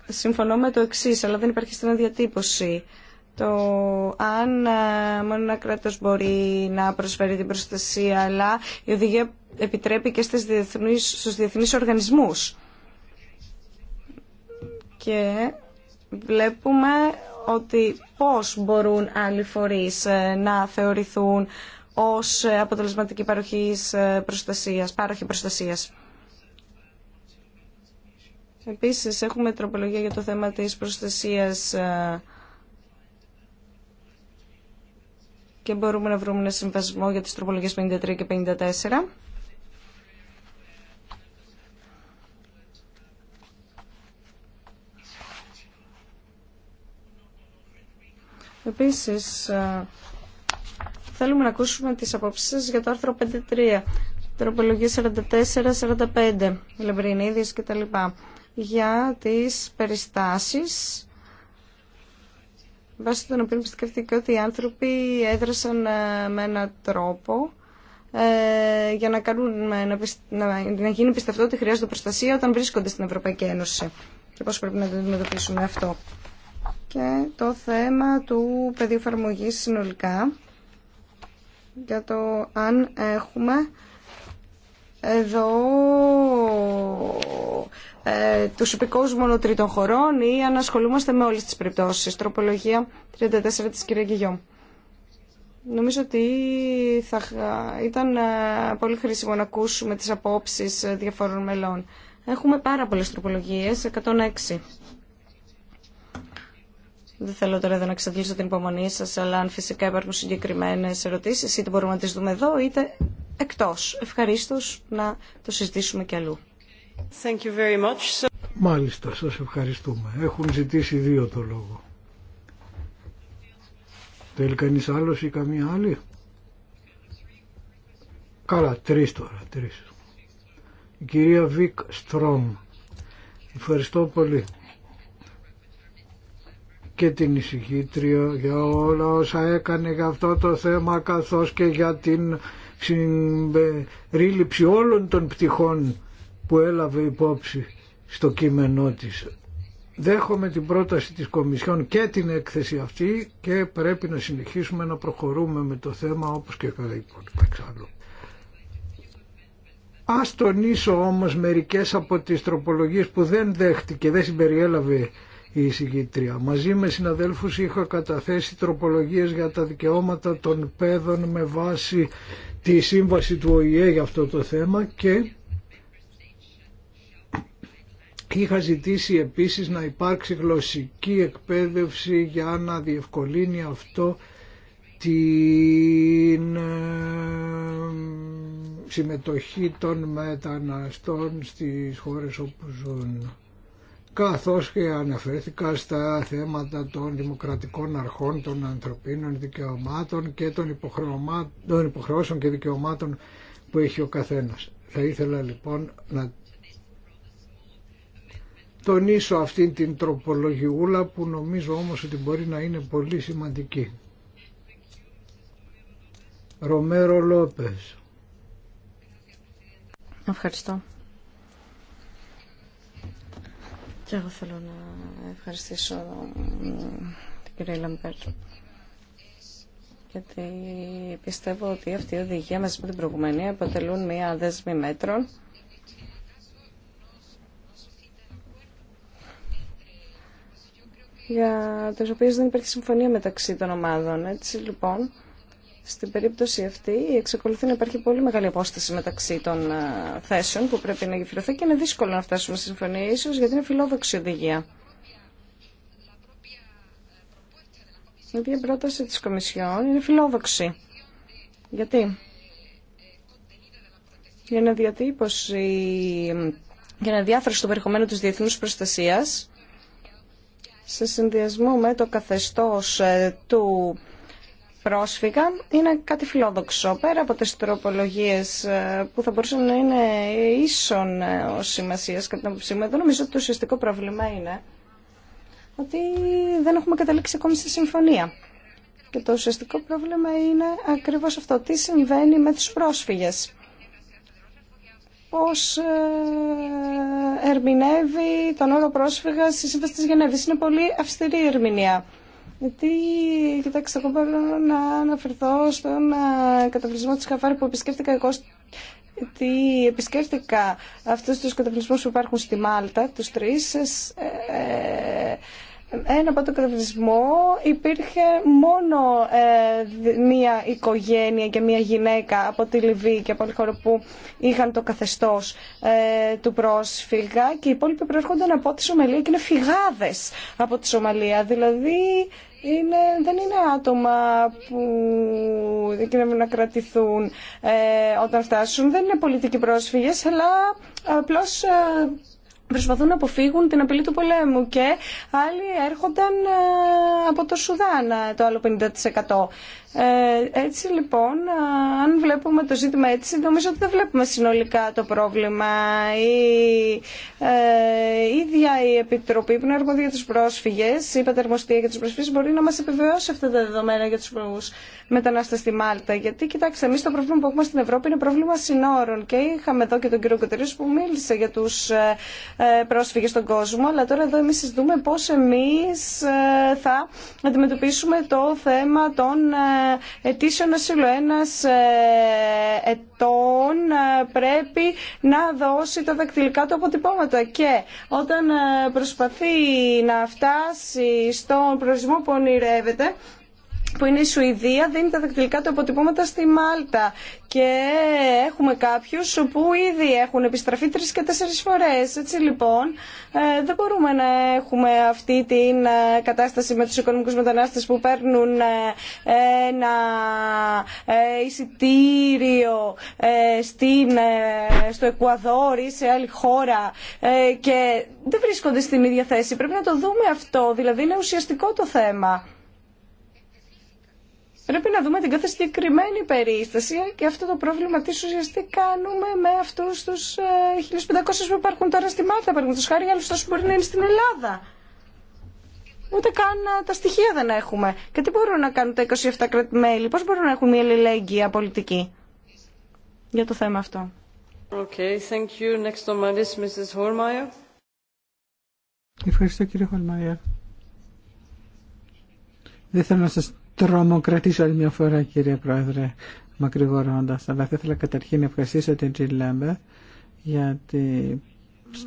συμφωνώ με το εξή, αλλά δεν υπάρχει στην διατύπωση το αν ε, μόνο ένα κράτος μπορεί να προσφέρει την προστασία, αλλά η οδηγία επιτρέπει και στις διεθνείς, στους διεθνείς οργανισμούς. Και βλέπουμε ότι πώς μπορούν άλλοι φορείς ε, να θεωρηθούν ως αποτελεσματική παροχής ε, προστασίας, πάροχη προστασίας. Επίσης, έχουμε τροπολογία για το θέμα της προστασίας και μπορούμε να βρούμε ένα συμβασμό για τις τροπολογίες 53 και 54. Επίσης, θέλουμε να ακούσουμε τις απόψεις σας για το άρθρο 5.3, τροπολογία 44-45, λεμπρινίδης κτλ. Για τις περιστάσεις βάσει των οποίων πιστεύτηκε ότι οι άνθρωποι έδρασαν ε, με έναν τρόπο ε, για να, κάνουν, ε, να, να, γίνει πιστευτό ότι χρειάζεται προστασία όταν βρίσκονται στην Ευρωπαϊκή Ένωση και πώς πρέπει να το αντιμετωπίσουμε αυτό. Και το θέμα του πεδίου εφαρμογή συνολικά για το αν έχουμε εδώ ε, τους υπηκόους μονοτρίτων χωρών ή ανασχολούμαστε με όλες τις περιπτώσεις. Τροπολογία 34 της κυρία Γιώργη Νομίζω ότι θα, ήταν ε, πολύ χρήσιμο να ακούσουμε τις απόψεις διαφορών μελών. Έχουμε πάρα πολλές τροπολογίες, 106. Δεν θέλω τώρα εδώ να εξαντλήσω την υπομονή σας, αλλά αν φυσικά υπάρχουν συγκεκριμένες ερωτήσεις, είτε μπορούμε να τις δούμε εδώ, είτε εκτός. Ευχαρίστως να το συζητήσουμε κι αλλού. Thank you very much. Μάλιστα, σας ευχαριστούμε. Έχουν ζητήσει δύο το λόγο. Θέλει κανείς άλλος ή καμία άλλη. Καλά, τρεις τώρα, τρεις. Η κυρία Βίκ Στρόμ. Ευχαριστώ πολύ και την ησυχήτρια για όλα όσα έκανε για αυτό το θέμα καθώς και για την συμπερίληψη όλων των πτυχών που έλαβε υπόψη στο κείμενό της. Δέχομαι την πρόταση της Κομισιόν και την έκθεση αυτή και πρέπει να συνεχίσουμε να προχωρούμε με το θέμα όπως και κατά υπόλοιπα εξάλλου. Ας τονίσω όμως μερικές από τις τροπολογίες που δεν δέχτηκε, δεν συμπεριέλαβε η εισηγήτρια. Μαζί με συναδέλφους είχα καταθέσει τροπολογίες για τα δικαιώματα των παιδών με βάση τη σύμβαση του ΟΗΕ για αυτό το θέμα και είχα ζητήσει επίσης να υπάρξει γλωσσική εκπαίδευση για να διευκολύνει αυτό την ε, συμμετοχή των μεταναστών στις χώρες όπου ζουν καθώς και αναφέρθηκα στα θέματα των δημοκρατικών αρχών, των ανθρωπίνων δικαιωμάτων και των, υποχρεώσεων και δικαιωμάτων που έχει ο καθένας. Θα ήθελα λοιπόν να τονίσω αυτήν την τροπολογιούλα που νομίζω όμως ότι μπορεί να είναι πολύ σημαντική. Ρομέρο Λόπες. Ευχαριστώ. Και εγώ θέλω να ευχαριστήσω την κυρία Λαμπέρ. Γιατί πιστεύω ότι αυτή η οδηγία μαζί με την προηγουμένη αποτελούν μια δέσμη μέτρων για τους οποίους δεν υπάρχει συμφωνία μεταξύ των ομάδων. Έτσι λοιπόν, στην περίπτωση αυτή εξακολουθεί να υπάρχει πολύ μεγάλη απόσταση μεταξύ των ε, θέσεων που πρέπει να γεφυρωθεί και είναι δύσκολο να φτάσουμε στη συμφωνία γιατί είναι φιλόδοξη οδηγία. Η πρόταση της Κομισιόν είναι φιλόδοξη. Γιατί? Για να διατύπωση, για να διάφραση το περιεχομένο της Διεθνού προστασίας σε συνδυασμό με το καθεστώς ε, του πρόσφυγα είναι κάτι φιλόδοξο. Πέρα από τις τροπολογίες ε, που θα μπορούσαν να είναι ίσον ε, ω σημασία κατά την άποψή μου, εδώ νομίζω ότι το ουσιαστικό πρόβλημα είναι ότι δεν έχουμε καταλήξει ακόμη στη συμφωνία. Και το ουσιαστικό πρόβλημα είναι ακριβώς αυτό. Τι συμβαίνει με τους πρόσφυγες. Πώς ε, ερμηνεύει τον όρο πρόσφυγα στη Σύμβαση της Γενέβης. Είναι πολύ αυστηρή η ερμηνεία. Γιατί, κοιτάξτε, εγώ πρέπει να αναφερθώ στον καταβλισμό της Χαφάρ που επισκέφτηκα εγώ γιατί επισκέφτηκα αυτούς τους καταβλισμούς που υπάρχουν στη Μάλτα, τους τρεις, ε, ε, ένα από τον καταβλισμό υπήρχε μόνο ε, μία οικογένεια και μία γυναίκα από τη Λιβύη και από άλλη χώρα που είχαν το καθεστώς του πρόσφυγα και οι υπόλοιποι προέρχονταν από τη Σομαλία και είναι φυγάδες από τη Σομαλία. Δηλαδή είναι, δεν είναι άτομα που δεν να κρατηθούν ε, όταν φτάσουν. Δεν είναι πολιτικοί πρόσφυγες, αλλά απλώς ε, προσπαθούν να αποφύγουν την απειλή του πολέμου και άλλοι έρχονταν ε, από το Σουδάν ε, το άλλο 50%. Ε, έτσι λοιπόν, αν βλέπουμε το ζήτημα έτσι, νομίζω ότι δεν βλέπουμε συνολικά το πρόβλημα. Η ε, ίδια η Επιτροπή που είναι αρμόδια για τους πρόσφυγες, η Πατερμοστία για τους πρόσφυγες, μπορεί να μας επιβεβαιώσει αυτά τα δεδομένα για τους μετανάστες στη Μάλτα. Γιατί, κοιτάξτε, εμείς το πρόβλημα που έχουμε στην Ευρώπη είναι πρόβλημα συνόρων. Και είχαμε εδώ και τον κύριο Κοτερίος που μίλησε για τους ε, ε, πρόσφυγες στον κόσμο, αλλά τώρα εδώ εμείς συζητούμε πώς εμείς ε, θα αντιμετωπίσουμε το θέμα των Ετήσιο ασύλου. Ένας ε, ετών ε, πρέπει να δώσει τα δακτυλικά του αποτυπώματα και όταν ε, προσπαθεί να φτάσει στον προορισμό που ονειρεύεται που είναι η Σουηδία δίνει τα δακτυλικά του αποτυπώματα στη Μάλτα και έχουμε κάποιους που ήδη έχουν επιστραφεί τρεις και τέσσερις φορές. Έτσι λοιπόν ε, δεν μπορούμε να έχουμε αυτή την ε, κατάσταση με τους οικονομικούς μετανάστες που παίρνουν ε, ένα εισιτήριο στην, στο Εκουαδόρ ή σε άλλη χώρα και δεν βρίσκονται στην ίδια θέση. Πρέπει να το δούμε αυτό, δηλαδή είναι ουσιαστικό το θέμα. Πρέπει να δούμε την κάθε συγκεκριμένη περίσταση και αυτό το πρόβλημα τι ουσιαστικά κάνουμε με αυτού του 1500 που υπάρχουν τώρα στη Μάλτα, παραδείγματο χάρη, άλλου τόσου μπορεί να είναι στην Ελλάδα. Ούτε καν ε, τα στοιχεία δεν έχουμε. Και τι μπορούν να κάνουν τα 27 κράτη-μέλη, πώ μπορούν να έχουν μια αλληλέγγυα πολιτική για το θέμα αυτό. Okay, thank you. Next on my list, Mrs. Ευχαριστώ κύριε Χολμαϊέρ. Δεν θέλω να σας τρομοκρατήσω άλλη μια φορά κύριε Πρόεδρε μακρηγορώντας αλλά θα ήθελα καταρχήν να ευχαριστήσω την Τζιν Λέμπε για τις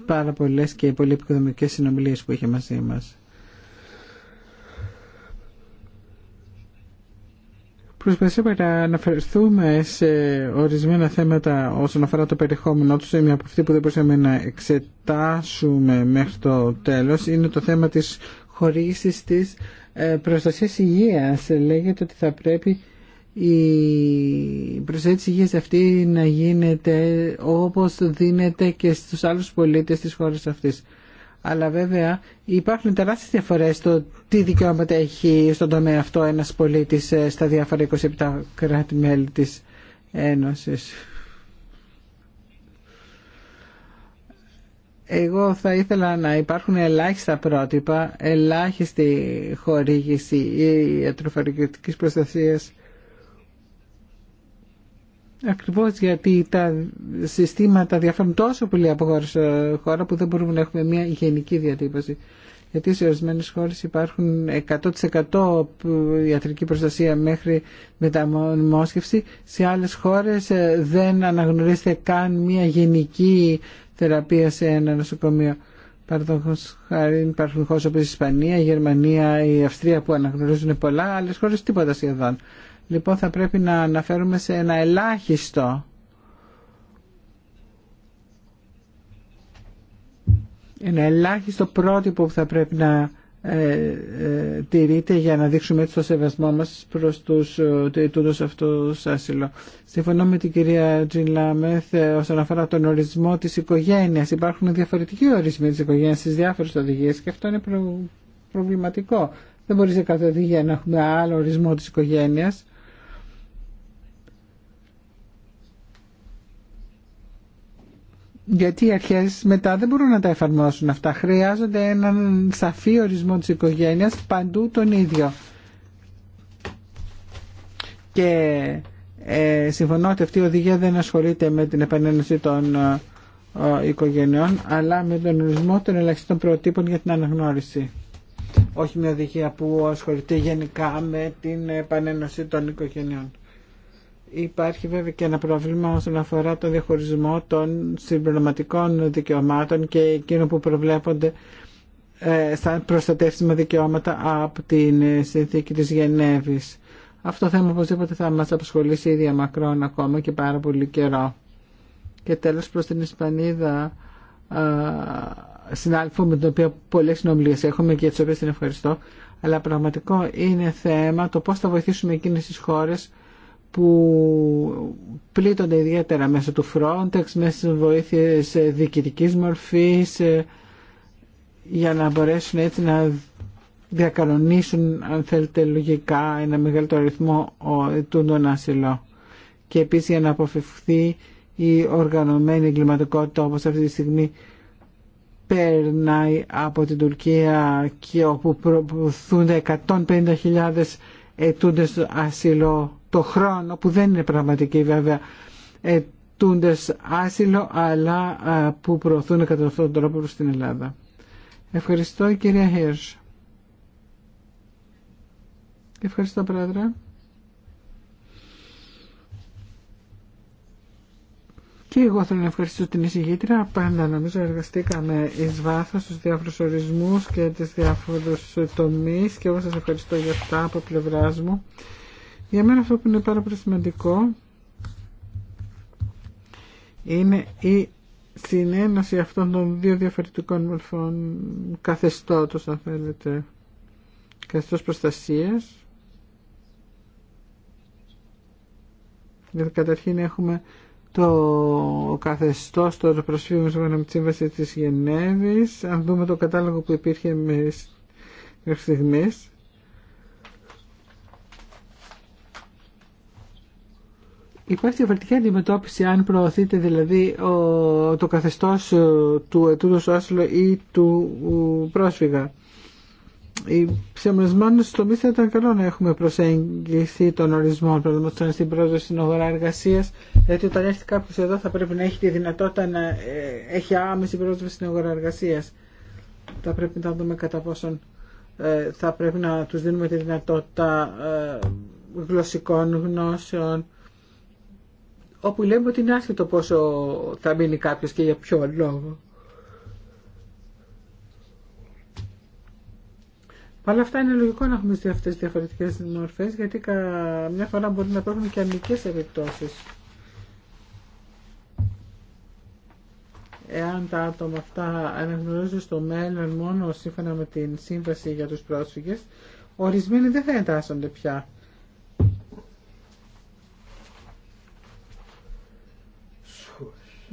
πάρα πολλές και πολύ επικοδομικές συνομιλίες που είχε μαζί μας. Προσπαθήσαμε να αναφερθούμε σε ορισμένα θέματα όσον αφορά το περιεχόμενό του Μια από αυτή που δεν μπορούσαμε να εξετάσουμε μέχρι το τέλος είναι το θέμα της χορήγησης της ε, προστασία υγείας. Λέγεται ότι θα πρέπει η προστασία της υγείας αυτή να γίνεται όπως δίνεται και στους άλλους πολίτες της χώρας αυτής. Αλλά βέβαια υπάρχουν τεράστιες διαφορές στο τι δικαιώματα έχει στον τομέα αυτό ένας πολίτης ε, στα διάφορα 27 κράτη-μέλη της Ένωσης. Εγώ θα ήθελα να υπάρχουν ελάχιστα πρότυπα, ελάχιστη χορήγηση ή ιατροφαρμακευτικής προστασίας Ακριβώς γιατί τα συστήματα διαφέρουν τόσο πολύ από χώρα σε χώρα που δεν μπορούμε να έχουμε μια γενική διατύπωση. Γιατί σε ορισμένε χώρε υπάρχουν 100% ιατρική προστασία μέχρι μεταμόσχευση. Σε άλλες χώρες ε, δεν αναγνωρίζεται καν μια γενική θεραπεία σε ένα νοσοκομείο. Παραδόν χάρη υπάρχουν χώρε όπω η Ισπανία, η Γερμανία, η Αυστρία που αναγνωρίζουν πολλά, άλλε χώρε τίποτα σχεδόν. Λοιπόν θα πρέπει να αναφέρουμε σε ένα ελάχιστο ένα ελάχιστο πρότυπο που θα πρέπει να ε, ε, τηρείται για να δείξουμε έτσι το σεβασμό μας προς τους αιτούντους ε, αυτούς άσυλο. Συμφωνώ με την κυρία Τζιν Λάμεθ όσον αφορά τον ορισμό της οικογένειας. Υπάρχουν διαφορετικοί ορισμοί της οικογένειας στις διάφορες οδηγίες και αυτό είναι προβληματικό. Δεν μπορεί σε κάθε οδηγία να έχουμε άλλο ορισμό της οικογένειας. γιατί οι αρχέ μετά δεν μπορούν να τα εφαρμόσουν αυτά. Χρειάζονται έναν σαφή ορισμό της οικογένειας παντού τον ίδιο. Και ε, συμφωνώ ότι αυτή η οδηγία δεν ασχολείται με την επανένωση των ε, οικογενειών, αλλά με τον ορισμό των ελαχιστών προτύπων για την αναγνώριση. Όχι μια οδηγία που ασχολείται γενικά με την επανένωση των οικογενειών. Υπάρχει βέβαια και ένα πρόβλημα όσον αφορά τον διαχωρισμό των συμπληρωματικών δικαιωμάτων και εκείνων που προβλέπονται ε, σαν προστατεύσιμα δικαιώματα από την ε, συνθήκη της Γενέβης. Αυτό θέμα οπωσδήποτε θα μας απασχολήσει ήδη μακρόν ακόμα και πάρα πολύ καιρό. Και τέλος προς την Ισπανίδα ε, συνάδελφο με την οποία πολλές συνομιλίες έχουμε και τις οποίες την ευχαριστώ αλλά πραγματικό είναι θέμα το πώς θα βοηθήσουμε εκείνες τις χώρες που πλήττονται ιδιαίτερα μέσω του Frontex, μέσα στις βοήθειες ε, διοικητικής μορφής ε, για να μπορέσουν έτσι να διακανονίσουν αν θέλετε λογικά ένα μεγαλύτερο αριθμό ετούντων ασυλών και επίσης για να αποφευχθεί η οργανωμένη εγκληματικότητα όπως αυτή τη στιγμή περνάει από την Τουρκία και όπου προωθούνται 150.000 ετούντες ασύλο το χρόνο που δεν είναι πραγματική βέβαια ετούντες άσυλο αλλά που προωθούν κατά αυτόν τον τρόπο στην Ελλάδα. Ευχαριστώ κυρία Χέρς. Ευχαριστώ πρόεδρε. Και εγώ θέλω να ευχαριστήσω την εισηγήτρια. Πάντα νομίζω εργαστήκαμε εις βάθος στους διάφορους ορισμούς και τις διάφορους τομείς και εγώ σας ευχαριστώ για αυτά από πλευράς μου. Για μένα αυτό που είναι πάρα πολύ σημαντικό είναι η συνένωση αυτών των δύο διαφορετικών μορφών καθεστώτος, αν θέλετε, καθεστώς προστασίας. Γιατί δηλαδή, καταρχήν έχουμε το καθεστώς των προσφύγων σύμφωνα με τη της Γενέβης. Αν δούμε το κατάλογο που υπήρχε μέχρι στιγμής, Υπάρχει διαφορετική αντιμετώπιση αν προωθείται δηλαδή το καθεστώς ε, του ετούτος άσυλο ή του πρόσφυγα. Οι ορισμένου τομεί θα ήταν καλό να έχουμε προσέγγιση των ορισμών, παραδείγματο στην πρόσβαση στην αγορά εργασία, γιατί όταν έρθει κάποιο εδώ θα πρέπει να έχει τη δυνατότητα να ε, έχει άμεση πρόσβαση στην αγορά εργασία. Θα πρέπει να δούμε κατά πόσον ε, θα πρέπει να του δίνουμε τη δυνατότητα γλωσσικών γνώσεων, όπου λέμε ότι είναι άσχετο πόσο θα μείνει κάποιος και για ποιο λόγο. Παρ' αυτά είναι λογικό να έχουμε αυτές τι διαφορετικέ μορφέ, γιατί μια φορά μπορεί να υπάρχουν και αρνητικές επιπτώσεις. Εάν τα άτομα αυτά αναγνωρίζουν στο μέλλον μόνο σύμφωνα με την σύμβαση για τους πρόσφυγες, ορισμένοι δεν θα εντάσσονται πια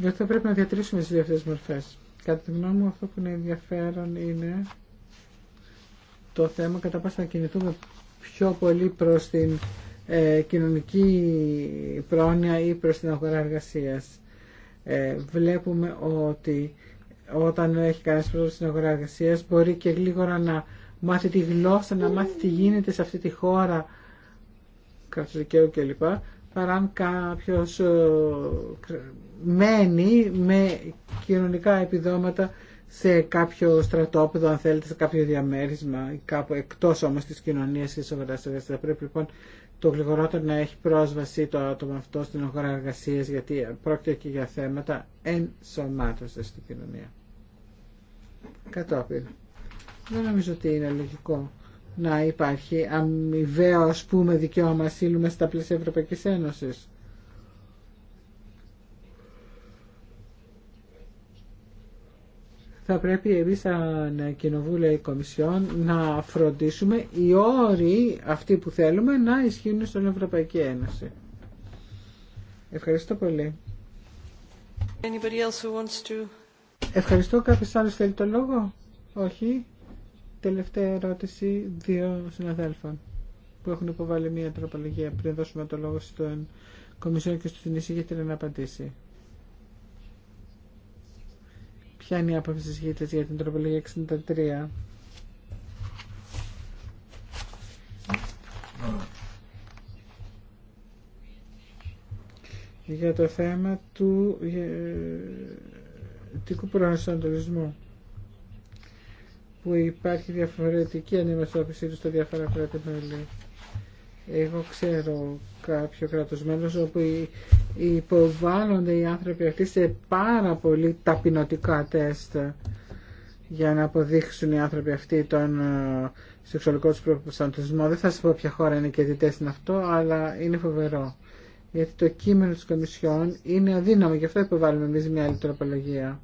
Γιατί θα πρέπει να διατηρήσουμε τις δύο αυτές μορφές. Κατά τη γνώμη μου αυτό που είναι ενδιαφέρον είναι το θέμα κατά πάσα να κινηθούμε πιο πολύ προς την ε, κοινωνική πρόνοια ή προς την αγορά εργασία. Ε, βλέπουμε ότι όταν έχει κανένας πρόσβαση στην αγορά εργασία μπορεί και γλίγορα να μάθει τη γλώσσα, να μάθει τι γίνεται σε αυτή τη χώρα, κράτος δικαίου κλπ παρά αν κάποιος ε, μένει με κοινωνικά επιδόματα σε κάποιο στρατόπεδο, αν θέλετε, σε κάποιο διαμέρισμα ή κάπου εκτός όμως της κοινωνίας της αγοράς εργασίας. Θα πρέπει λοιπόν το γλυγορότερο να έχει πρόσβαση το άτομο αυτό στην αγορά εργασίας γιατί πρόκειται και για θέματα ενσωμάτωσης στην κοινωνία. Κατόπιν. Δεν νομίζω ότι είναι λογικό να υπάρχει αμοιβαίο ας πούμε δικαίωμα ασύλου μέσα στα πλαίσια Ευρωπαϊκής Ένωσης. θα πρέπει εμείς σαν κοινοβούλια ή κομισιόν να φροντίσουμε οι όροι αυτοί που θέλουμε να ισχύουν στον Ευρωπαϊκή Ένωση. Ευχαριστώ πολύ. Ευχαριστώ. Κάποιος άλλος θέλει το λόγο. Όχι. Τελευταία ερώτηση δύο συναδέλφων που έχουν υποβάλει μία τροπολογία πριν δώσουμε το λόγο στον Κομισιόν και στον για να απαντήσει. Ποια είναι η άποψη της εισηγήτρια για την τροπολογία 63. για το θέμα του ε, τικού προσανατολισμού που υπάρχει διαφορετική αντιμετώπιση του στα διάφορα κράτη-μέλη. Εγώ ξέρω κάποιο κράτος μέλος όπου υποβάλλονται οι άνθρωποι αυτοί σε πάρα πολύ ταπεινωτικά τεστ για να αποδείξουν οι άνθρωποι αυτοί τον ε, σεξουαλικό του προσανατολισμό. Δεν θα σα πω ποια χώρα είναι και τι τεστ είναι αυτό, αλλά είναι φοβερό. Γιατί το κείμενο τη Κομισιόν είναι αδύναμο, γι' αυτό υποβάλλουμε εμεί μια άλλη τροπολογία.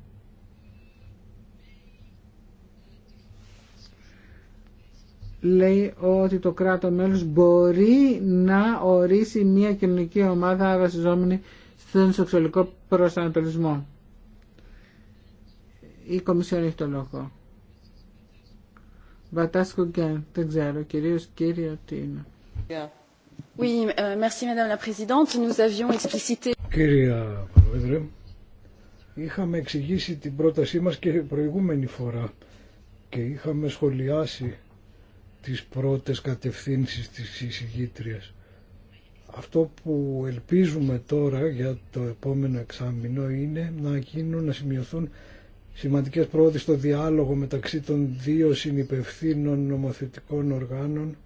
λέει ότι το κράτο μέλος μπορεί να ορίσει μια κοινωνική ομάδα βασιζόμενη στον σεξουαλικό προσανατολισμό. Η Κομισιόν έχει το λόγο. Βατάσκο Γκέν, δεν ξέρω, κυρίως κύριο τι είναι. Κυρία Πρόεδρε, είχαμε εξηγήσει την πρότασή μας και προηγούμενη φορά και είχαμε σχολιάσει τις πρώτες κατευθύνσεις της εισηγήτριας. Αυτό που ελπίζουμε τώρα για το επόμενο εξάμεινο είναι να γίνουν, να σημειωθούν σημαντικές πρόοδες στο διάλογο μεταξύ των δύο συνυπευθύνων νομοθετικών οργάνων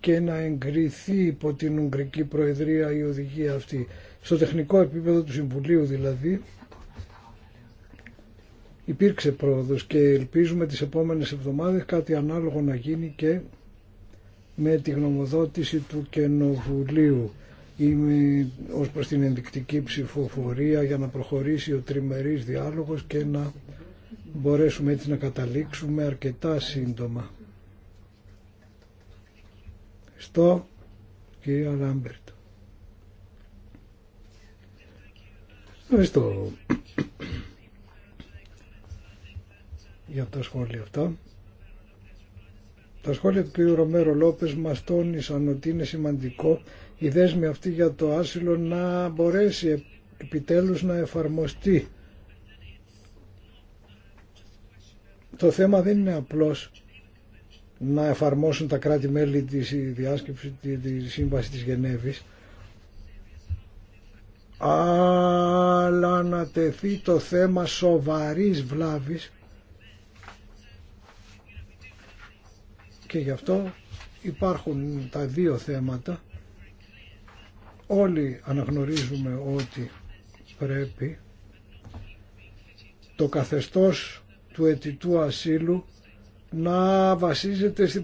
και να εγκριθεί υπό την Ουγγρική Προεδρία η οδηγία αυτή. Στο τεχνικό επίπεδο του Συμβουλίου δηλαδή υπήρξε πρόοδος και ελπίζουμε τις επόμενες εβδομάδες κάτι ανάλογο να γίνει και με τη γνωμοδότηση του ή με ως προς την ενδεικτική ψηφοφορία για να προχωρήσει ο τριμερής διάλογος και να μπορέσουμε έτσι να καταλήξουμε αρκετά σύντομα. Στο κυρία Λάμπερτ. Ευχαριστώ για το σχόλια αυτό. Τα σχόλια του κ. Ρομέρο Λόπες μας τόνισαν ότι είναι σημαντικό η δέσμη αυτή για το άσυλο να μπορέσει επιτέλους να εφαρμοστεί. Το θέμα δεν είναι απλώς να εφαρμόσουν τα κράτη-μέλη της διάσκεψη της Σύμβασης της Γενέβης αλλά να τεθεί το θέμα σοβαρής βλάβης και γι' αυτό υπάρχουν τα δύο θέματα. Όλοι αναγνωρίζουμε ότι πρέπει το καθεστώς του αιτητού ασύλου να βασίζεται στις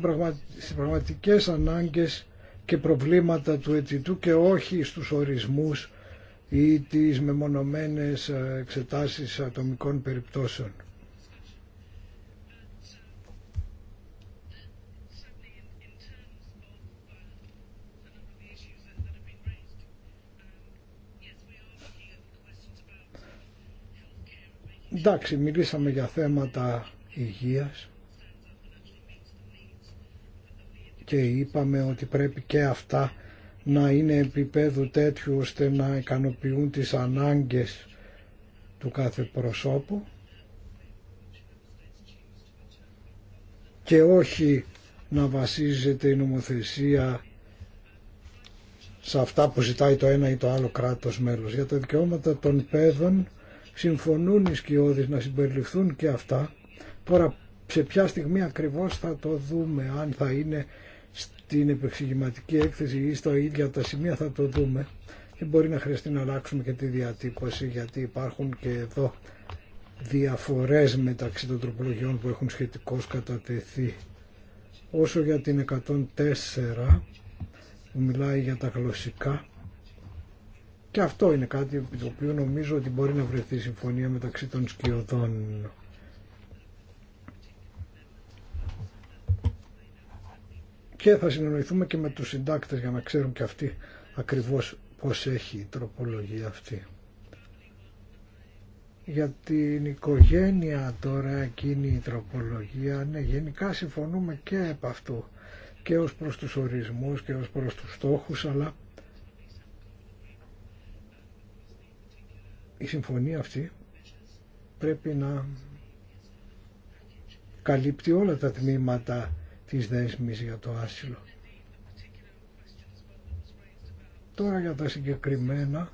πραγματικές ανάγκες και προβλήματα του αιτητού και όχι στους ορισμούς ή τις μεμονωμένες ε, εξετάσεις ατομικών περιπτώσεων. Εντάξει, μιλήσαμε για θέματα υγείας και είπαμε ότι πρέπει και αυτά να είναι επίπεδου τέτοιου ώστε να ικανοποιούν τις ανάγκες του κάθε προσώπου και όχι να βασίζεται η νομοθεσία σε αυτά που ζητάει το ένα ή το άλλο κράτος μέλος. Για τα δικαιώματα των παιδών συμφωνούν οι σκιώδεις να συμπεριληφθούν και αυτά. Τώρα σε ποια στιγμή ακριβώς θα το δούμε, αν θα είναι στην επεξηγηματική έκθεση ή στα ίδια τα σημεία θα το δούμε. Και μπορεί να χρειαστεί να αλλάξουμε και τη διατύπωση γιατί υπάρχουν και εδώ διαφορές μεταξύ των τροπολογιών που έχουν σχετικώς κατατεθεί. Όσο για την 104 που μιλάει για τα γλωσσικά, και αυτό είναι κάτι επί το οποίο νομίζω ότι μπορεί να βρεθεί συμφωνία μεταξύ των σκιωδών. Και θα συνεννοηθούμε και με τους συντάκτες για να ξέρουν και αυτοί ακριβώς πώς έχει η τροπολογία αυτή. Για την οικογένεια τώρα εκείνη η τροπολογία, ναι γενικά συμφωνούμε και από αυτού και ως προς τους ορισμούς και ως προς τους στόχους αλλά η συμφωνία αυτή πρέπει να καλύπτει όλα τα τμήματα της δέσμης για το άσυλο. Τώρα για τα συγκεκριμένα,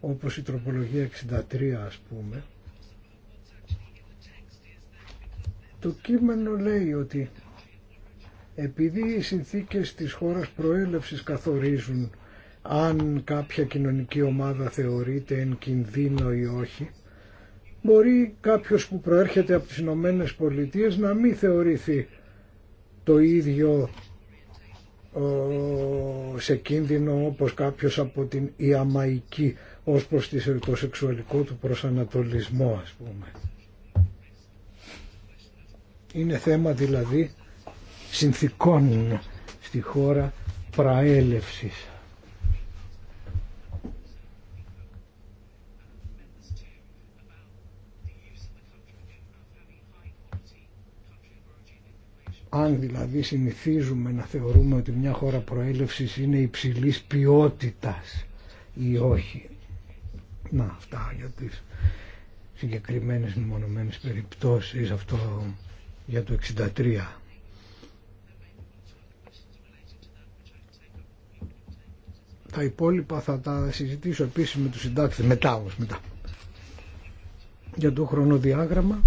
όπως η τροπολογία 63 ας πούμε, το κείμενο λέει ότι επειδή οι συνθήκες της χώρας προέλευσης καθορίζουν αν κάποια κοινωνική ομάδα θεωρείται εν κινδύνο ή όχι, μπορεί κάποιος που προέρχεται από τις Ηνωμένε Πολιτείες να μην θεωρηθεί το ίδιο σε κίνδυνο όπως κάποιος από την Ιαμαϊκή ως προς το σεξουαλικό του προσανατολισμό ας πούμε. Είναι θέμα δηλαδή συνθήκων στη χώρα πραέλευσης. Αν δηλαδή συνηθίζουμε να θεωρούμε ότι μια χώρα προέλευσης είναι υψηλής ποιότητας ή όχι. Να αυτά για τις συγκεκριμένες μεμονωμένες περιπτώσεις αυτό για το 63. Τα υπόλοιπα θα τα συζητήσω επίσης με τους συντάκτες μετά όμω, μετά. Για το χρονοδιάγραμμα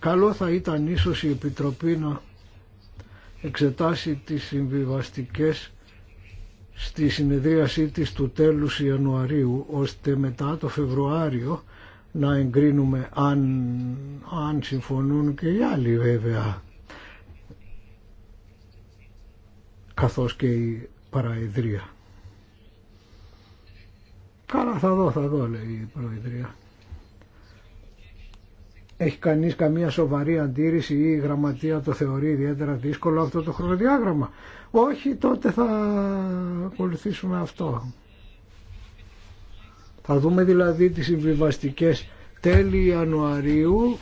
Καλό θα ήταν ίσως η Επιτροπή να εξετάσει τις συμβιβαστικές στη συνεδρίασή της του τέλους Ιανουαρίου, ώστε μετά το Φεβρουάριο να εγκρίνουμε αν, αν συμφωνούν και οι άλλοι βέβαια, καθώς και η παραεδρία. Καλά θα δω, θα δω λέει η Προεδρία έχει κανείς καμία σοβαρή αντίρρηση ή η γραμματεία το θεωρεί ιδιαίτερα δύσκολο αυτό το χρονοδιάγραμμα. Όχι, τότε θα ακολουθήσουμε αυτό. Θα δούμε δηλαδή τις συμβιβαστικές τέλη Ιανουαρίου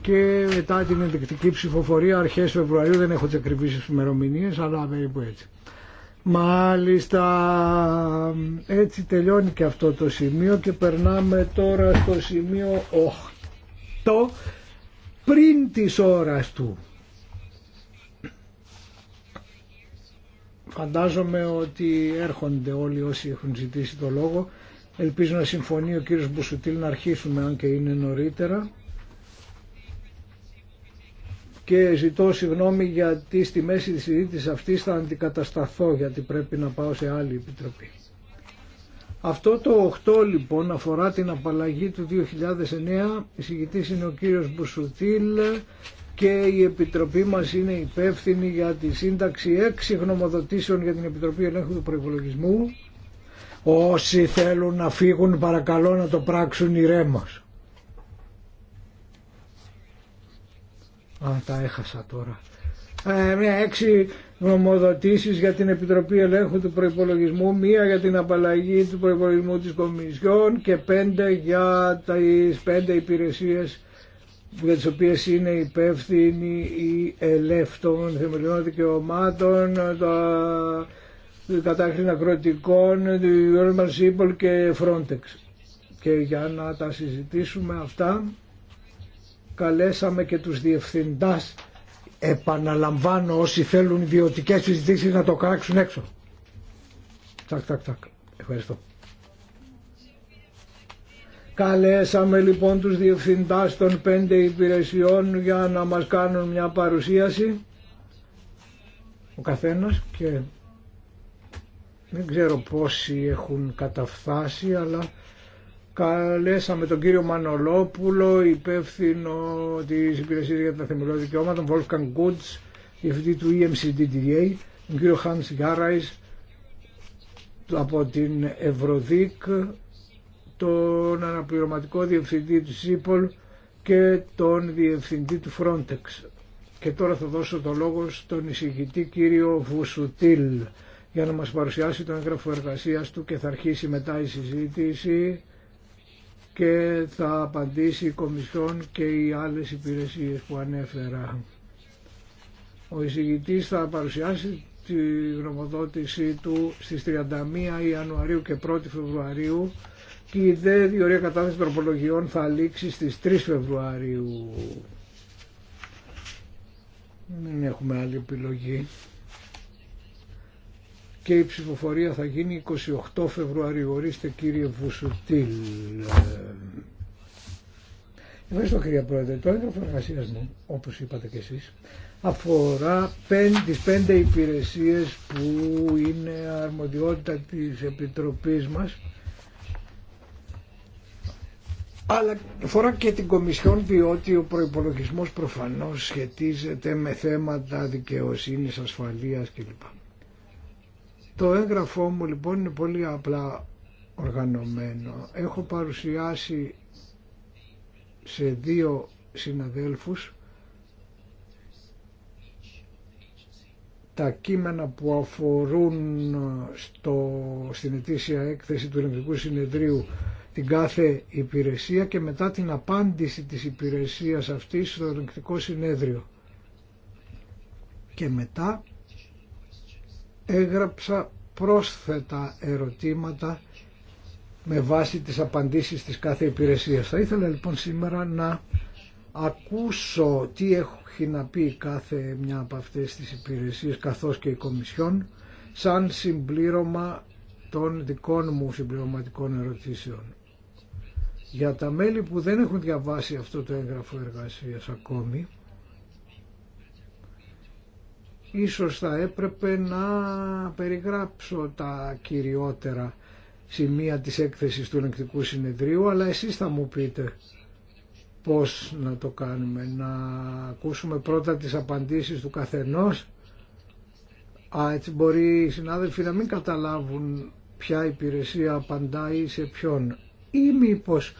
και μετά την ενδεικτική ψηφοφορία αρχές Φεβρουαρίου δεν έχω τις ακριβείς ημερομηνίε, αλλά περίπου έτσι. Μάλιστα έτσι τελειώνει και αυτό το σημείο και περνάμε τώρα στο σημείο 8. Το πριν της ώρας του. Φαντάζομαι ότι έρχονται όλοι όσοι έχουν ζητήσει το λόγο. Ελπίζω να συμφωνεί ο κύριος Μπουσουτήλ να αρχίσουμε αν και είναι νωρίτερα. Και ζητώ συγγνώμη γιατί στη μέση της συζήτησης αυτής θα αντικατασταθώ γιατί πρέπει να πάω σε άλλη επιτροπή. Αυτό το 8 λοιπόν αφορά την απαλλαγή του 2009, εισηγητής είναι ο κύριος Μπουσουτήλ και η Επιτροπή μας είναι υπεύθυνη για τη σύνταξη 6 γνωμοδοτήσεων για την Επιτροπή Ελέγχου του Προϋπολογισμού. Όσοι θέλουν να φύγουν παρακαλώ να το πράξουν ηρέμως. Α, τα έχασα τώρα. Ε, μια έξι νομοδοτήσεις για την Επιτροπή Ελέγχου του Προϋπολογισμού, μία για την απαλλαγή του προϋπολογισμού της Κομισιόν και πέντε για τις πέντε υπηρεσίες για τις οποίες είναι υπεύθυνοι οι ελεύθερων θεμελιών δικαιωμάτων, τα κατάχρηνα κροτικών, του Urban Σύμπολ και Frontex. Και για να τα συζητήσουμε αυτά, καλέσαμε και τους διευθυντάς Επαναλαμβάνω όσοι θέλουν ιδιωτικές συζητήσεις να το κράξουν έξω. Τακ, τακ, τακ. Ευχαριστώ. Καλέσαμε λοιπόν τους διευθυντάς των πέντε υπηρεσιών για να μας κάνουν μια παρουσίαση. Ο καθένας και δεν ξέρω πόσοι έχουν καταφθάσει αλλά Καλέσαμε τον κύριο Μανολόπουλο, υπεύθυνο τη Υπηρεσία για τα Θεμελιώδη Δικαιώματα, τον Wolfgang Goods, διευθυντή του EMCDDA, τον κύριο Hans Garais από την Ευρωδίκ, τον αναπληρωματικό διευθυντή του ΣΥΠΟΛ και τον διευθυντή του Frontex. Και τώρα θα δώσω το λόγο στον εισηγητή κύριο Βουσουτήλ για να μας παρουσιάσει τον έγγραφο εργασίας του και θα αρχίσει μετά η συζήτηση και θα απαντήσει η Κομισιόν και οι άλλες υπηρεσίες που ανέφερα. Ο εισηγητής θα παρουσιάσει τη γνωμοδότησή του στις 31 Ιανουαρίου και 1 Φεβρουαρίου και η δε διορία κατάθεση τροπολογιών θα λήξει στις 3 Φεβρουαρίου. Δεν έχουμε άλλη επιλογή και η ψηφοφορία θα γίνει 28 Φεβρουαρίου. Ορίστε κύριε Βουσουτήλ. Ευχαριστώ κύριε Πρόεδρε. Το έγγραφο εργασία μου, όπω είπατε κι εσεί, αφορά τι πέντε υπηρεσίε που είναι αρμοδιότητα τη Επιτροπή μα αλλά φορά και την Κομισιόν διότι ο προϋπολογισμός προφανώς σχετίζεται με θέματα δικαιοσύνης, ασφαλείας κλπ. Το έγγραφό μου λοιπόν είναι πολύ απλά οργανωμένο. Έχω παρουσιάσει σε δύο συναδέλφους τα κείμενα που αφορούν στο, στην ετήσια έκθεση του Ελληνικού Συνεδρίου την κάθε υπηρεσία και μετά την απάντηση της υπηρεσίας αυτής στο Ελληνικό Συνέδριο. Και μετά έγραψα πρόσθετα ερωτήματα με βάση τις απαντήσεις της κάθε υπηρεσίας. Θα ήθελα λοιπόν σήμερα να ακούσω τι έχει να πει κάθε μια από αυτές τις υπηρεσίες καθώς και η Κομισιόν σαν συμπλήρωμα των δικών μου συμπληρωματικών ερωτήσεων. Για τα μέλη που δεν έχουν διαβάσει αυτό το έγγραφο εργασίας ακόμη, Ίσως θα έπρεπε να περιγράψω τα κυριότερα σημεία της έκθεσης του ελεγκτικού συνεδρίου, αλλά εσείς θα μου πείτε πώς να το κάνουμε. Να ακούσουμε πρώτα τις απαντήσεις του καθενός. Α, έτσι μπορεί οι συνάδελφοι να μην καταλάβουν ποια υπηρεσία απαντάει σε ποιον. Ή μήπως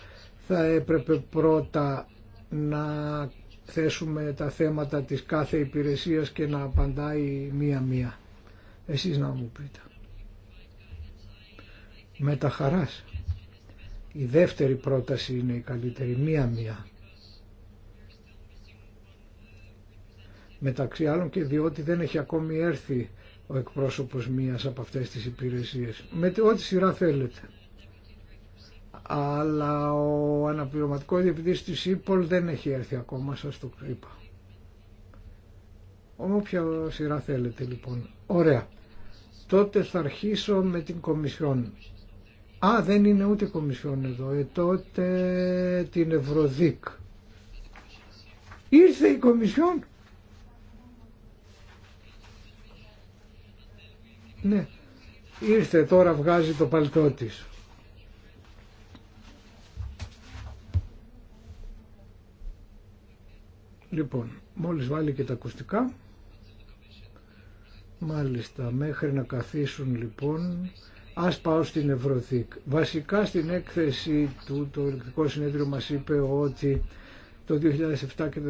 θα έπρεπε πρώτα να θέσουμε τα θέματα της κάθε υπηρεσίας και να απαντάει μία-μία. Εσείς να μου πείτε. Με τα χαράς. Η δεύτερη πρόταση είναι η καλύτερη, μία-μία. Μεταξύ άλλων και διότι δεν έχει ακόμη έρθει ο εκπρόσωπος μίας από αυτές τις υπηρεσίες. Με ό,τι σειρά θέλετε αλλά ο αναπληρωματικός διευθυντής της ΥΠΟΛ δεν έχει έρθει ακόμα, σας το είπα. Όποια σειρά θέλετε λοιπόν. Ωραία. Τότε θα αρχίσω με την Κομισιόν. Α, δεν είναι ούτε Κομισιόν εδώ. Ε, τότε την Ευρωδίκ. Ήρθε η Κομισιόν. Ναι. Ήρθε τώρα βγάζει το παλτό της. Λοιπόν, μόλις βάλει και τα ακουστικά, μάλιστα μέχρι να καθίσουν λοιπόν, ας πάω στην Ευρωθήκ. Βασικά στην έκθεση του το ελληνικό Συνέδριο μας είπε ότι το 2007 και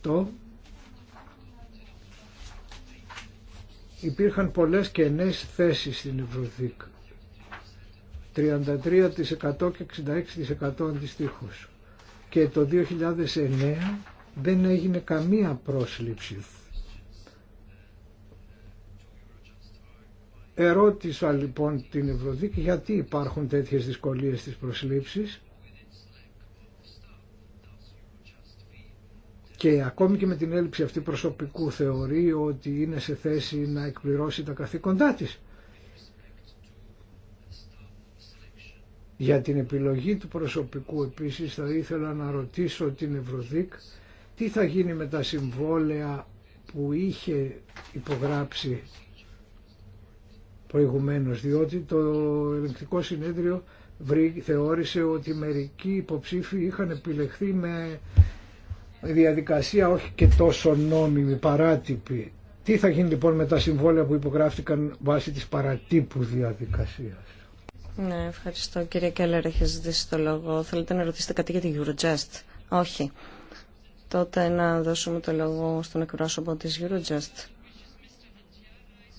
το 2008 υπήρχαν πολλές καινές θέσεις στην Ευρωδίκ. 33% και 66% αντιστοίχως. Και το 2009 δεν έγινε καμία πρόσληψη. Ερώτησα λοιπόν την Ευρωδίκη γιατί υπάρχουν τέτοιες δυσκολίες στις προσλήψεις και ακόμη και με την έλλειψη αυτή προσωπικού θεωρεί ότι είναι σε θέση να εκπληρώσει τα καθήκοντά της. Για την επιλογή του προσωπικού επίσης θα ήθελα να ρωτήσω την ευρωδική. Τι θα γίνει με τα συμβόλαια που είχε υπογράψει προηγουμένως, διότι το ελεγκτικό συνέδριο θεώρησε ότι μερικοί υποψήφοι είχαν επιλεχθεί με διαδικασία όχι και τόσο νόμιμη, παράτυπη. Τι θα γίνει λοιπόν με τα συμβόλαια που υπογράφτηκαν βάσει της παρατύπου διαδικασίας. Ναι, ευχαριστώ κύριε Κέλλερ, Έχεις ζητήσει το λόγο. Θέλετε να ρωτήσετε κάτι για την Eurojust. Όχι τότε να δώσουμε το λόγο στον εκπρόσωπο της Eurojust,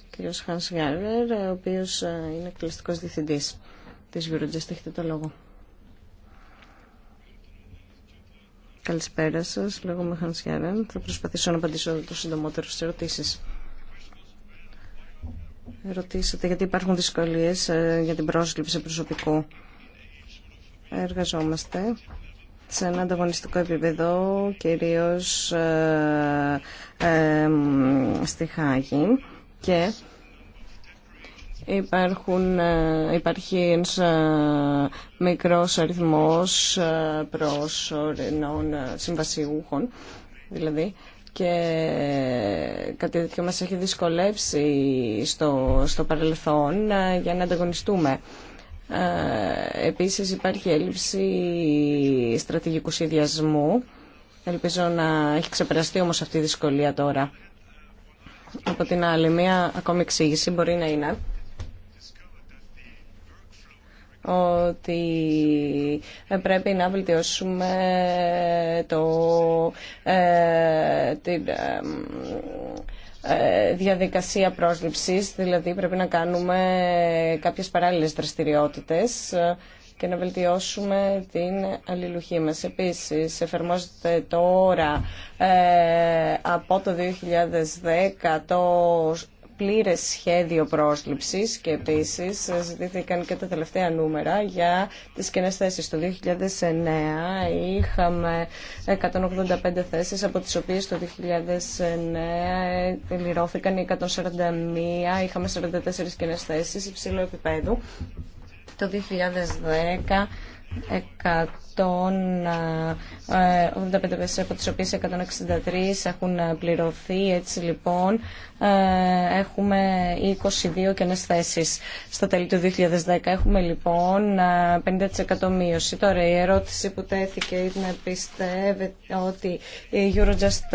κύριος Χάνς Γιάρβερ, ο οποίος ε, είναι εκτελεστικός διευθυντής της Eurojust. Έχετε το λόγο. Καλησπέρα σας, λέγομαι Χάνς Γιάρεν. Θα προσπαθήσω να απαντήσω το συντομότερο στις ερωτήσεις. Ρωτήσατε γιατί υπάρχουν δυσκολίες ε, για την πρόσκληση προσωπικού. Εργαζόμαστε σε ένα ανταγωνιστικό επίπεδο, κυρίως ε, ε, στη Χάγη και Υπάρχουν, ε, υπάρχει ένας ε, μικρός αριθμός ε, προσωρινών συμβασιούχων, δηλαδή, και κάτι τέτοιο μας έχει δυσκολεύσει στο, στο παρελθόν για να ανταγωνιστούμε. Ε, επίσης υπάρχει έλλειψη στρατηγικού σχεδιασμού. Ελπίζω να έχει ξεπεραστεί όμως αυτή η δυσκολία τώρα. Από την άλλη, μία ακόμη εξήγηση μπορεί να είναι ότι πρέπει να βελτιώσουμε το, ε, ε, ε, διαδικασία πρόσληψης, δηλαδή πρέπει να κάνουμε κάποιες παράλληλες δραστηριότητες ε, και να βελτιώσουμε την αλληλουχία μας. Επίσης, εφαρμόζεται τώρα ε, από το 2010 το πλήρες σχέδιο πρόσληψης και επίσης ζητήθηκαν και τα τελευταία νούμερα για τις κενές θέσεις. Το 2009 είχαμε 185 θέσεις από τις οποίες το 2009 πληρώθηκαν 141, είχαμε 44 κενές θέσεις υψηλού επίπεδου. Το 2010 των 85 ε, από τις οποίες 163 έχουν πληρωθεί. Έτσι λοιπόν ε, έχουμε 22 καινές θέσεις στα τέλη του 2010. Έχουμε λοιπόν 50% ε, μείωση. Τώρα η ερώτηση που τέθηκε είναι πιστεύετε ότι η Eurojust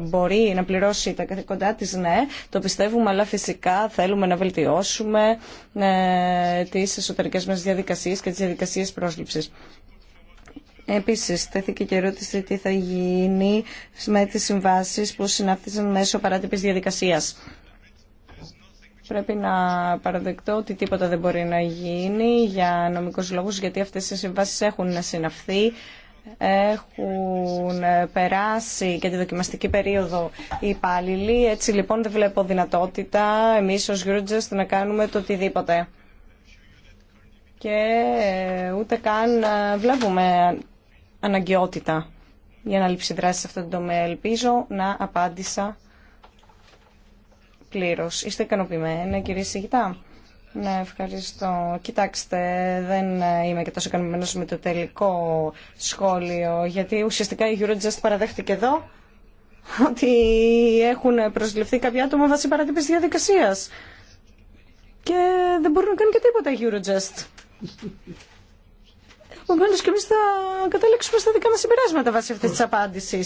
μπορεί να πληρώσει τα καθήκοντά της. Ναι, το πιστεύουμε, αλλά φυσικά θέλουμε να βελτιώσουμε τις εσωτερικές μας διαδικασίες και τις διαδικασίες πρόσληψης. Επίση, τέθηκε και ερώτηση τι θα γίνει με τις συμβάσεις που συνάφθησαν μέσω παράτυπης διαδικασίας. Πρέπει να παραδεκτώ ότι τίποτα δεν μπορεί να γίνει για νομικούς λόγους, γιατί αυτές οι συμβάσεις έχουν συναφθεί, έχουν περάσει και τη δοκιμαστική περίοδο οι υπάλληλοι. Έτσι λοιπόν δεν βλέπω δυνατότητα εμείς ως Γιούρτζες να κάνουμε το οτιδήποτε. Και ούτε καν βλέπουμε αναγκαιότητα για να λείψει δράση σε αυτόν τον τομέα. Ελπίζω να απάντησα πλήρως. Είστε ικανοποιημένα κύριε Σιγητά. Ναι, ευχαριστώ. Κοιτάξτε, δεν είμαι και τόσο ικανοποιημένο με το τελικό σχόλιο, γιατί ουσιαστικά η Eurojust παραδέχτηκε εδώ ότι έχουν προσληφθεί κάποια άτομα βάσει παρατύπης διαδικασίας. Και δεν μπορούν να κάνουν και τίποτα η Eurojust. Επομένω και εμεί θα καταλήξουμε στα δικά μα συμπεράσματα βάσει αυτή τη απάντηση.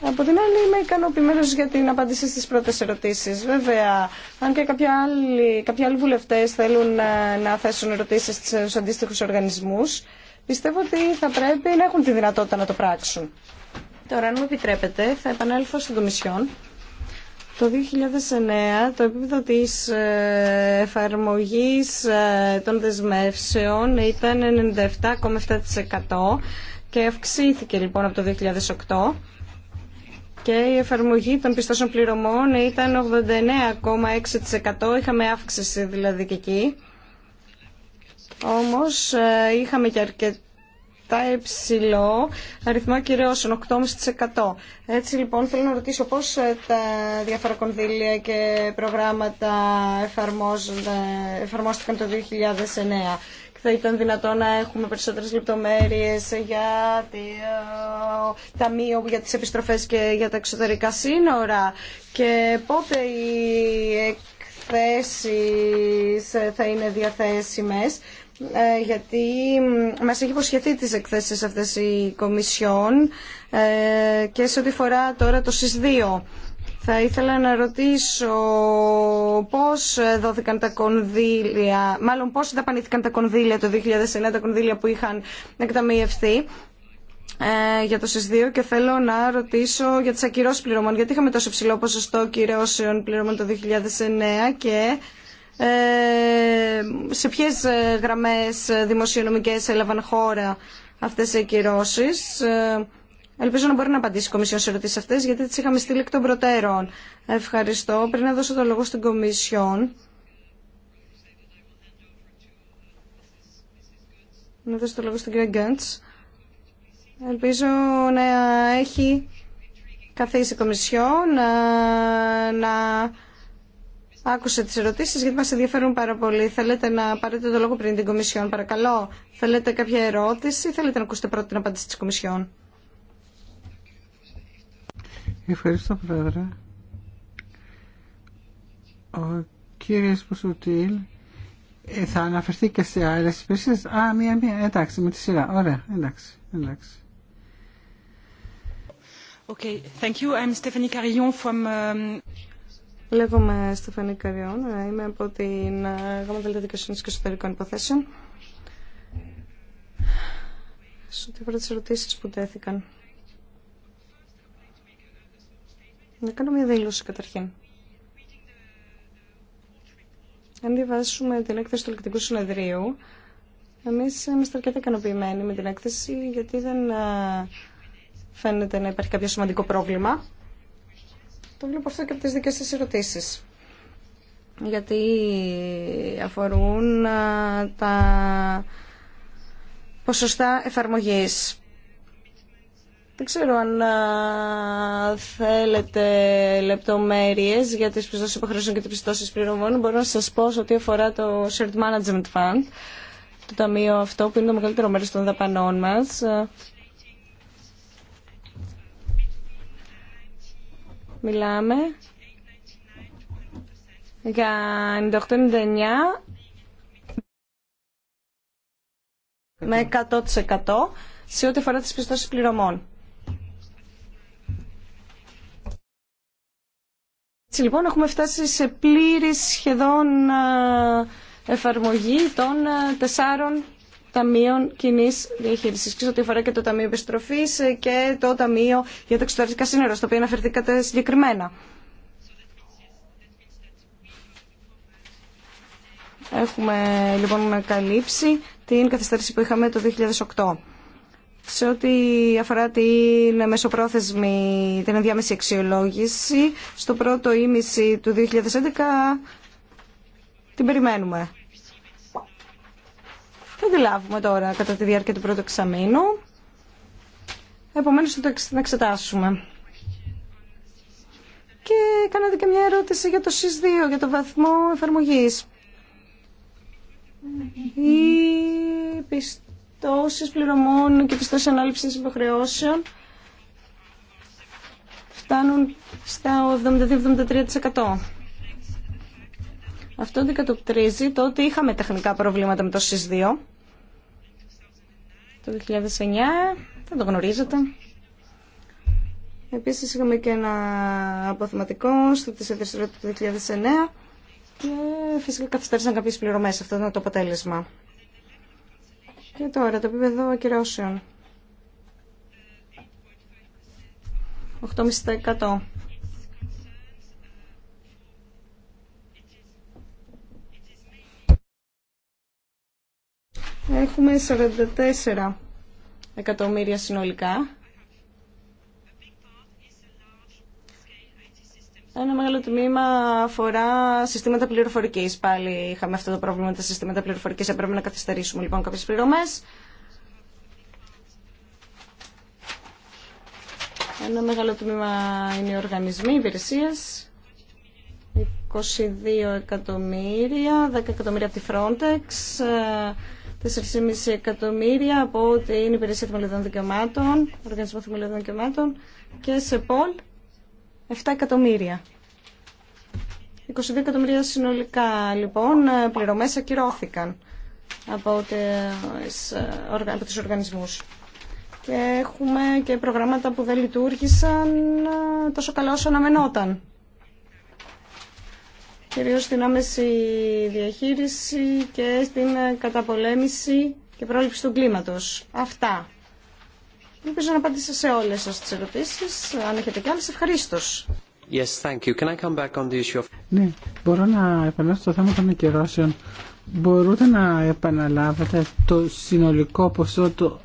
Από την άλλη, είμαι ικανοποιημένο για την απάντηση στι πρώτε ερωτήσει. Βέβαια, αν και κάποιοι άλλοι, άλλοι βουλευτέ θέλουν ε, να θέσουν ερωτήσει στου αντίστοιχου οργανισμού, πιστεύω ότι θα πρέπει να έχουν τη δυνατότητα να το πράξουν. Τώρα, αν μου επιτρέπετε, θα επανέλθω στην Κομισιόν το 2009 το επίπεδο της ε, εφαρμογής ε, των δεσμεύσεων ήταν 97,7% και αυξήθηκε λοιπόν από το 2008 και η εφαρμογή των πιστώσεων πληρωμών ήταν 89,6%. Είχαμε αύξηση δηλαδή και εκεί. Όμως ε, είχαμε και αρκετή αρκετά υψηλό αριθμό κυρώσεων, 8,5%. Έτσι λοιπόν θέλω να ρωτήσω πώς ε, τα διάφορα κονδύλια και προγράμματα εφαρμόστηκαν το 2009 θα ήταν δυνατό να έχουμε περισσότερες λεπτομέρειες για το ε, ταμείο, για τις επιστροφές και για τα εξωτερικά σύνορα και πότε οι εκθέσεις ε, θα είναι διαθέσιμες ε, γιατί μας έχει υποσχεθεί τις εκθέσεις αυτές η Κομισιόν ε, και σε ό,τι φορά τώρα το ΣΥΣ 2. Θα ήθελα να ρωτήσω πώς δόθηκαν τα κονδύλια, μάλλον πώς δαπανήθηκαν τα κονδύλια το 2009, τα κονδύλια που είχαν εκταμιευθεί ε, για το ΣΥΣ 2 και θέλω να ρωτήσω για τις ακυρώσεις πληρωμών, γιατί είχαμε τόσο υψηλό ποσοστό κυρώσεων πληρωμών το 2009 και ε, σε ποιες ε, γραμμές δημοσιονομικές έλαβαν χώρα αυτές οι κυρώσεις. Ε, ελπίζω να μπορεί να απαντήσει η Κομισιόν σε ερωτήσει αυτέ, γιατί τι είχαμε στείλει εκ των προτέρων. Ευχαριστώ. Πριν να δώσω το λόγο στην Κομισιόν. Να δώσω το λόγο στην κυρία Γκέντ. Ελπίζω να έχει καθίσει η Κομισιόν, να, να Άκουσε τις ερωτήσεις γιατί μας ενδιαφέρουν πάρα πολύ. Θέλετε να πάρετε το λόγο πριν την Κομισιόν, παρακαλώ. Θέλετε κάποια ερώτηση ή θέλετε να ακούσετε πρώτα την απάντηση της Κομισιόν. Ευχαριστώ, Πρόεδρε. Ο κύριος Πουσουτήλ ε, θα αναφερθεί και σε άλλες υπηρεσίες. Α, μία-μία. Εντάξει, με τη σειρά. Ωραία. Εντάξει. Εντάξει. Okay, thank you. I'm Stephanie Carillon um, Λέγομαι Στεφανή Καριών, είμαι από την Γάμα Δελτα Δικαιοσύνη και Εσωτερικών Υποθέσεων. Σε ό,τι αφορά τι ερωτήσει που τέθηκαν. Να κάνω μια δήλωση καταρχήν. Αν διαβάσουμε την έκθεση του Ελεκτικού Συνεδρίου, εμεί είμαστε αρκετά ικανοποιημένοι με την έκθεση, γιατί δεν ε, φαίνεται να υπάρχει κάποιο σημαντικό πρόβλημα. Το βλέπω αυτό και από τις δικές σας ερωτήσεις γιατί αφορούν τα ποσοστά εφαρμογής. Δεν ξέρω αν θέλετε λεπτομέρειες για τις πιστώσεις υποχρεώσεων και τις πιστώσεις πληρωμών. Μπορώ να σας πω ότι αφορά το Shared Management Fund, το ταμείο αυτό που είναι το μεγαλύτερο μέρος των δαπανών μας. μιλάμε για 98-99 με 100% σε ό,τι αφορά τις πιστώσεις πληρωμών. Έτσι λοιπόν έχουμε φτάσει σε πλήρη σχεδόν ε, εφαρμογή των ε, τεσσάρων Ταμείων Κοινή Διαχείριση. Και σε ό,τι αφορά και το Ταμείο Επιστροφή και το Ταμείο για τα Εξωτερικά Σύνορα, στο οποίο αναφερθήκατε συγκεκριμένα. Έχουμε λοιπόν καλύψει την καθυστέρηση που είχαμε το 2008. Σε ό,τι αφορά την μεσοπρόθεσμη, την ενδιάμεση αξιολόγηση, στο πρώτο ήμιση του 2011 την περιμένουμε θα τη τώρα κατά τη διάρκεια του πρώτου εξαμήνου. Επομένως θα το εξετάσουμε. Και κάνατε και μια ερώτηση για το ΣΥΣ 2, για το βαθμό εφαρμογής. Οι πιστώσεις πληρωμών και πιστώσεις ανάληψης υποχρεώσεων φτάνουν στα 72-73%. Αυτό αντικατοπτρίζει το ότι είχαμε τεχνικά προβλήματα με το ΣΥΣ 2 το 2009, δεν το γνωρίζετε. Επίσης είχαμε και ένα αποθεματικό στο 4 του 2009 και φυσικά καθυστέρησαν κάποιες πληρωμές. Αυτό ήταν το αποτέλεσμα. Και τώρα το επίπεδο ακυρώσεων. 8,5%. Έχουμε 44 εκατομμύρια συνολικά. Ένα μεγάλο τμήμα αφορά συστήματα πληροφορική. Πάλι είχαμε αυτό το πρόβλημα με τα συστήματα πληροφορική. Έπρεπε να καθυστερήσουμε λοιπόν κάποιε πληρωμέ. Ένα μεγάλο τμήμα είναι οι οργανισμοί, οι υπηρεσίε. 22 εκατομμύρια, 10 εκατομμύρια από τη Frontex, ε, 4,5 εκατομμύρια από την Υπηρεσία Θεμελιωδών Δικαιωμάτων, Οργανισμό Θεμελιωδών Δικαιωμάτων και σε ΠΟΛ 7 εκατομμύρια. 22 εκατομμύρια συνολικά λοιπόν πληρωμές ακυρώθηκαν από, του από τους οργανισμούς. Και έχουμε και προγράμματα που δεν λειτουργήσαν τόσο καλά όσο αναμενόταν κυρίως στην άμεση διαχείριση και στην καταπολέμηση και πρόληψη του κλίματος. Αυτά. Ελπίζω να απάντησα σε όλες σας τις ερωτήσεις. Αν έχετε κι άλλες, ευχαρίστως. Yes, thank you. Can I come back on the issue of... Ναι, μπορώ να επανέλθω στο θέμα των ακυρώσεων. Μπορούτε να επαναλάβετε το συνολικό ποσό του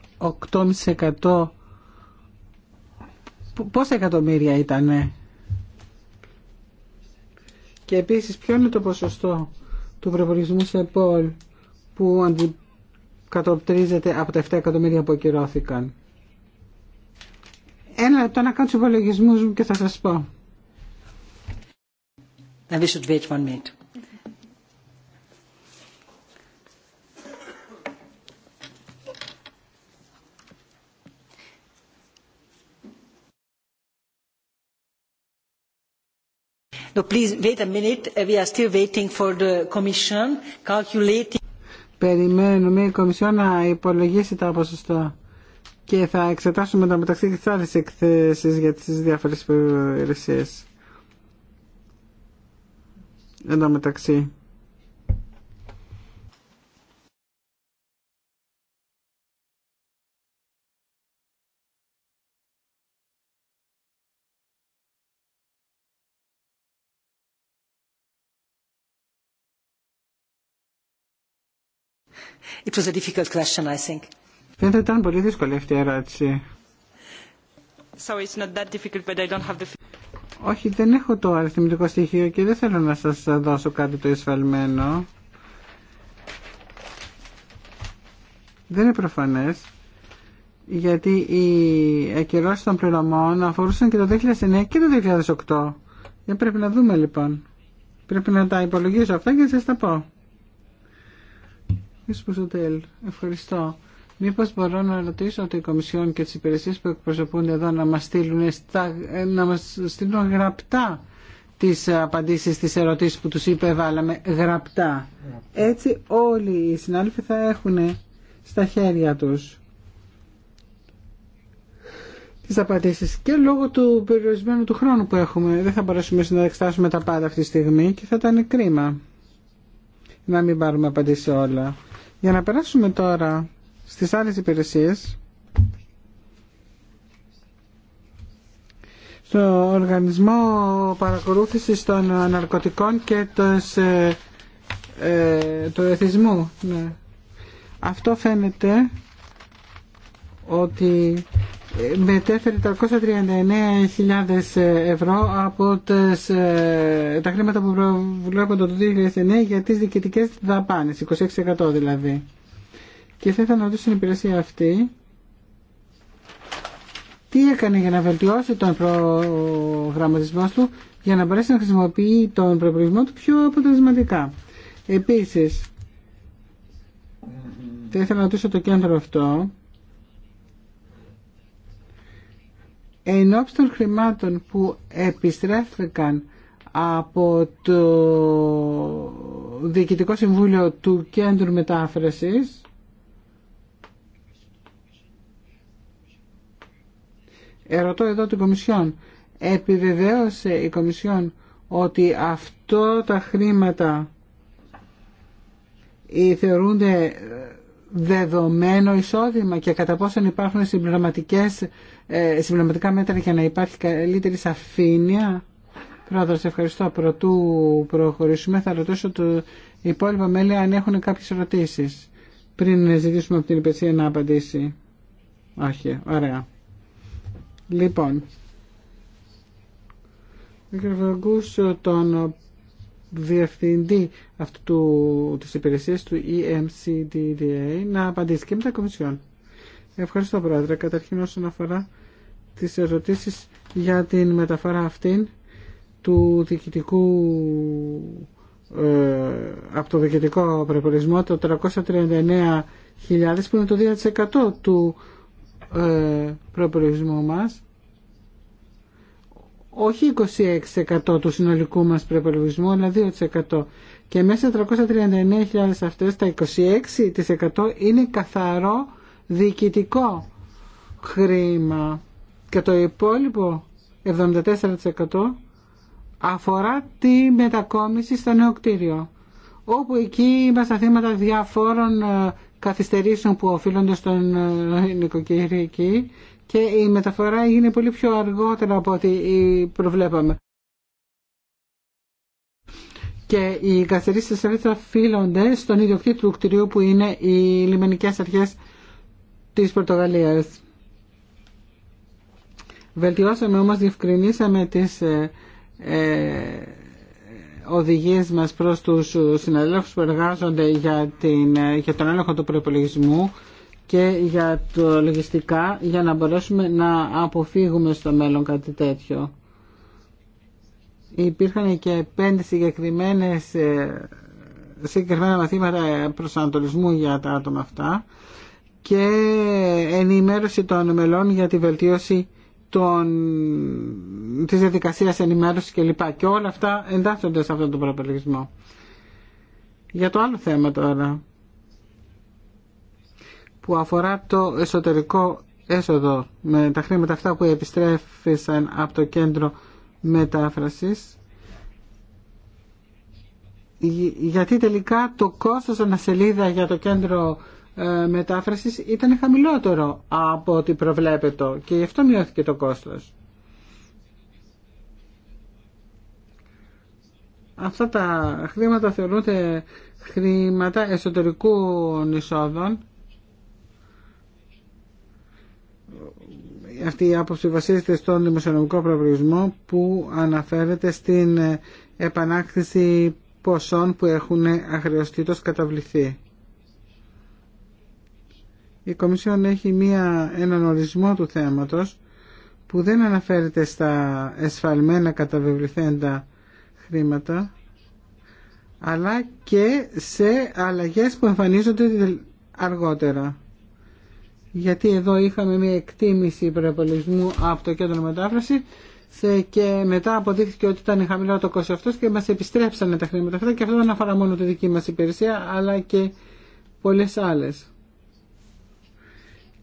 8,5% πόσα εκατομμύρια ήτανε και επίσης ποιο είναι το ποσοστό του προπολογισμού σε πόλ που αντικατοπτρίζεται από τα 7 εκατομμύρια που ακυρώθηκαν. Ένα λεπτό να κάνω του υπολογισμού μου και θα σας πω. Περιμένουμε η Κομισιόν να υπολογίσει τα ποσοστά και θα εξετάσουμε τα μεταξύ και τις άλλες εκθέσεις για τις διάφορες υπηρεσίες. Εν τω μεταξύ. It was a difficult question, I think. ήταν πολύ δύσκολη αυτή η ερώτηση. Όχι, δεν έχω το αριθμητικό στοιχείο και δεν θέλω να σας δώσω κάτι το εισφαλμένο. Δεν είναι προφανές, γιατί οι ακυρώσει των πληρωμών αφορούσαν και το 2009 και το 2008. Δεν πρέπει να δούμε λοιπόν. Πρέπει να τα υπολογίσω αυτά και να σας τα πω. Κύριε ευχαριστώ. Μήπω μπορώ να ρωτήσω ότι η Κομισιόν και τι Υπηρεσίε που εκπροσωπούνται εδώ να μα στείλουν, ε, στείλουν γραπτά τι απαντήσει, στις ερωτήσει που είπε, βάλαμε γραπτά. Έτσι όλοι οι συνάδελφοι θα έχουν στα χέρια του. Τι απαντήσει. και λόγω του περιορισμένου του χρόνου που έχουμε δεν θα μπορέσουμε να εξετάσουμε τα πάντα αυτή τη στιγμή και θα ήταν κρίμα να μην πάρουμε απαντήσεις όλα. Για να περάσουμε τώρα στις άλλες υπηρεσίες, στο Οργανισμό Παρακολούθησης των Ναρκωτικών και ε, ε, του Εθισμού. Ναι. Αυτό φαίνεται ότι μετέφερε 339.000 ευρώ από ε, τα χρήματα που προβλέπονται το 2009 για τις διοικητικές δαπάνες, 26% δηλαδή. Και θα ήθελα να ρωτήσω την υπηρεσία αυτή τι έκανε για να βελτιώσει τον προγραμματισμό του για να μπορέσει να χρησιμοποιεί τον προπολογισμό του πιο αποτελεσματικά. Επίσης, θα ήθελα να ρωτήσω το κέντρο αυτό Εν των χρημάτων που επιστρέφθηκαν από το Διοικητικό Συμβούλιο του Κέντρου Μετάφρασης ερωτώ εδώ την Κομισιόν επιβεβαίωσε η Κομισιόν ότι αυτό τα χρήματα ε, θεωρούνται δεδομένο εισόδημα και κατά πόσον υπάρχουν συμπληρωματικές, ε, συμπληρωματικά μέτρα για να υπάρχει καλύτερη σαφήνεια. Πρόεδρος, ευχαριστώ. Πρωτού προχωρήσουμε, θα ρωτήσω το υπόλοιπο μέλη αν έχουν κάποιες ερωτήσεις. Πριν ζητήσουμε από την υπηρεσία να απαντήσει. Όχι, ωραία. Λοιπόν, ο τον διευθυντή αυτού του, της υπηρεσίας του EMCDDA να απαντήσει και με τα Κομισιόν. Ευχαριστώ Πρόεδρε. Καταρχήν όσον αφορά τις ερωτήσεις για την μεταφορά αυτήν του διοικητικού ε, από το διοικητικό προπολισμό το 339.000 που είναι το 2% του ε, προπολογισμού μας όχι 26% του συνολικού μας προπολογισμού, αλλά 2%. Και μέσα 339.000 αυτές τα 26% είναι καθαρό διοικητικό χρήμα. Και το υπόλοιπο 74% αφορά τη μετακόμιση στο νέο κτίριο όπου εκεί είμαστε θύματα διαφόρων ε, καθυστερήσεων που οφείλονται στον ε, νοικοκυριακή και η μεταφορά έγινε πολύ πιο αργότερα από ό,τι προβλέπαμε. Και οι καθυστερήσεις αυτές οφείλονται στον ιδιοκτήτη του κτηρίου που είναι οι λιμενικές αρχές της Πορτογαλίας. Βελτιώσαμε όμως, διευκρινίσαμε τις ε, ε οδηγίες μας προς τους συναδέλφους που εργάζονται για, την, για τον έλεγχο του προπολογισμού και για το λογιστικά για να μπορέσουμε να αποφύγουμε στο μέλλον κάτι τέτοιο. Υπήρχαν και πέντε συγκεκριμένες ε, συγκεκριμένα μαθήματα προσανατολισμού για τα άτομα αυτά και ενημέρωση των μελών για τη βελτίωση των, της διαδικασίας ενημέρωσης κλπ. Και όλα αυτά εντάσσονται σε αυτόν τον προπολογισμό. Για το άλλο θέμα τώρα, που αφορά το εσωτερικό έσοδο, με τα χρήματα αυτά που επιστρέφησαν από το κέντρο μετάφρασης, γιατί τελικά το κόστος ανασελίδα για το κέντρο ε, μετάφρασης ήταν χαμηλότερο από ό,τι προβλέπετο και γι' αυτό μειώθηκε το κόστος. Αυτά τα χρήματα θεωρούνται χρήματα εσωτερικού εισόδων. Αυτή η άποψη βασίζεται στον δημοσιονομικό προβλησμό που αναφέρεται στην επανάκτηση ποσών που έχουν αχρεωστήτως καταβληθεί η Κομισιόν έχει μία, έναν ορισμό του θέματος που δεν αναφέρεται στα εσφαλμένα καταβεβληθέντα χρήματα αλλά και σε αλλαγές που εμφανίζονται αργότερα. Γιατί εδώ είχαμε μια εκτίμηση προεπολισμού από το κέντρο μετάφραση και μετά αποδείχθηκε ότι ήταν χαμηλό το κόστος και μας επιστρέψανε τα χρήματα αυτά και αυτό δεν αφορά μόνο τη δική μας υπηρεσία αλλά και πολλές άλλες.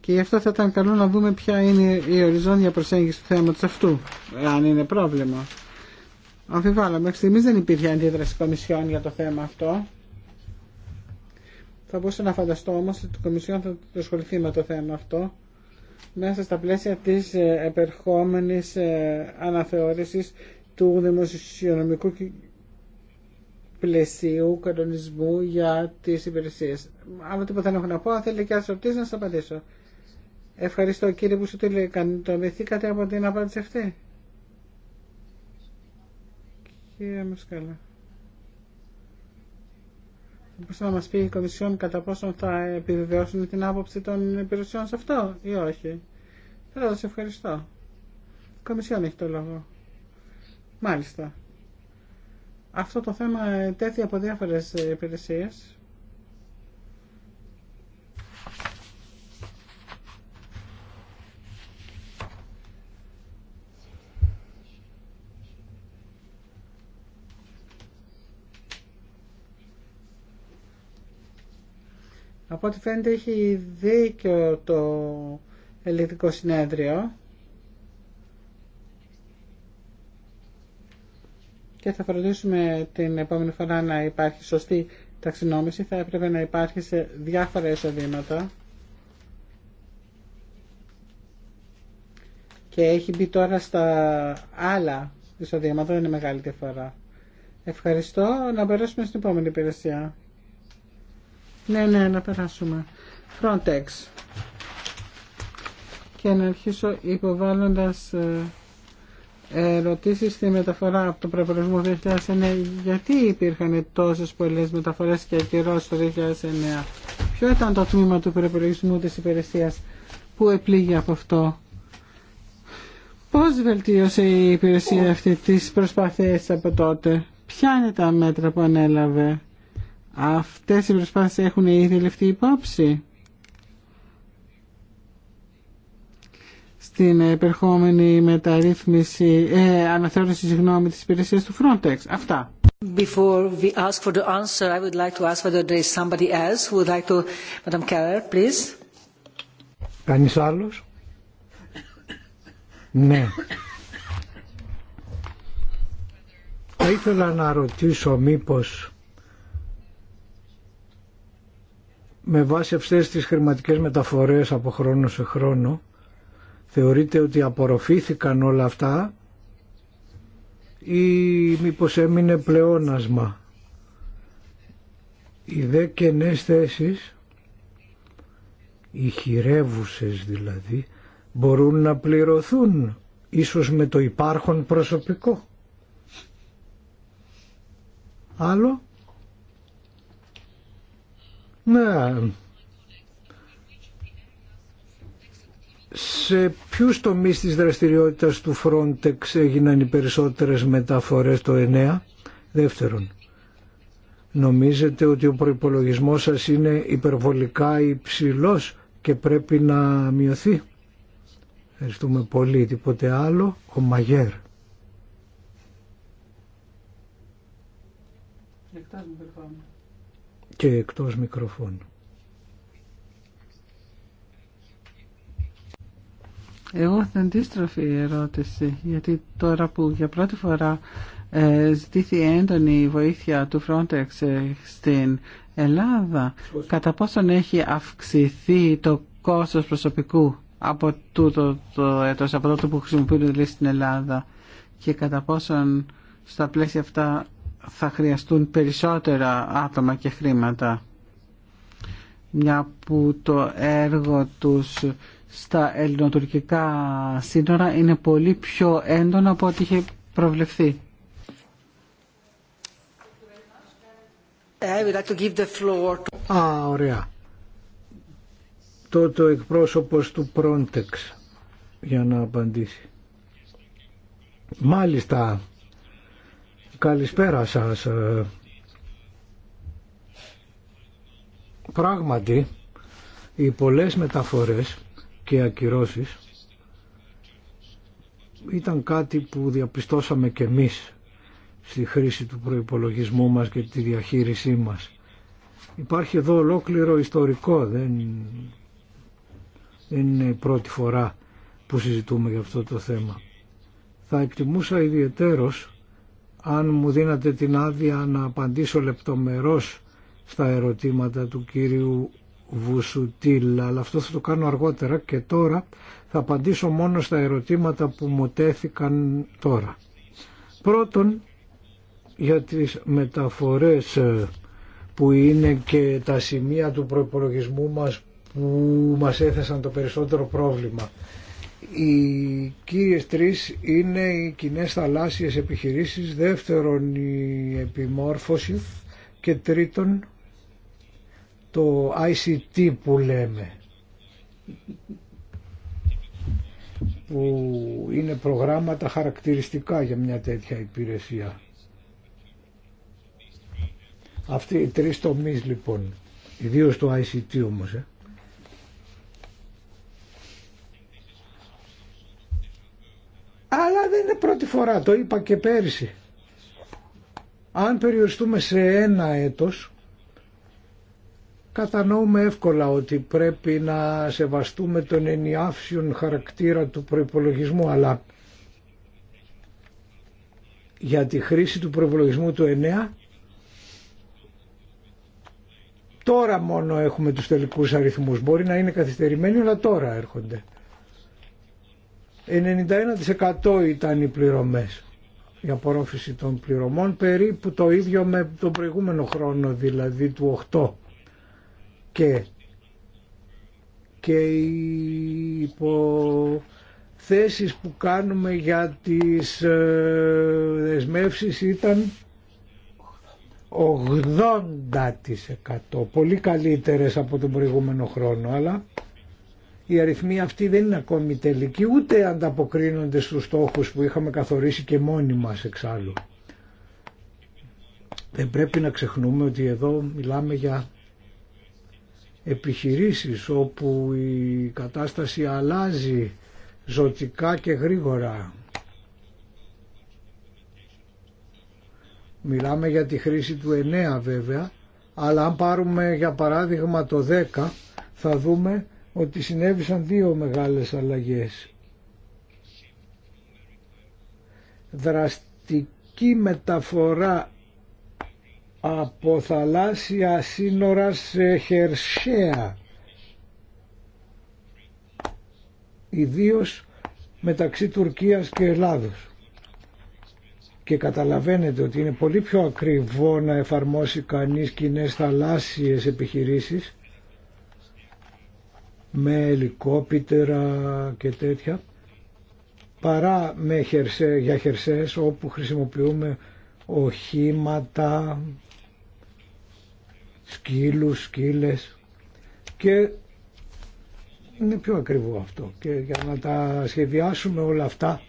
Και γι' αυτό θα ήταν καλό να δούμε ποια είναι η οριζόντια προσέγγιση του θέματος αυτού, αν είναι πρόβλημα. Αμφιβάλλω, μέχρι στιγμή δεν υπήρχε αντίδραση Κομισιόν για το θέμα αυτό. Θα μπορούσα να φανταστώ όμως ότι η Κομισιόν θα ασχοληθεί με το θέμα αυτό μέσα στα πλαίσια της ε, επερχόμενης ε, αναθεώρησης του δημοσιονομικού πλαισίου κανονισμού για τις υπηρεσίες. Άλλο τίποτα δεν έχω να πω, αν θέλει και άλλες ερωτήσεις να σα απαντήσω. Ευχαριστώ κύριε που σου το λέει. από την απάντηση αυτή. Κύριε Μασκάλα. Θα μπορούσα να μας πει η Κομισιόν κατά πόσο θα επιβεβαιώσουν την άποψη των υπηρεσιών σε αυτό ή όχι. Θέλω σε ευχαριστώ. Η Κομισιόν έχει το λόγο. Μάλιστα. Αυτό το θέμα τέθη από διάφορες υπηρεσίες. Από ό,τι φαίνεται έχει δίκιο το ελληνικό συνέδριο και θα φροντίσουμε την επόμενη φορά να υπάρχει σωστή ταξινόμηση. Θα έπρεπε να υπάρχει σε διάφορα εισοδήματα. Και έχει μπει τώρα στα άλλα εισοδήματα, δεν είναι μεγάλη διαφορά. Ευχαριστώ. Να περάσουμε στην επόμενη υπηρεσία. Ναι, ναι, να περάσουμε. Frontex. Και να αρχίσω υποβάλλοντας ε, ερωτήσει στη μεταφορά από το προπολογισμό 2009. Γιατί υπήρχαν τόσες πολλές μεταφορές και ακυρώσεις το 2009. Ποιο ήταν το τμήμα του προπολογισμού της υπηρεσίας που επλήγει από αυτό. Πώς βελτίωσε η υπηρεσία αυτή τις προσπάθειες από τότε. Ποια είναι τα μέτρα που ανέλαβε Αυτές οι προσπάθειες έχουν ήδη ληφθεί υπόψη. Στην επερχόμενη μεταρρύθμιση, ε, αναθεώρηση συγγνώμη της υπηρεσίας του Frontex. Αυτά. Before we ask for the answer, I would like to ask whether there is somebody else who would like to... Madam Keller, please. Κανείς άλλος. ναι. Θα ήθελα να ρωτήσω μήπως με βάση αυτές τις χρηματικές μεταφορές από χρόνο σε χρόνο θεωρείτε ότι απορροφήθηκαν όλα αυτά ή μήπως έμεινε πλεόνασμα. Οι δε κενές θέσεις, οι χειρεύουσες δηλαδή, μπορούν να πληρωθούν ίσως με το υπάρχον προσωπικό. Άλλο. Ναι. Σε ποιους τομείς της δραστηριότητας του Frontex έγιναν οι περισσότερες μεταφορές το 9. Δεύτερον, νομίζετε ότι ο προϋπολογισμός σας είναι υπερβολικά υψηλός και πρέπει να μειωθεί. Ευχαριστούμε πολύ. Τίποτε άλλο. Ο Μαγέρ. Εκτάζουμε, και εκτός μικροφώνου. Εγώ θα αντίστροφη ερώτηση, γιατί τώρα που για πρώτη φορά ε, ζητήθη έντονη βοήθεια του Frontex ε, στην Ελλάδα, κατά πόσον έχει αυξηθεί το κόστος προσωπικού από τούτο το έτος, από τούτο που χρησιμοποιούν δηλαδή στην Ελλάδα και κατά πόσον στα πλαίσια αυτά θα χρειαστούν περισσότερα άτομα και χρήματα μια που το έργο τους στα ελληνοτουρκικά σύνορα είναι πολύ πιο έντονο από ό,τι είχε προβλεφθεί. I would like Α, ωραία. Τότε ο εκπρόσωπος του Πρόντεξ για να απαντήσει. Μάλιστα, Καλησπέρα σας. Ε, πράγματι, οι πολλές μεταφορές και ακυρώσεις ήταν κάτι που διαπιστώσαμε και εμείς στη χρήση του προϋπολογισμού μας και τη διαχείρισή μας. Υπάρχει εδώ ολόκληρο ιστορικό, δεν, είναι η πρώτη φορά που συζητούμε για αυτό το θέμα. Θα εκτιμούσα ιδιαιτέρως αν μου δίνατε την άδεια να απαντήσω λεπτομερώς στα ερωτήματα του κύριου Βουσουτήλ, αλλά αυτό θα το κάνω αργότερα και τώρα θα απαντήσω μόνο στα ερωτήματα που μου τέθηκαν τώρα. Πρώτον, για τις μεταφορές ε, που είναι και τα σημεία του προπολογισμού μας που μας έθεσαν το περισσότερο πρόβλημα. Οι κύριες τρεις είναι οι κοινέ θαλάσσιες επιχειρήσεις, δεύτερον η επιμόρφωση και τρίτον το ICT που λέμε που είναι προγράμματα χαρακτηριστικά για μια τέτοια υπηρεσία. Αυτοί οι τρεις τομείς λοιπόν, ιδίως το ICT όμως, ε. Αλλά δεν είναι πρώτη φορά, το είπα και πέρυσι. Αν περιοριστούμε σε ένα έτος, κατανοούμε εύκολα ότι πρέπει να σεβαστούμε τον ενιάφσιον χαρακτήρα του προϋπολογισμού, αλλά για τη χρήση του προϋπολογισμού του 9, τώρα μόνο έχουμε τους τελικούς αριθμούς. Μπορεί να είναι καθυστερημένοι, αλλά τώρα έρχονται. 91% ήταν οι πληρωμές η απορρόφηση των πληρωμών περίπου το ίδιο με τον προηγούμενο χρόνο δηλαδή του 8 και και οι υποθέσεις που κάνουμε για τις ε, δεσμεύσεις ήταν 80% πολύ καλύτερες από τον προηγούμενο χρόνο αλλά οι αριθμοί αυτοί δεν είναι ακόμη τελικοί ούτε ανταποκρίνονται στους στόχους που είχαμε καθορίσει και μόνοι μας εξάλλου. Δεν πρέπει να ξεχνούμε ότι εδώ μιλάμε για επιχειρήσεις όπου η κατάσταση αλλάζει ζωτικά και γρήγορα. Μιλάμε για τη χρήση του 9 βέβαια, αλλά αν πάρουμε για παράδειγμα το 10 θα δούμε ότι συνέβησαν δύο μεγάλες αλλαγές. Δραστική μεταφορά από θαλάσσια σύνορα σε χερσαία ιδίως μεταξύ Τουρκίας και Ελλάδος και καταλαβαίνετε ότι είναι πολύ πιο ακριβό να εφαρμόσει κανείς κοινέ θαλάσσιες επιχειρήσεις με ελικόπτερα και τέτοια παρά με χερσέ, για χερσές όπου χρησιμοποιούμε οχήματα, σκύλους, σκύλες και είναι πιο ακριβό αυτό και για να τα σχεδιάσουμε όλα αυτά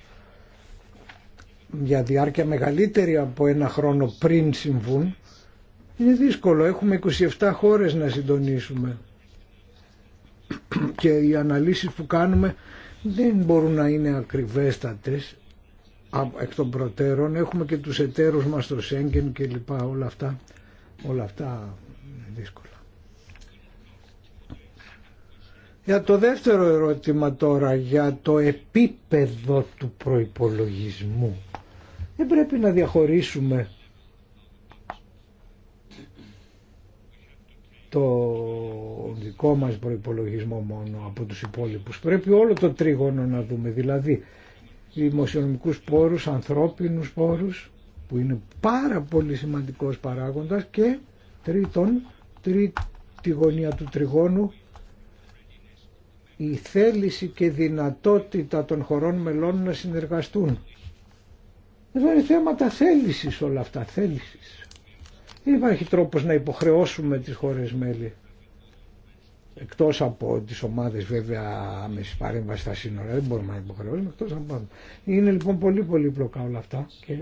για διάρκεια μεγαλύτερη από ένα χρόνο πριν συμβούν είναι δύσκολο, έχουμε 27 χώρες να συντονίσουμε και οι αναλύσεις που κάνουμε δεν μπορούν να είναι ακριβέστατες εκ των προτέρων. Έχουμε και τους εταίρους μας στο Σέγγεν και λοιπά όλα αυτά. Όλα αυτά είναι δύσκολα. Για το δεύτερο ερώτημα τώρα, για το επίπεδο του προϋπολογισμού. Δεν πρέπει να διαχωρίσουμε το δικό μας προϋπολογισμό μόνο από τους υπόλοιπους. Πρέπει όλο το τρίγωνο να δούμε, δηλαδή δημοσιονομικούς πόρους, ανθρώπινους πόρους, που είναι πάρα πολύ σημαντικός παράγοντας και τρίτον, τρίτη γωνία του τριγώνου, η θέληση και δυνατότητα των χωρών μελών να συνεργαστούν. Εδώ είναι θέματα θέλησης όλα αυτά, θέλησης. Δεν υπάρχει τρόπος να υποχρεώσουμε τις χώρες μέλη εκτός από τις ομάδες βέβαια με παρέμβαση στα σύνορα δεν μπορούμε να υποχρεώσουμε εκτός από είναι λοιπόν πολύ πολύ πλοκά όλα αυτά και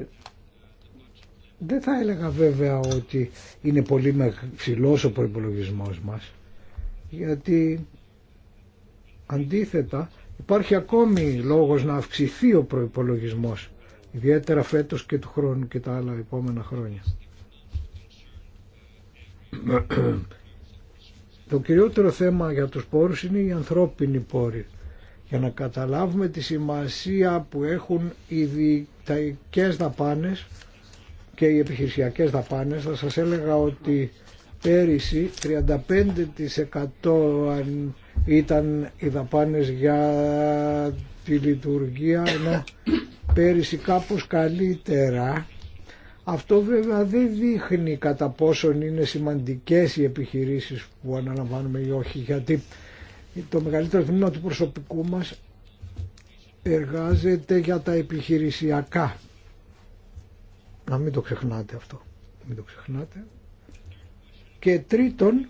δεν θα έλεγα βέβαια ότι είναι πολύ ψηλός ο προπολογισμό μας γιατί αντίθετα υπάρχει ακόμη λόγος να αυξηθεί ο προπολογισμό ιδιαίτερα φέτος και του χρόνου και τα άλλα επόμενα χρόνια. Το κυριότερο θέμα για τους πόρους είναι οι ανθρώπινοι πόροι. Για να καταλάβουμε τη σημασία που έχουν οι δικταϊκές δαπάνες και οι επιχειρησιακές δαπάνες, θα σας έλεγα ότι πέρυσι 35% ήταν οι δαπάνες για τη λειτουργία, ενώ πέρυσι κάπως καλύτερα αυτό βέβαια δεν δείχνει κατά πόσον είναι σημαντικές οι επιχειρήσεις που αναλαμβάνουμε ή όχι, γιατί το μεγαλύτερο τμήμα του προσωπικού μας εργάζεται για τα επιχειρησιακά. Να μην το ξεχνάτε αυτό. Μην το ξεχνάτε. Και τρίτον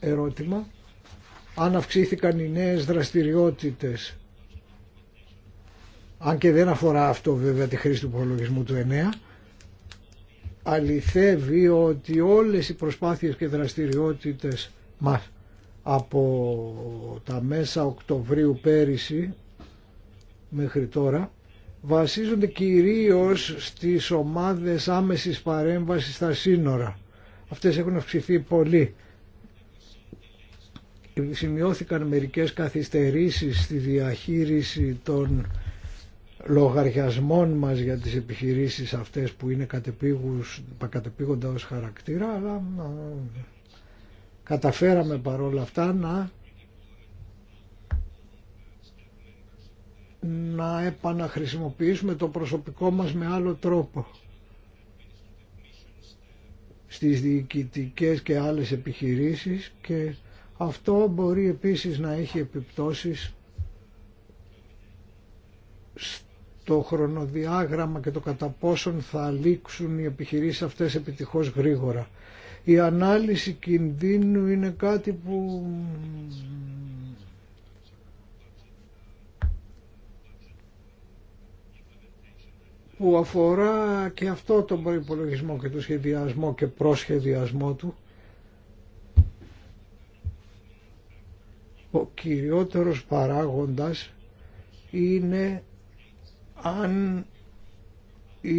ερώτημα, αν αυξήθηκαν οι νέες δραστηριότητες αν και δεν αφορά αυτό βέβαια τη χρήση του προλογισμού του 9 αληθεύει ότι όλες οι προσπάθειες και δραστηριότητες μας από τα μέσα Οκτωβρίου πέρυσι μέχρι τώρα βασίζονται κυρίως στις ομάδες άμεσης παρέμβασης στα σύνορα. Αυτές έχουν αυξηθεί πολύ. Σημειώθηκαν μερικές καθυστερήσεις στη διαχείριση των λογαριασμών μας για τις επιχειρήσεις αυτές που είναι κατεπήγοντα ως χαρακτήρα αλλά καταφέραμε παρόλα αυτά να να επαναχρησιμοποιήσουμε το προσωπικό μας με άλλο τρόπο στις διοικητικές και άλλες επιχειρήσεις και αυτό μπορεί επίσης να έχει επιπτώσεις το χρονοδιάγραμμα και το κατά πόσον θα λήξουν οι επιχειρήσεις αυτές επιτυχώς γρήγορα. Η ανάλυση κινδύνου είναι κάτι που που αφορά και αυτό τον προϋπολογισμό και το σχεδιασμό και προσχεδιασμό του. Ο κυριότερος παράγοντας είναι αν οι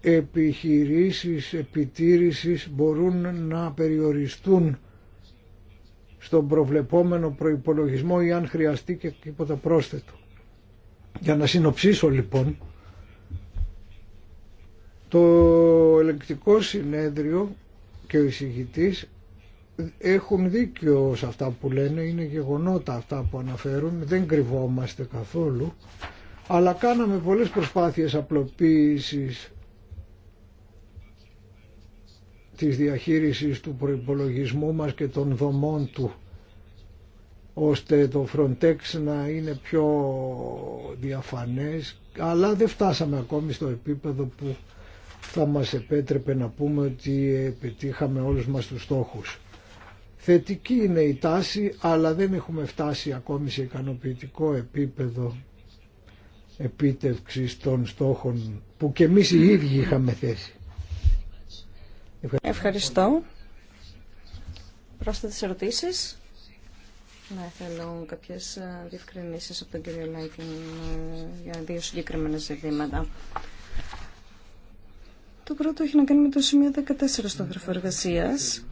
επιχειρήσεις επιτήρησης μπορούν να περιοριστούν στον προβλεπόμενο προϋπολογισμό ή αν χρειαστεί και τίποτα πρόσθετο. Για να συνοψίσω λοιπόν, το ελεκτικό συνέδριο και ο εισηγητής έχουν δίκιο σε αυτά που λένε, είναι γεγονότα αυτά που αναφέρουν, δεν κρυβόμαστε καθόλου αλλά κάναμε πολλές προσπάθειες απλοποίησης της διαχείρισης του προϋπολογισμού μας και των δομών του ώστε το Frontex να είναι πιο διαφανές αλλά δεν φτάσαμε ακόμη στο επίπεδο που θα μας επέτρεπε να πούμε ότι πετύχαμε όλους μας τους στόχους. Θετική είναι η τάση αλλά δεν έχουμε φτάσει ακόμη σε ικανοποιητικό επίπεδο επίτευξης των στόχων που και εμείς οι ίδιοι είχαμε θέσει. Ευχαριστώ. Ευχαριστώ. Πρόσθετες ερωτήσεις. Ναι, θέλω κάποιες ε, διευκρινήσεις από τον κύριο Λάκιν ε, για δύο συγκεκριμένα ζητήματα. Το πρώτο έχει να κάνει με το σημείο 14 στο γραφείο εργασίας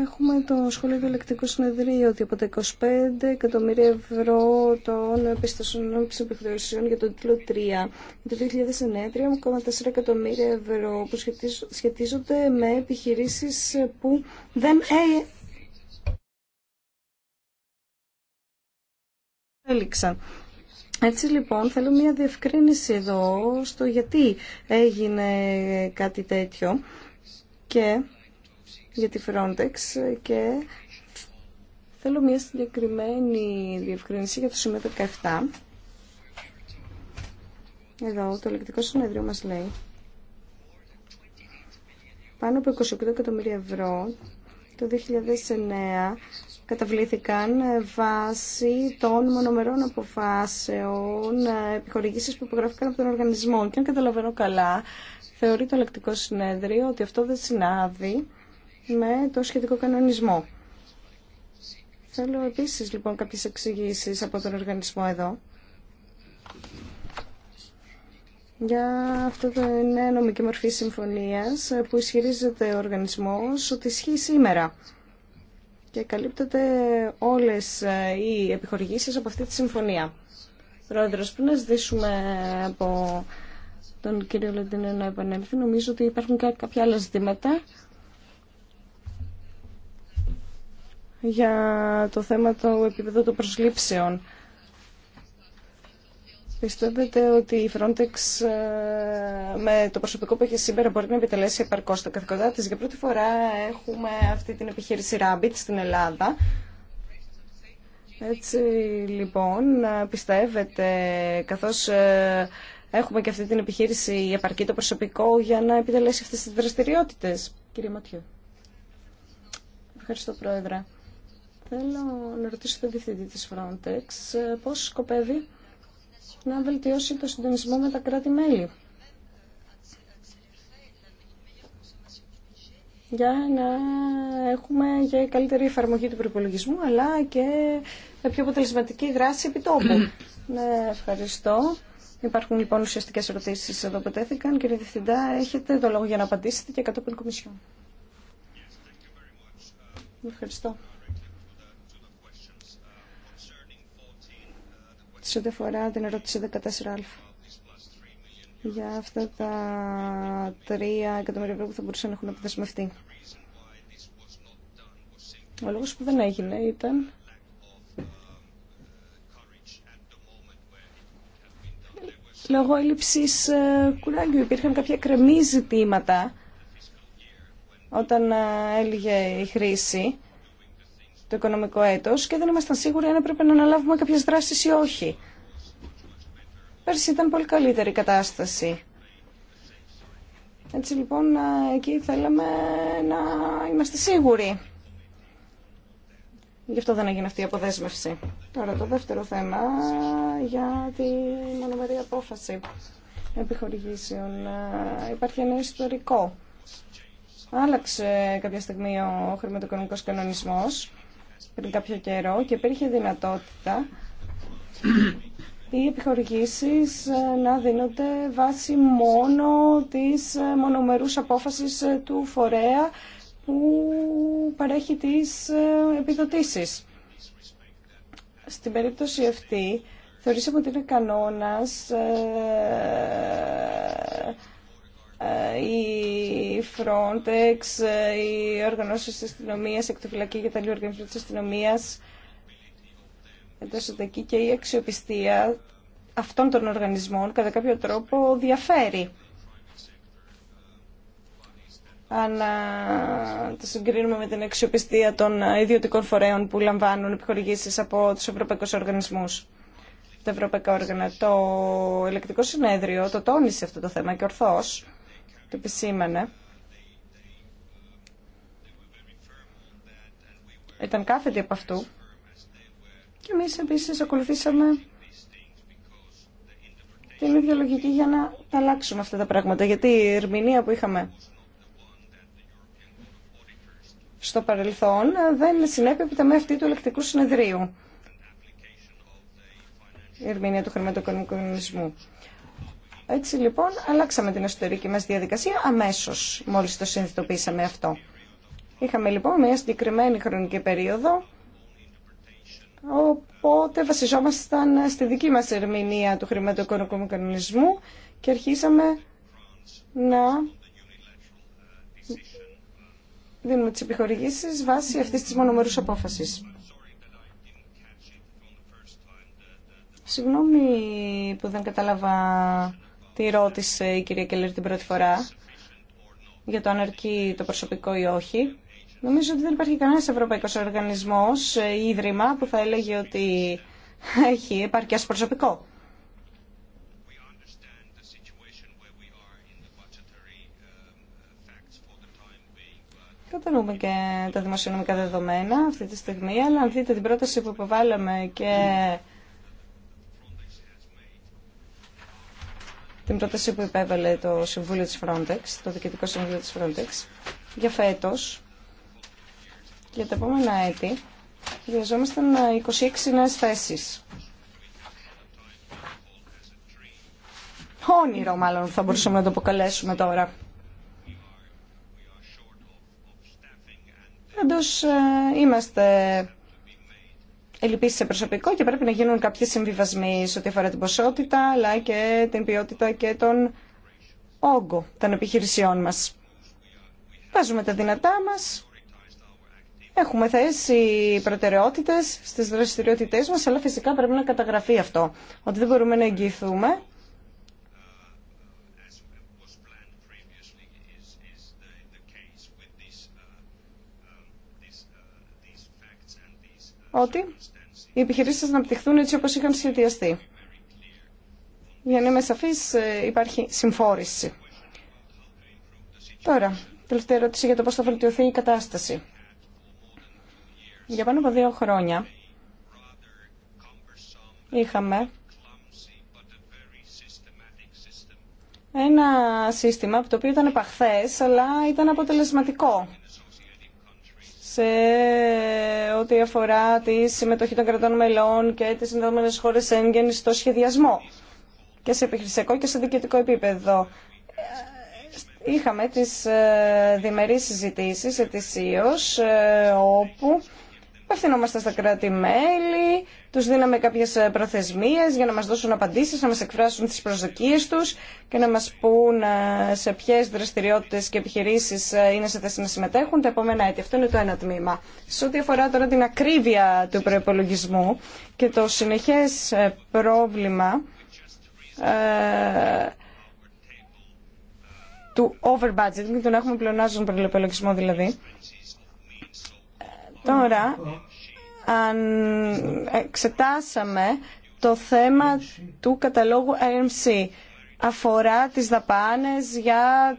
Έχουμε το σχολείο του συνεδρίου ότι από τα 25 εκατομμύρια ευρώ των επιστοσιών επιχειρήσεων για τον τίτλο 3 το 2009 3,4 εκατομμύρια ευρώ που σχετίζονται με επιχειρήσεις που δεν ε, έλειξαν. Έτσι λοιπόν θέλω μια διευκρίνηση εδώ στο γιατί έγινε κάτι τέτοιο και για τη Frontex και θέλω μια συγκεκριμένη διευκρίνηση για το σημείο 17. Εδώ το ελεκτικό συνεδρίο μας λέει πάνω από 28 εκατομμύρια ευρώ το 2009 καταβλήθηκαν βάσει των μονομερών αποφάσεων επιχορηγήσεις που υπογράφηκαν από τον οργανισμό. Και αν καταλαβαίνω καλά, θεωρεί το ελεκτικό συνέδριο ότι αυτό δεν συνάδει με το σχετικό κανονισμό. Θέλω επίσης λοιπόν κάποιες εξηγήσει από τον οργανισμό εδώ για αυτό το νέο νομική μορφή συμφωνίας που ισχυρίζεται ο οργανισμός ότι ισχύει σήμερα και καλύπτεται όλες οι επιχορηγήσεις από αυτή τη συμφωνία. Πρόεδρος, πριν να ζητήσουμε από τον κύριο Λεντίνο να επανέλθει, νομίζω ότι υπάρχουν κάποια άλλα ζητήματα για το θέμα του επίπεδου των προσλήψεων. Πιστεύετε ότι η Frontex ε, με το προσωπικό που έχει σήμερα μπορεί να επιτελέσει επαρκώ τα καθηκοντά τη. Για πρώτη φορά έχουμε αυτή την επιχείρηση Rabbit στην Ελλάδα. Έτσι λοιπόν, πιστεύετε, καθώς ε, έχουμε και αυτή την επιχείρηση επαρκή το προσωπικό για να επιτελέσει αυτές τις δραστηριότητες. Κύριε Ματιού. Ευχαριστώ Πρόεδρε. Θέλω να ρωτήσω τον διευθυντή της Frontex ε, πώς σκοπεύει να βελτιώσει το συντονισμό με τα κράτη-μέλη. για να έχουμε και καλύτερη εφαρμογή του προπολογισμού, αλλά και πιο αποτελεσματική δράση επιτόπου. ναι, ευχαριστώ. Υπάρχουν λοιπόν ουσιαστικέ ερωτήσει εδώ που τέθηκαν. Κύριε Διευθυντά, έχετε το λόγο για να απαντήσετε και κατόπιν κομισιόν. Ευχαριστώ. σε ό,τι αφορά την ερώτηση 14α. Για αυτά τα 3 εκατομμύρια ευρώ που θα μπορούσαν να έχουν αποδεσμευτεί. Ο λόγος που δεν έγινε ήταν λόγω έλλειψης ε, κουράγιου. Υπήρχαν κάποια κρεμή ζητήματα όταν ε, έλυγε η χρήση το οικονομικό έτος και δεν ήμασταν σίγουροι αν έπρεπε να αναλάβουμε κάποιες δράσεις ή όχι. Πέρσι ήταν πολύ καλύτερη η κατάσταση. Έτσι λοιπόν εκεί θέλαμε να είμαστε σίγουροι. Γι' αυτό δεν έγινε αυτή η αποδέσμευση. Τώρα το δεύτερο θέμα για τη μονομερή απόφαση επιχορηγήσεων. Υπάρχει ένα ιστορικό. Άλλαξε κάποια στιγμή ο χρηματοοικονομικός κανονισμός πριν κάποιο καιρό και υπήρχε δυνατότητα οι επιχορηγήσεις ε, να δίνονται βάσει μόνο της ε, μονομερούς απόφασης ε, του φορέα που παρέχει τις επιδοτήσεις. Στην περίπτωση αυτή θεωρήσαμε ότι είναι κανόνας ε, η Frontex, ε, οι οργανώσει τη αστυνομία, η εκτοφυλακή και τα λοιπά οργανισμοί τη αστυνομία, εντό και η αξιοπιστία αυτών των οργανισμών κατά κάποιο τρόπο διαφέρει. Αν το συγκρίνουμε με την αξιοπιστία των ιδιωτικών φορέων που λαμβάνουν επιχορηγήσει από του ευρωπαϊκού οργανισμού τα ευρωπαϊκά όργανα. Το ελεκτικό συνέδριο το τόνισε αυτό το θέμα και ορθώς επισήμανε ήταν κάθετη από αυτού και εμείς επίσης ακολουθήσαμε την ίδια λογική για να αλλάξουμε αυτά τα πράγματα γιατί η ερμηνεία που είχαμε στο παρελθόν δεν συνέπει με αυτή του ελεκτικού συνεδρίου η ερμηνεία του χρηματοοικονομικού έτσι λοιπόν αλλάξαμε την εσωτερική μας διαδικασία αμέσως μόλις το συνειδητοποίησαμε αυτό. Είχαμε λοιπόν μια συγκεκριμένη χρονική περίοδο οπότε βασιζόμασταν στη δική μας ερμηνεία του χρηματοοικονομικού κανονισμού και αρχίσαμε να δίνουμε τις επιχορηγήσεις βάσει αυτής της μονομερούς απόφασης. Συγγνώμη που δεν κατάλαβα τη ρώτησε η κυρία Κέλλερ την πρώτη φορά για το αν αρκεί το προσωπικό ή όχι. Νομίζω ότι δεν υπάρχει κανένα ευρωπαϊκό οργανισμό ή ε, ίδρυμα που θα έλεγε ότι έχει επαρκέ προσωπικό. Κατανοούμε και τα δημοσιονομικά δεδομένα αυτή τη στιγμή, αλλά αν δείτε την πρόταση που υποβάλαμε και την πρόταση που υπέβαλε το Συμβούλιο της Frontex, το Διοικητικό Συμβούλιο της Frontex, για φέτος, για τα επόμενα έτη, χρειαζόμασταν 26 ε, νέες θέσεις. Όνειρο μάλλον θα μπορούσαμε να το αποκαλέσουμε τώρα. Πάντως ε, είμαστε ελλειπήσει σε προσωπικό και πρέπει να γίνουν κάποιοι συμβιβασμοί σε ό,τι αφορά την ποσότητα αλλά και την ποιότητα και τον όγκο των επιχειρησιών μας. Βάζουμε τα δυνατά μας, έχουμε θέσει προτεραιότητες στις δραστηριότητές μας, αλλά φυσικά πρέπει να καταγραφεί αυτό, ότι δεν μπορούμε να εγγυηθούμε ότι οι επιχειρήσεις να αναπτυχθούν έτσι όπως είχαν σχεδιαστεί. Για να είμαι σαφή ε, υπάρχει συμφόρηση. Τώρα, τελευταία ερώτηση για το πώ θα βελτιωθεί η κατάσταση. Για πάνω από δύο χρόνια είχαμε ένα σύστημα το οποίο ήταν επαχθές αλλά ήταν αποτελεσματικό σε ό,τι αφορά τη συμμετοχή των κρατών μελών και τις συνδεδομένες χώρες έγκαινη στο σχεδιασμό και σε επιχειρησιακό και σε δικαιωτικό επίπεδο. Είχαμε τις ε, διμερείς συζητήσεις ετησίως ε, όπου απευθυνόμαστε στα κράτη-μέλη του δίναμε κάποιε προθεσμίε για να μα δώσουν απαντήσει, να μα εκφράσουν τι προσδοκίε του και να μα πούν ε, σε ποιε δραστηριότητε και επιχειρήσει ε, είναι σε θέση να συμμετέχουν τα επόμενα έτη. Αυτό είναι το ένα τμήμα. Σε ό,τι αφορά τώρα την ακρίβεια του προπολογισμού και το συνεχέ ε, πρόβλημα του over budgeting, του να έχουμε πλεονάζον προπολογισμό δηλαδή. Τώρα, αν εξετάσαμε το θέμα του καταλόγου AMC Αφορά τις δαπάνες για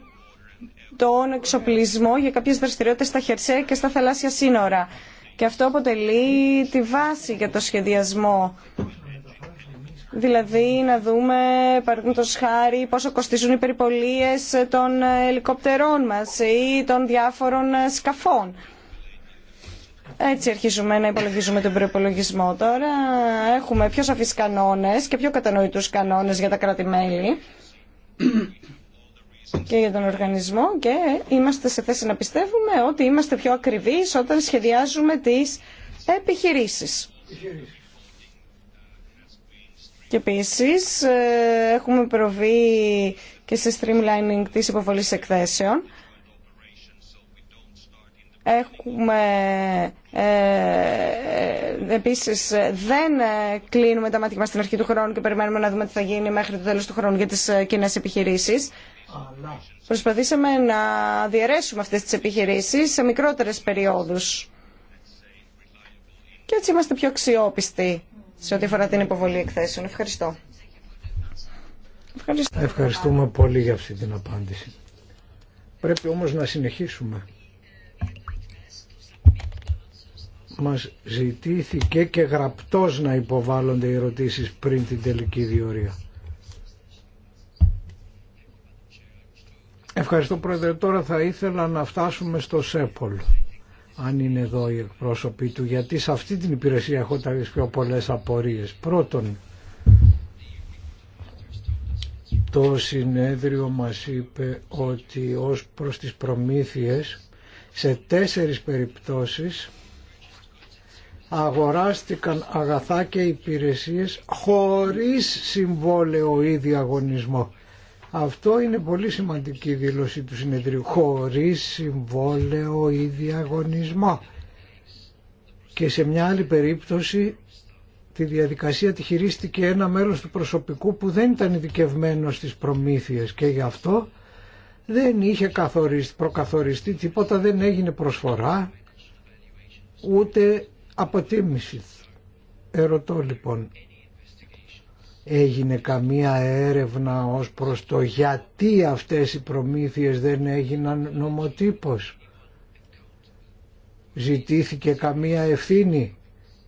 τον εξοπλισμό για κάποιες δραστηριότητες στα χερσαία και στα θαλάσσια σύνορα. Και αυτό αποτελεί τη βάση για το σχεδιασμό. Δηλαδή να δούμε, παραδείγματο χάρη, πόσο κοστίζουν οι περιπολίες των ελικόπτερών μας ή των διάφορων σκαφών. Έτσι αρχίζουμε να υπολογίζουμε τον προπολογισμό. Τώρα έχουμε πιο σαφείς κανόνες και πιο κατανοητούς κανόνες για τα κράτη-μέλη και για τον οργανισμό και είμαστε σε θέση να πιστεύουμε ότι είμαστε πιο ακριβείς όταν σχεδιάζουμε τις επιχειρήσεις. Και επίση ε, έχουμε προβεί και σε streamlining της υποβολής εκθέσεων Έχουμε ε, ε, επίσης δεν κλείνουμε τα μάτια μας στην αρχή του χρόνου και περιμένουμε να δούμε τι θα γίνει μέχρι το τέλος του χρόνου για τις ε, κοινέ επιχειρήσεις. Προσπαθήσαμε να διαιρέσουμε αυτές τις επιχειρήσεις σε μικρότερες περιόδους. Και έτσι είμαστε πιο αξιόπιστοι σε ό,τι αφορά την υποβολή εκθέσεων. Ευχαριστώ. Ευχαριστώ. Ευχαριστούμε πολύ για αυτή την απάντηση. Πρέπει όμως να συνεχίσουμε. μας ζητήθηκε και γραπτός να υποβάλλονται οι ερωτήσεις πριν την τελική διορία. Ευχαριστώ Πρόεδρε. Τώρα θα ήθελα να φτάσουμε στο ΣΕΠΟΛ, αν είναι εδώ οι εκπρόσωποι του, γιατί σε αυτή την υπηρεσία έχω τα πιο πολλές απορίες. Πρώτον, το συνέδριο μας είπε ότι ως προς τις προμήθειες σε τέσσερις περιπτώσεις αγοράστηκαν αγαθά και υπηρεσίες χωρίς συμβόλαιο ή διαγωνισμό. Αυτό είναι πολύ σημαντική δήλωση του συνεδρίου. Χωρίς συμβόλαιο ή διαγωνισμό. Και σε μια άλλη περίπτωση τη διαδικασία τη χειρίστηκε ένα μέρος του προσωπικού που δεν ήταν ειδικευμένο στις προμήθειες και γι' αυτό δεν είχε καθοριστεί, προκαθοριστεί τίποτα, δεν έγινε προσφορά ούτε Αποτίμηση. Ερωτώ λοιπόν, έγινε καμία έρευνα ως προς το γιατί αυτές οι προμήθειες δεν έγιναν νομοτύπος. Ζητήθηκε καμία ευθύνη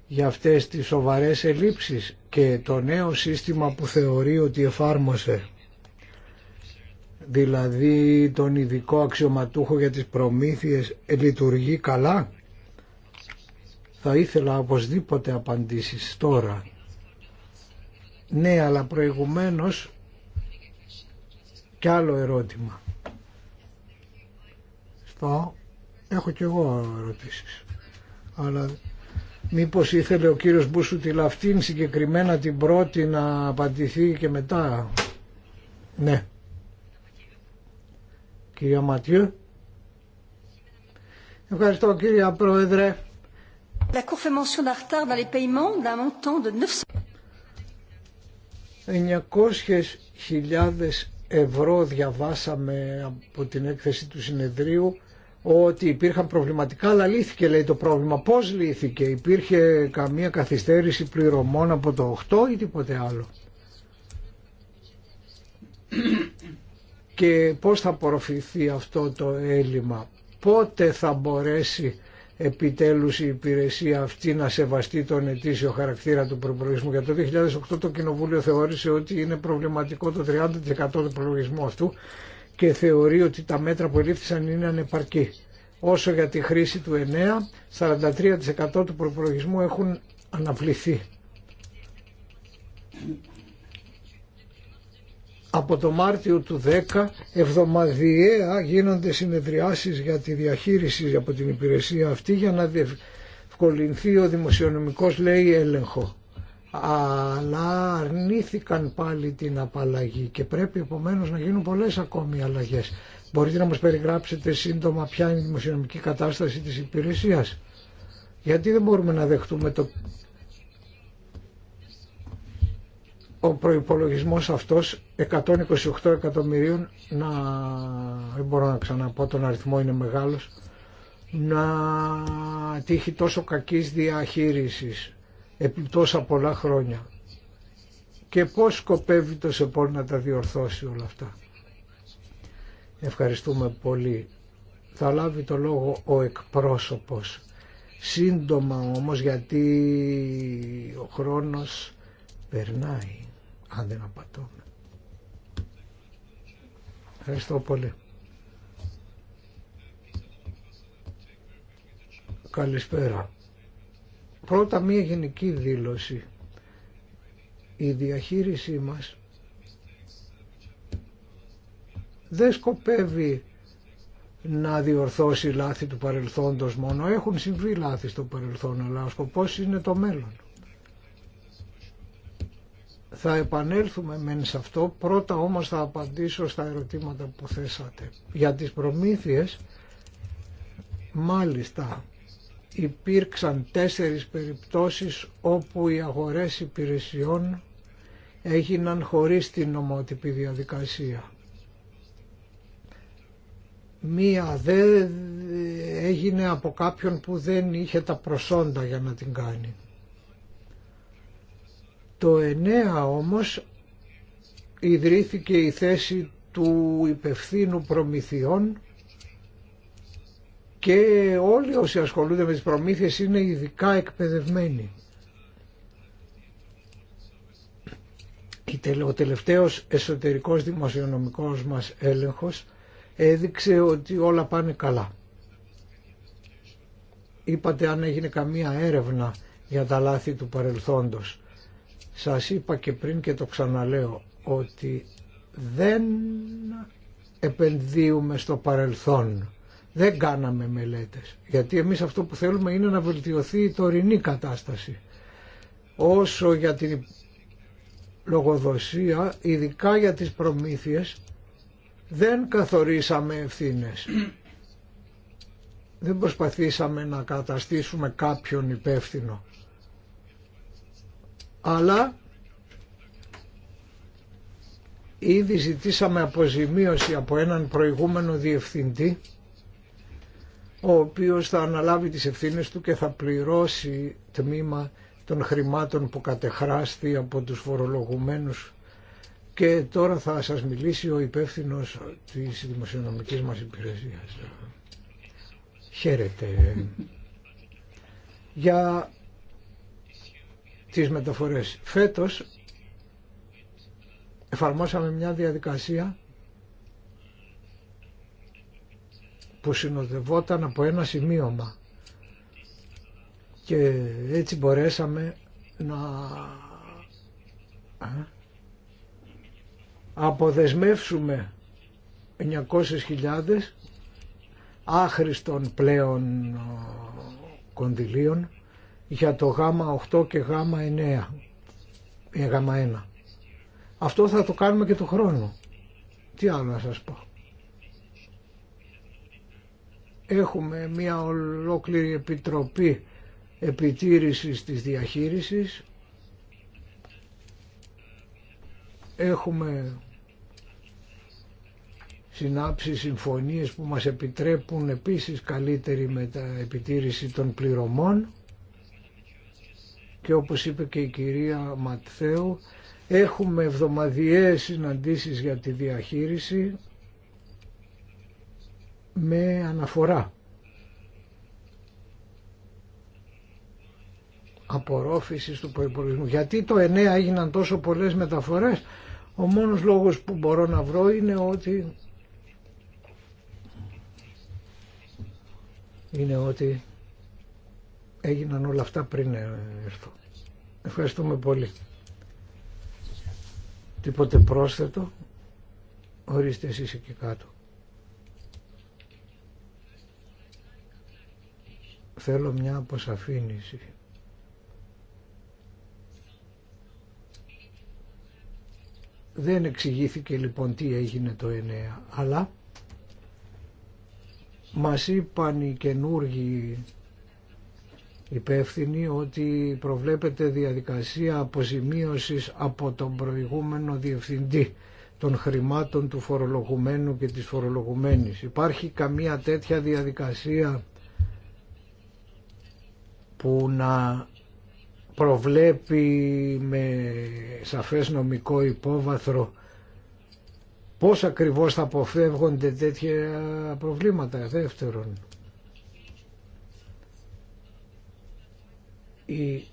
για αυτές τις σοβαρές ελλείψεις και το νέο σύστημα που θεωρεί ότι εφάρμοσε δηλαδή τον ειδικό αξιωματούχο για τις προμήθειες λειτουργεί καλά θα ήθελα οπωσδήποτε απαντήσεις τώρα. Ναι, αλλά προηγουμένως κι άλλο ερώτημα. Στο... Έχω κι εγώ ερωτήσεις. Αλλά μήπως ήθελε ο κύριος τη Λαφτίν συγκεκριμένα την πρώτη να απαντηθεί και μετά. Ναι. Κυρία Ματιού. Ευχαριστώ κύριε Πρόεδρε. La Cour 900.000 ευρώ διαβάσαμε από την έκθεση του συνεδρίου ότι υπήρχαν προβληματικά αλλά λύθηκε λέει το πρόβλημα. Πώς λύθηκε, υπήρχε καμία καθυστέρηση πληρωμών από το 8 ή τίποτε άλλο. Και πώς θα απορροφηθεί αυτό το έλλειμμα, πότε θα μπορέσει επιτέλους η υπηρεσία αυτή να σεβαστεί τον ετήσιο χαρακτήρα του προπολογισμού. Για το 2008 το Κοινοβούλιο θεώρησε ότι είναι προβληματικό το 30% του προπολογισμού αυτού και θεωρεί ότι τα μέτρα που ελήφθησαν είναι ανεπαρκή. Όσο για τη χρήση του 9, 43% του προπολογισμού έχουν αναπληθεί από το Μάρτιο του 10 εβδομαδιαία γίνονται συνεδριάσεις για τη διαχείριση από την υπηρεσία αυτή για να διευκολυνθεί ο δημοσιονομικός λέει έλεγχο. Αλλά αρνήθηκαν πάλι την απαλλαγή και πρέπει επομένω να γίνουν πολλές ακόμη αλλαγές. Μπορείτε να μας περιγράψετε σύντομα ποια είναι η δημοσιονομική κατάσταση της υπηρεσίας. Γιατί δεν μπορούμε να δεχτούμε το ο προϋπολογισμός αυτός 128 εκατομμυρίων να δεν μπορώ να ξαναπώ τον αριθμό είναι μεγάλος να τύχει τόσο κακής διαχείρισης επί τόσα πολλά χρόνια και πώς σκοπεύει το ΣΕΠΟΛ να τα διορθώσει όλα αυτά ευχαριστούμε πολύ θα λάβει το λόγο ο εκπρόσωπος σύντομα όμως γιατί ο χρόνος περνάει αν δεν απατώμε. Ευχαριστώ πολύ. Καλησπέρα. Πρώτα μία γενική δήλωση. Η διαχείρισή μας δεν σκοπεύει να διορθώσει λάθη του παρελθόντος μόνο. Έχουν συμβεί λάθη στο παρελθόν, αλλά ο σκοπός είναι το μέλλον. Θα επανέλθουμε μεν σε αυτό, πρώτα όμως θα απαντήσω στα ερωτήματα που θέσατε. Για τις προμήθειες, μάλιστα, υπήρξαν τέσσερις περιπτώσεις όπου οι αγορές υπηρεσιών έγιναν χωρίς την νομότυπη διαδικασία. Μία δε έγινε από κάποιον που δεν είχε τα προσόντα για να την κάνει. Το 9 όμως ιδρύθηκε η θέση του υπευθύνου προμηθειών και όλοι όσοι ασχολούνται με τις προμήθειες είναι ειδικά εκπαιδευμένοι. Ο τελευταίος εσωτερικός δημοσιονομικός μας έλεγχος έδειξε ότι όλα πάνε καλά. Είπατε αν έγινε καμία έρευνα για τα λάθη του παρελθόντος. Σας είπα και πριν και το ξαναλέω ότι δεν επενδύουμε στο παρελθόν. Δεν κάναμε μελέτες. Γιατί εμείς αυτό που θέλουμε είναι να βελτιωθεί η τωρινή κατάσταση. Όσο για την λογοδοσία, ειδικά για τις προμήθειες, δεν καθορίσαμε ευθύνες. Δεν προσπαθήσαμε να καταστήσουμε κάποιον υπεύθυνο αλλά ήδη ζητήσαμε αποζημίωση από έναν προηγούμενο διευθυντή ο οποίος θα αναλάβει τις ευθύνες του και θα πληρώσει τμήμα των χρημάτων που κατεχράστη από τους φορολογουμένους και τώρα θα σας μιλήσει ο υπεύθυνος της δημοσιονομικής μας υπηρεσίας. Χαίρετε. Για τις μεταφορές. Φέτος εφαρμόσαμε μια διαδικασία που συνοδευόταν από ένα σημείωμα και έτσι μπορέσαμε να αποδεσμεύσουμε 900.000 άχρηστων πλέον κονδυλίων για το γάμα 8 και γάμα 9 ή ε, γάμα 1. Αυτό θα το κάνουμε και το χρόνο. Τι άλλο να σας πω. Έχουμε μια ολόκληρη επιτροπή επιτήρησης της διαχείρισης. Έχουμε συνάψει συμφωνίες που μας επιτρέπουν επίσης καλύτερη με τα επιτήρηση των πληρωμών και όπως είπε και η κυρία Ματθαίου, έχουμε εβδομαδιαίες συναντήσεις για τη διαχείριση με αναφορά. απορρόφησης του προπολογισμού. Γιατί το 9 έγιναν τόσο πολλές μεταφορές. Ο μόνος λόγος που μπορώ να βρω είναι ότι είναι ότι έγιναν όλα αυτά πριν έρθω. Ευχαριστούμε πολύ. Τίποτε πρόσθετο. Ορίστε εσείς εκεί κάτω. Θέλω μια αποσαφήνιση. Δεν εξηγήθηκε λοιπόν τι έγινε το 9, αλλά μας είπαν οι καινούργοι υπεύθυνη ότι προβλέπεται διαδικασία αποζημίωσης από τον προηγούμενο διευθυντή των χρημάτων του φορολογουμένου και της φορολογουμένης. Υπάρχει καμία τέτοια διαδικασία που να προβλέπει με σαφές νομικό υπόβαθρο πώς ακριβώς θα αποφεύγονται τέτοια προβλήματα δεύτερον. η,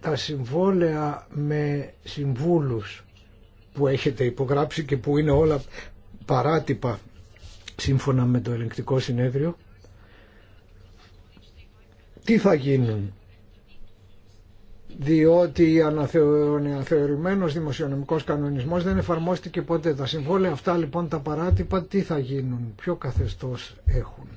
τα συμβόλαια με συμβούλους που έχετε υπογράψει και που είναι όλα παράτυπα σύμφωνα με το ελεγκτικό συνέδριο τι θα γίνουν διότι ο αναθεωρημένος δημοσιονομικός κανονισμός δεν εφαρμόστηκε ποτέ. Τα συμβόλαια αυτά λοιπόν τα παράτυπα τι θα γίνουν, ποιο καθεστώς έχουν.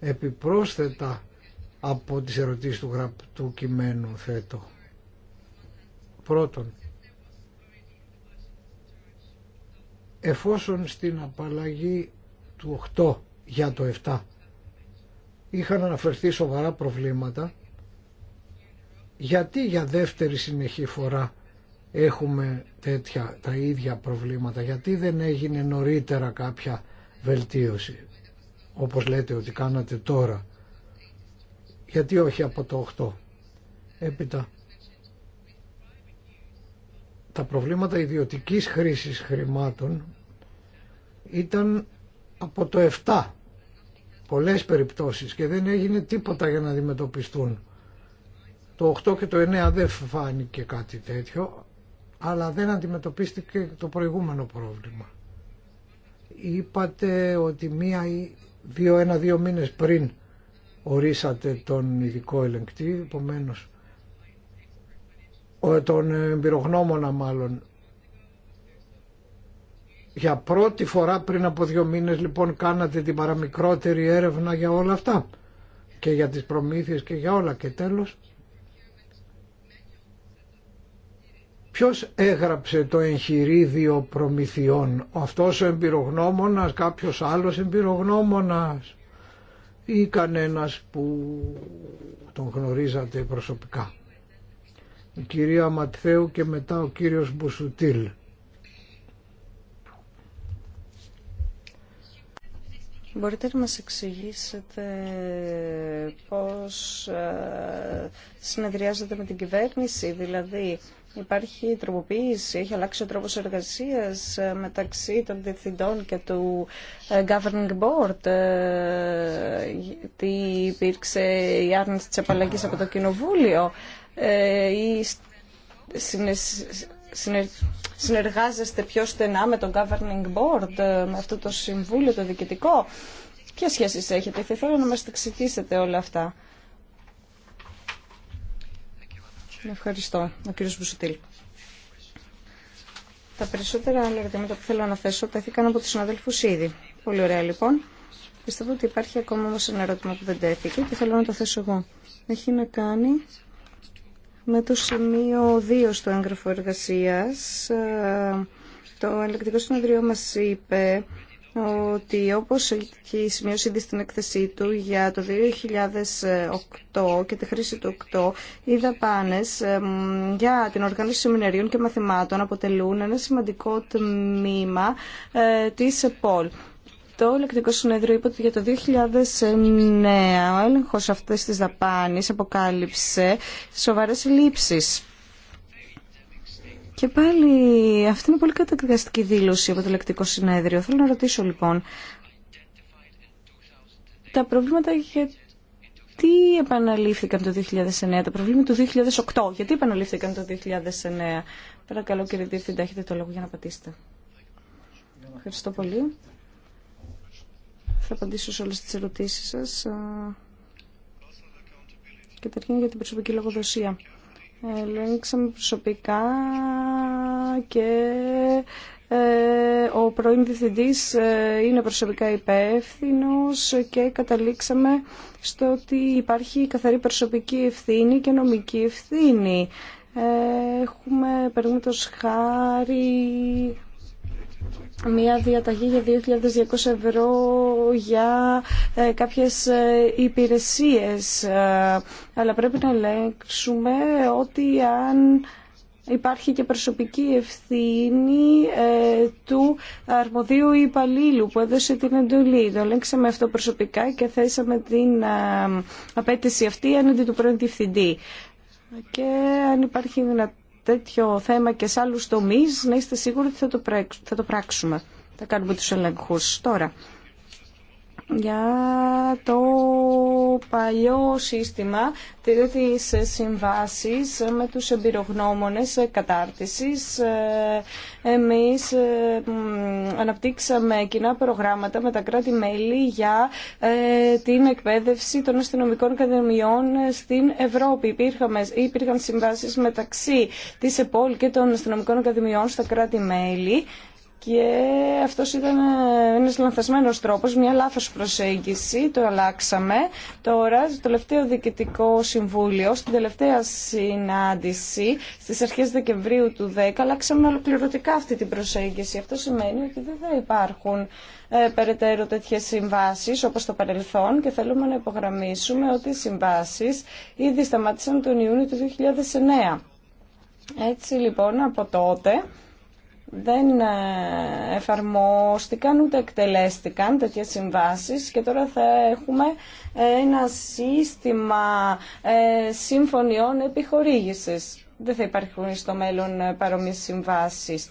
Επιπρόσθετα από τις ερωτήσεις του γραπτού κειμένου θέτω. Πρώτον, εφόσον στην απαλλαγή του 8 για το 7 είχαν αναφερθεί σοβαρά προβλήματα, γιατί για δεύτερη συνεχή φορά έχουμε τέτοια τα ίδια προβλήματα. Γιατί δεν έγινε νωρίτερα κάποια βελτίωση, όπως λέτε ότι κάνατε τώρα. Γιατί όχι από το 8. Έπειτα, τα προβλήματα ιδιωτικής χρήσης χρημάτων ήταν από το 7 πολλές περιπτώσεις και δεν έγινε τίποτα για να αντιμετωπιστούν. Το 8 και το 9 δεν φάνηκε κάτι τέτοιο, αλλά δεν αντιμετωπίστηκε το προηγούμενο πρόβλημα. Είπατε ότι μία ή δύο, ένα-δύο μήνες πριν ορίσατε τον ειδικό ελεγκτή, επομένω τον εμπειρογνώμονα μάλλον. Για πρώτη φορά πριν από δύο μήνες λοιπόν κάνατε την παραμικρότερη έρευνα για όλα αυτά και για τις προμήθειες και για όλα και τέλος Ποιος έγραψε το εγχειρίδιο προμηθειών, αυτός ο εμπειρογνώμονας, κάποιος άλλος εμπειρογνώμονας ή κανένας που τον γνωρίζατε προσωπικά. Η κυρία Ματθέου και μετά ο κύριος Μπουσουτήλ. Μπορείτε να μας εξηγήσετε πώς ε, συνεδριάζετε με την κυβέρνηση, δηλαδή Υπάρχει τροποποίηση, έχει αλλάξει ο τρόπος εργασίας ε, μεταξύ των διευθυντών και του ε, Governing Board. Ε, Τι υπήρξε η άρνηση της απαλλαγής από το Κοινοβούλιο. Η συνεργάζεστε πιο στενά με το Governing Board, με αυτό το Συμβούλιο το Διοικητικό. ποια σχέση έχετε, θα ήθελα να μας τα όλα αυτά. Ευχαριστώ, ο κύριος Μπουσουτήλ. Τα περισσότερα ερωτήματα που θέλω να θέσω τέθηκαν από του συναδέλφους ήδη. Πολύ ωραία λοιπόν. Πιστεύω ότι υπάρχει ακόμα όμω ένα ερώτημα που δεν τέθηκε και θέλω να το θέσω εγώ. Έχει να κάνει με το σημείο 2 στο έγγραφο εργασίας. Ε, το ελεκτικό συνεδρίο μα είπε ότι όπως έχει σημειώσει ήδη στην έκθεσή του για το 2008 και τη χρήση του 8, οι δαπάνε για την οργάνωση σεμιναρίων και μαθημάτων αποτελούν ένα σημαντικό τμήμα ε, της ΕΠΟΛ. Το Ελεκτικό Συνέδριο είπε ότι για το 2009 ο έλεγχος αυτές της δαπάνης αποκάλυψε σοβαρές λήψεις και πάλι αυτή είναι πολύ καταδικαστική δήλωση από το λεκτικό συνέδριο. Θέλω να ρωτήσω λοιπόν, τα προβλήματα γιατί επαναλήφθηκαν το 2009, τα προβλήματα του 2008, γιατί επαναλήφθηκαν το 2009. Παρακαλώ κύριε Διευθυντά, έχετε το λόγο για να απαντήσετε. Ευχαριστώ πολύ. Θα απαντήσω σε όλες τις ερωτήσεις σας. Καταρχήν για την προσωπική λογοδοσία. Ελέγξαμε προσωπικά και ε, ο πρώην διευθυντής ε, είναι προσωπικά υπεύθυνος και καταλήξαμε στο ότι υπάρχει καθαρή προσωπική ευθύνη και νομική ευθύνη. Ε, έχουμε, το χάρη, μια διαταγή για 2.200 ευρώ για ε, κάποιες ε, υπηρεσίες. Ε, αλλά πρέπει να ελέγξουμε ότι αν υπάρχει και προσωπική ευθύνη ε, του αρμοδίου υπαλλήλου που έδωσε την εντολή. Το ελέγξαμε αυτό προσωπικά και θέσαμε την ε, απέτηση αυτή έναντι του πρώην διευθυντή. Και αν υπάρχει δυνατότητα τέτοιο θέμα και σε άλλους τομείς, να είστε σίγουροι ότι θα το, πράξουμε. Θα κάνουμε τους ελεγχούς. Τώρα, για το παλιό σύστημα της συμβάσης με τους εμπειρογνώμονες κατάρτισης. Εμείς ε, αναπτύξαμε κοινά προγράμματα με τα κράτη-μέλη για ε, την εκπαίδευση των αστυνομικών ακαδημιών στην Ευρώπη. Υπήρχαμε, υπήρχαν συμβάσεις μεταξύ της ΕΠΟΛ και των αστυνομικών ακαδημιών στα κράτη-μέλη και αυτός ήταν ένας λανθασμένος τρόπος, μια λάθος προσέγγιση, το αλλάξαμε. Τώρα, το τελευταίο Διοικητικό Συμβούλιο, στην τελευταία συνάντηση, στις αρχές Δεκεμβρίου του 10, αλλάξαμε ολοκληρωτικά αυτή την προσέγγιση. Αυτό σημαίνει ότι δεν θα υπάρχουν ε, περαιτέρω τέτοιες συμβάσεις όπως το παρελθόν και θέλουμε να υπογραμμίσουμε ότι οι συμβάσεις ήδη σταμάτησαν τον Ιούνιο του 2009. Έτσι λοιπόν από τότε δεν ε, εφαρμόστηκαν ούτε εκτελέστηκαν τέτοιες συμβάσεις και τώρα θα έχουμε ε, ένα σύστημα ε, συμφωνιών επιχορήγησης. Δεν θα υπάρχουν στο μέλλον παρόμοιες συμβάσεις.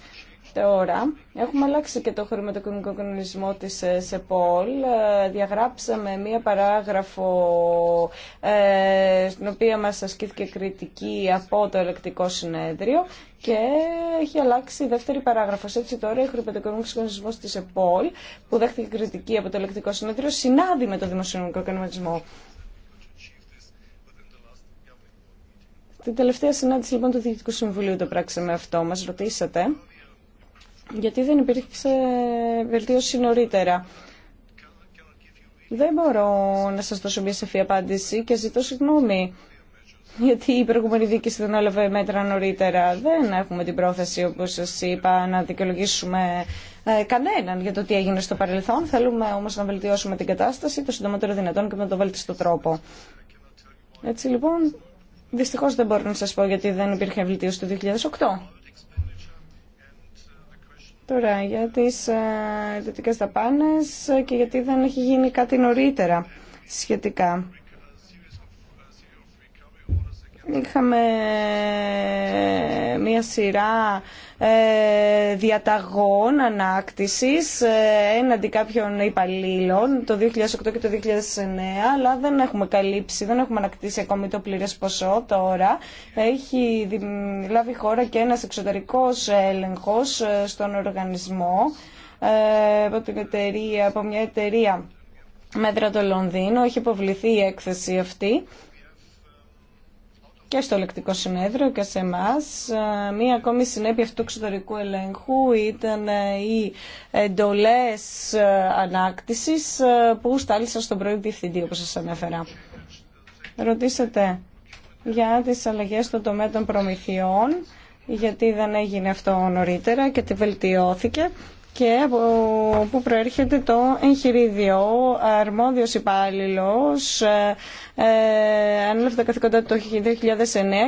Τώρα έχουμε αλλάξει και το χρηματοοικονομικό κανονισμό της ε, ΣΕΠΟΛ. Ε, διαγράψαμε μία παράγραφο ε, στην οποία μας ασκήθηκε κριτική από το ελεκτικό συνέδριο και έχει αλλάξει η δεύτερη παράγραφος. Έτσι τώρα ο χρηματοοικονομικός κανονισμό της ΕΠΟΛ που δέχτηκε κριτική από το ελεκτικό συνέδριο συνάδει με το δημοσιονομικό κανονισμό. Την τελευταία συνάντηση λοιπόν του Διοικητικού Συμβουλίου το πράξαμε αυτό. Μας ρωτήσατε γιατί δεν υπήρξε βελτίωση νωρίτερα. Δεν μπορώ να σας δώσω μια σαφή απάντηση και ζητώ συγγνώμη. Γιατί η προηγούμενη δίκηση δεν έλαβε μέτρα νωρίτερα. Δεν έχουμε την πρόθεση, όπως σας είπα, να δικαιολογήσουμε ε, κανέναν για το τι έγινε στο παρελθόν. Θέλουμε όμως να βελτιώσουμε την κατάσταση το συντομότερο δυνατόν και με το βέλτιστο τρόπο. Έτσι λοιπόν, δυστυχώς δεν μπορώ να σας πω γιατί δεν υπήρχε βελτίωση το 2008. Τώρα, για τις ε, ιδιωτικές δαπάνες και γιατί δεν έχει γίνει κάτι νωρίτερα σχετικά. Είχαμε μία σειρά ε, διαταγών ανάκτησης ε, έναντι κάποιων υπαλλήλων το 2008 και το 2009, αλλά δεν έχουμε καλύψει, δεν έχουμε ανακτήσει ακόμη το πλήρες ποσό τώρα. Έχει λάβει χώρα και ένας εξωτερικός έλεγχος ε, στον οργανισμό από, την εταιρεία, από μια εταιρεία μέτρα το Λονδίνο. Έχει υποβληθεί η έκθεση αυτή και στο λεκτικό συνέδριο και σε εμά. Ε, μία ακόμη συνέπεια αυτού του εξωτερικού ελέγχου ήταν ε, οι εντολέ ε, ανάκτηση που στάλησα στον πρώην διευθυντή, όπω σα ανέφερα. Ρωτήσατε για τις αλλαγές στον τομέα των προμηθειών, γιατί δεν έγινε αυτό νωρίτερα και τη βελτιώθηκε και από πού προέρχεται το εγχειρίδιο. αρμόδιος υπάλληλος ε, ε, ανέλαβε τα καθήκοντα το 2009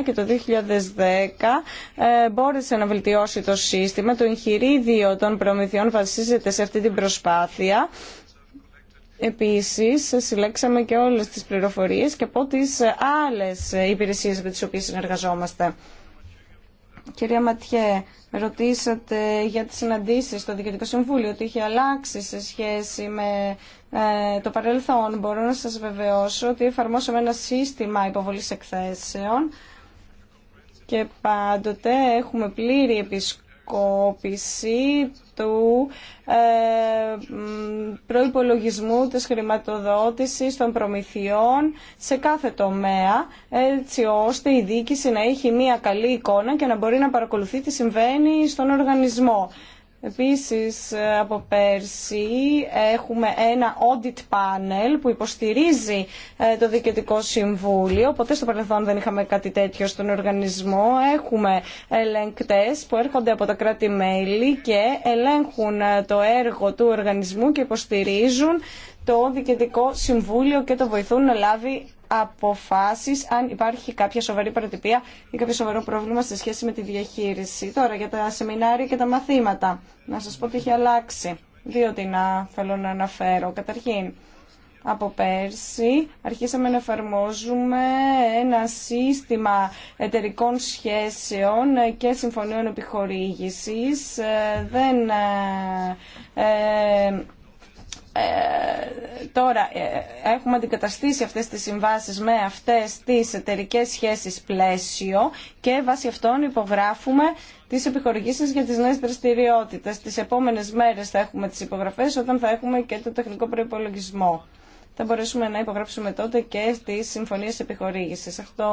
και το 2010 ε, μπόρεσε να βελτιώσει το σύστημα. Το εγχειρίδιο των προμηθειών βασίζεται σε αυτή την προσπάθεια. Επίσης, συλλέξαμε και όλες τις πληροφορίες και από τις άλλες υπηρεσίες με τις οποίες συνεργαζόμαστε. Κυρία Ματιέ, ρωτήσατε για τις συναντήσεις στο Διοικητικό Συμβούλιο, ότι είχε αλλάξει σε σχέση με ε, το παρελθόν. Μπορώ να σας βεβαιώσω ότι εφαρμόσαμε ένα σύστημα υποβολής εκθέσεων και πάντοτε έχουμε πλήρη επισκόπηση του ε, προϋπολογισμού της χρηματοδότησης των προμηθειών σε κάθε τομέα έτσι ώστε η διοίκηση να έχει μια καλή εικόνα και να μπορεί να παρακολουθεί τι συμβαίνει στον οργανισμό. Επίσης από πέρσι έχουμε ένα audit panel που υποστηρίζει ε, το Διοικητικό Συμβούλιο. Ποτέ στο παρελθόν δεν είχαμε κάτι τέτοιο στον οργανισμό. Έχουμε ελεγκτές που έρχονται από τα κράτη-μέλη και ελέγχουν ε, το έργο του οργανισμού και υποστηρίζουν το Διοικητικό Συμβούλιο και το βοηθούν να λάβει αποφάσεις αν υπάρχει κάποια σοβαρή παρατυπία ή κάποιο σοβαρό πρόβλημα σε σχέση με τη διαχείριση. Τώρα για τα σεμινάρια και τα μαθήματα. Να σας πω τι έχει αλλάξει. Δύο τι να θέλω να αναφέρω. Καταρχήν, από πέρσι αρχίσαμε να εφαρμόζουμε ένα σύστημα εταιρικών σχέσεων και συμφωνίων επιχορήγησης. Ε, δεν ε, ε, ε, τώρα ε, έχουμε αντικαταστήσει αυτές τις συμβάσεις με αυτές τις εταιρικέ σχέσεις πλαίσιο και βάσει αυτών υπογράφουμε τις επιχορηγήσεις για τις νέες δραστηριότητες. Τις επόμενες μέρες θα έχουμε τις υπογραφές όταν θα έχουμε και το τεχνικό προϋπολογισμό. Θα μπορέσουμε να υπογράψουμε τότε και τις συμφωνίες επιχορήγησης. Αυτό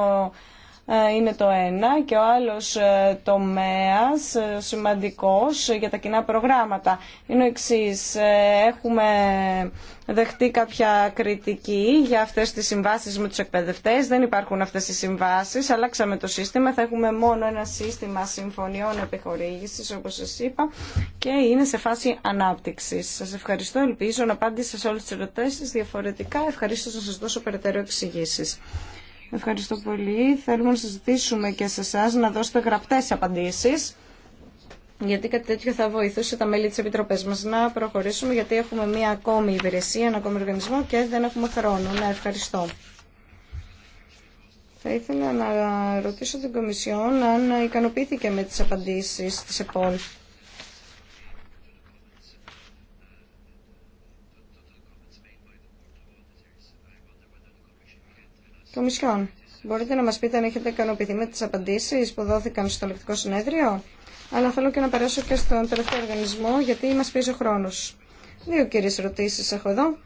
ε, είναι το ένα και ο άλλος ε, τομέας ε, σημαντικός για τα κοινά προγράμματα είναι ο εξής. Έχουμε δεχτεί κάποια κριτική για αυτές τις συμβάσεις με τους εκπαιδευτές. Δεν υπάρχουν αυτές οι συμβάσεις. Αλλάξαμε το σύστημα. Θα έχουμε μόνο ένα σύστημα συμφωνιών επιχορήγησης, όπως σας είπα, και είναι σε φάση ανάπτυξης. Σας ευχαριστώ. Ελπίζω να απάντησα σε όλες τις ερωτήσεις. Διαφορετικά, ευχαριστώ να σας δώσω περαιτέρω εξηγήσεις. Ευχαριστώ πολύ. Θέλουμε να συζητήσουμε και σε εσά να δώσετε γραπτές απαντήσεις γιατί κάτι τέτοιο θα βοηθούσε τα μέλη της Επιτροπής μας να προχωρήσουμε, γιατί έχουμε μία ακόμη υπηρεσία, ένα ακόμη οργανισμό και δεν έχουμε χρόνο. Να ευχαριστώ. Θα ήθελα να ρωτήσω την Κομισιόν αν ικανοποιήθηκε με τις απαντήσεις της ΕΠΟΛ. Κομισιόν, μπορείτε να μας πείτε αν έχετε ικανοποιηθεί με τι απαντήσεις που δόθηκαν στο λεκτικό συνέδριο. Αλλά θέλω και να περάσω και στον τελευταίο οργανισμό, γιατί μας πιέζει ο χρόνος. Δύο κύριε ερωτήσεις έχω εδώ.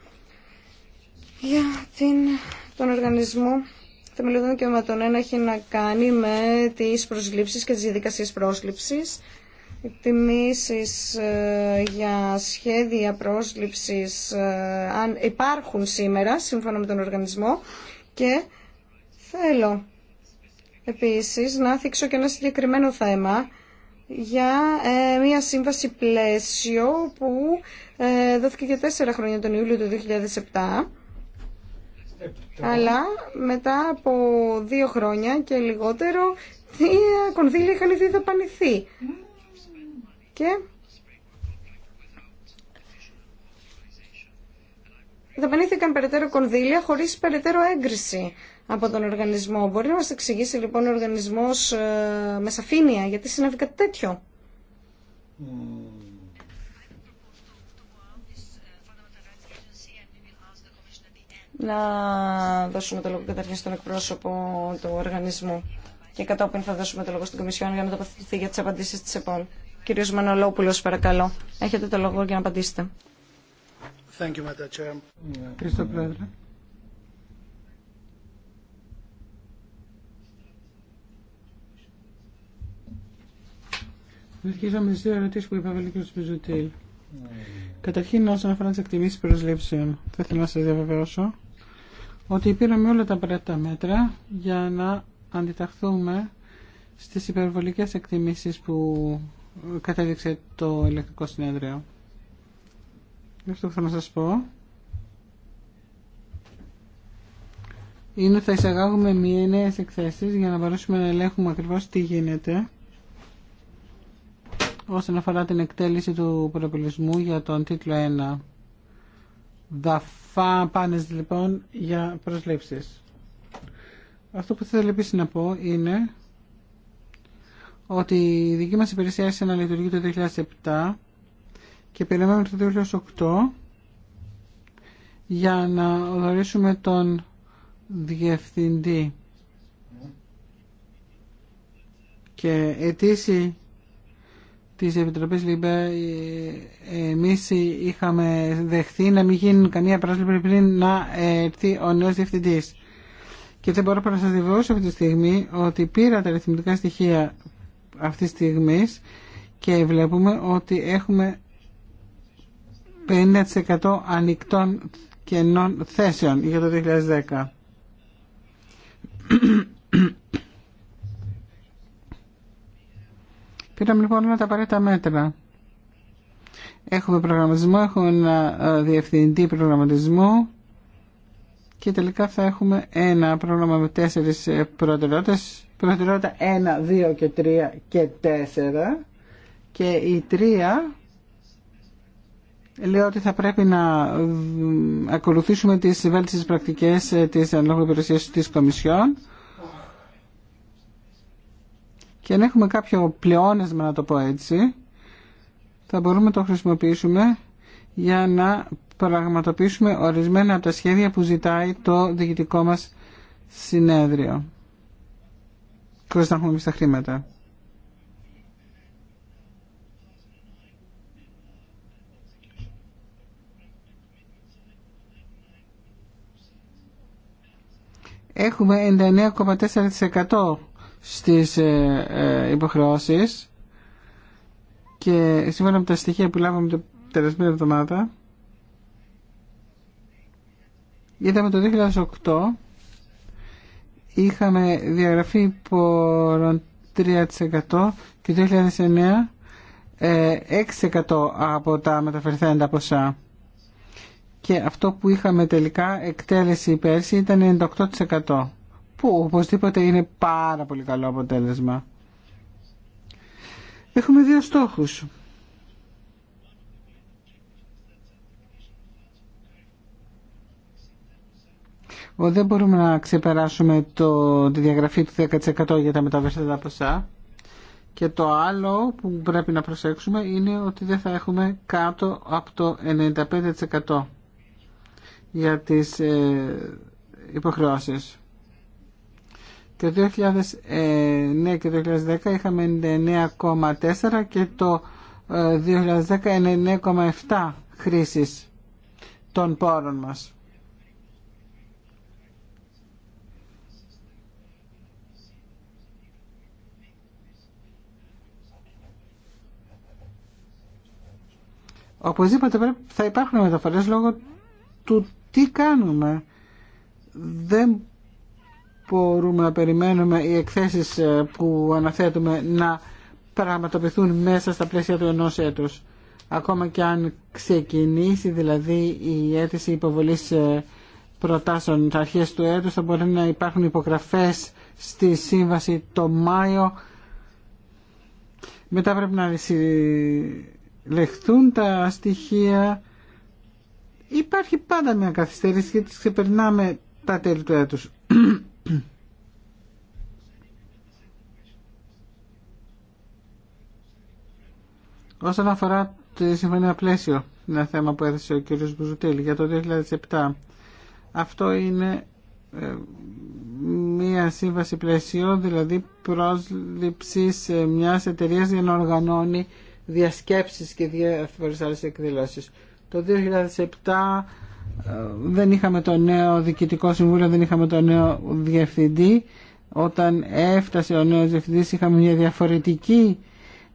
Για την, τον οργανισμό θεμελιωδών δικαιωμάτων. Ένα έχει να κάνει με τις προσλήψεις και τις διαδικασίες πρόσληψης. τιμήσει ε, για σχέδια πρόσληψης ε, αν υπάρχουν σήμερα, σύμφωνα με τον οργανισμό. Και θέλω επίσης να θίξω και ένα συγκεκριμένο θέμα για ε, μια σύμβαση πλαίσιο που ε, δόθηκε για τέσσερα χρόνια τον Ιούλιο του 2007 αλλά μετά από δύο χρόνια και λιγότερο, η κονδύλια είχαν ήδη δαπανηθεί. Και δαπανήθηκαν περαιτέρω κονδύλια χωρίς περαιτέρω έγκριση από τον οργανισμό. Μπορεί να μα εξηγήσει λοιπόν ο οργανισμός ε, με σαφήνεια γιατί συνέβη κάτι τέτοιο. Να δώσουμε το λόγο καταρχήν στον εκπρόσωπο του οργανισμού και κατόπιν θα δώσουμε το λόγο στην Κομισιόν για να τοποθετηθεί για τις απαντήσει τη ΕΠΟΝ. Κύριος Μανολόπουλος, παρακαλώ. Έχετε το λόγο για να απαντήσετε. Thank Ευχαριστώ, Πρόεδρε. με δύο ερωτήσει που είπαμε ο κ. Μπιζουτήλ. Καταρχήν, όσον αφορά τι εκτιμήσει προσλήψεων, θα ήθελα να σα διαβεβαιώσω ότι πήραμε όλα τα απαραίτητα μέτρα για να αντιταχθούμε στις υπερβολικές εκτιμήσεις που κατέδειξε το ηλεκτρικό συνέδριο αυτό που θα να σας πω είναι ότι θα εισαγάγουμε μία νέα εκθέσεις για να μπορέσουμε να ελέγχουμε ακριβώς τι γίνεται όσον αφορά την εκτέλεση του προπολισμού για τον τίτλο 1. Δαφά πάνες λοιπόν για προσλήψεις. Αυτό που θέλω επίσης να πω είναι ότι η δική μας υπηρεσία άρχισε να λειτουργεί το 2007 και περιμένουμε το 2008 για να γνωρίσουμε τον διευθυντή και αιτήσει της Επιτροπής ΛΥΜΠΕ ε, εμείς είχαμε δεχθεί να μην γίνει καμία πρόσληψη πριν να έρθει ο νέος διευθυντής. Και δεν μπορώ να σας σε αυτή τη στιγμή ότι πήρα τα αριθμητικά στοιχεία αυτή τη στιγμή και βλέπουμε ότι έχουμε 50% ανοιχτών κενών θέσεων για το 2010. Πήραμε λοιπόν όλα τα απαραίτητα μέτρα. Έχουμε προγραμματισμό, έχουμε ένα ε, διευθυντή προγραμματισμού και τελικά θα έχουμε ένα πρόγραμμα με τέσσερις ε, προτεραιότητες. Προτεραιότητα 1, 2 και 3 και 4 και η 3 λέω ότι θα πρέπει να ακολουθήσουμε τις βέλτιστες πρακτικές ε, της ανάλογης υπηρεσίας της Κομισιόν και αν έχουμε κάποιο πλεόνεσμα να το πω έτσι θα μπορούμε να το χρησιμοποιήσουμε για να πραγματοποιήσουμε ορισμένα από τα σχέδια που ζητάει το διοικητικό μας συνέδριο. Χωρίς να έχουμε εμείς τα χρήματα. έχουμε 99,4% στις ε, ε, υποχρεώσεις και σύμφωνα με τα στοιχεία που λάβαμε την τελευταία εβδομάδα είδαμε το 2008 είχαμε διαγραφή πόρων 3% και το 2009 6% ε, από τα μεταφερθέντα ποσά και αυτό που είχαμε τελικά εκτέλεση πέρσι ήταν 98% που οπωσδήποτε είναι πάρα πολύ καλό αποτέλεσμα. Έχουμε δύο στόχους. Δεν μπορούμε να ξεπεράσουμε το, τη διαγραφή του 10% για τα μεταβερθέντα ποσά. Και το άλλο που πρέπει να προσέξουμε είναι ότι δεν θα έχουμε κάτω από το 95% για τις ε, υποχρεώσεις. Το 2009 και το 2010 είχαμε 99,4 και το 2010 99,7 χρήσεις των πόρων μας. Οπωσδήποτε θα υπάρχουν μεταφορές λόγω του τι κάνουμε. Δεν μπορούμε να περιμένουμε οι εκθέσεις ε, που αναθέτουμε να πραγματοποιηθούν μέσα στα πλαίσια του ενός έτους. Ακόμα και αν ξεκινήσει δηλαδή η αίτηση υποβολής ε, προτάσεων τα αρχές του έτους θα μπορεί να υπάρχουν υπογραφές στη σύμβαση το Μάιο μετά πρέπει να συλλεχθούν τα στοιχεία υπάρχει πάντα μια καθυστέρηση γιατί ξεπερνάμε τα τέλη του έτους. Όσον αφορά τη συμφωνία πλαίσιο, ένα θέμα που έθεσε ο κ. Μπουζουτήλ για το 2007, αυτό είναι ε, μία σύμβαση πλαίσιο, δηλαδή πρόσληψης μιας εταιρείας για να οργανώνει διασκέψεις και διάφορες άλλες εκδηλώσεις. Το 2007 ε, δεν είχαμε το νέο διοικητικό συμβούλιο, δεν είχαμε το νέο διευθυντή. Όταν έφτασε ο νέος διευθυντής είχαμε μια διαφορετική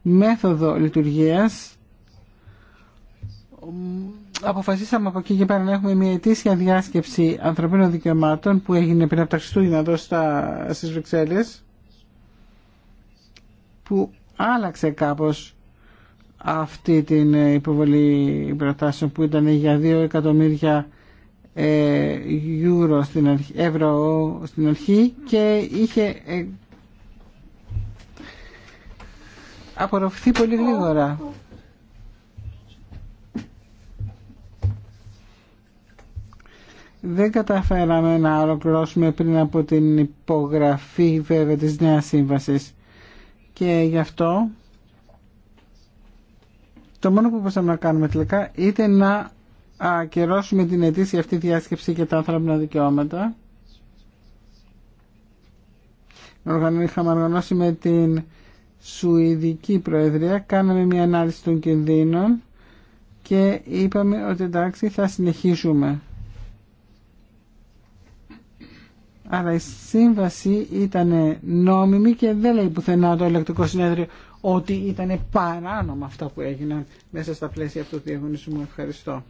μέθοδο λειτουργίας. Αποφασίσαμε από εκεί και πέρα να έχουμε μια ετήσια διάσκεψη ανθρωπίνων δικαιωμάτων που έγινε πριν από τα Χριστούγεννα εδώ στα, στις Βρυξέλλες που άλλαξε κάπως αυτή την ε, υποβολή προτάσεων που ήταν για 2 εκατομμύρια ευρώ στην αρχή, ευρώ στην αρχή και είχε ε, απορροφηθεί πολύ γρήγορα. Δεν καταφέραμε να ολοκληρώσουμε πριν από την υπογραφή βέβαια της νέας σύμβασης και γι' αυτό το μόνο που μπορούσαμε να κάνουμε τελικά ήταν να ακυρώσουμε την αιτήσια αυτή διάσκεψη για τα ανθρώπινα δικαιώματα. Είχαμε οργανώσει με την Σουηδική Προεδρία, κάναμε μια ανάλυση των κινδύνων και είπαμε ότι εντάξει θα συνεχίσουμε. Αλλά η σύμβαση ήταν νόμιμη και δεν λέει πουθενά το ηλεκτρικό συνέδριο ότι ήταν παράνομα αυτά που έγιναν μέσα στα πλαίσια αυτού του διαγωνισμού. Ευχαριστώ.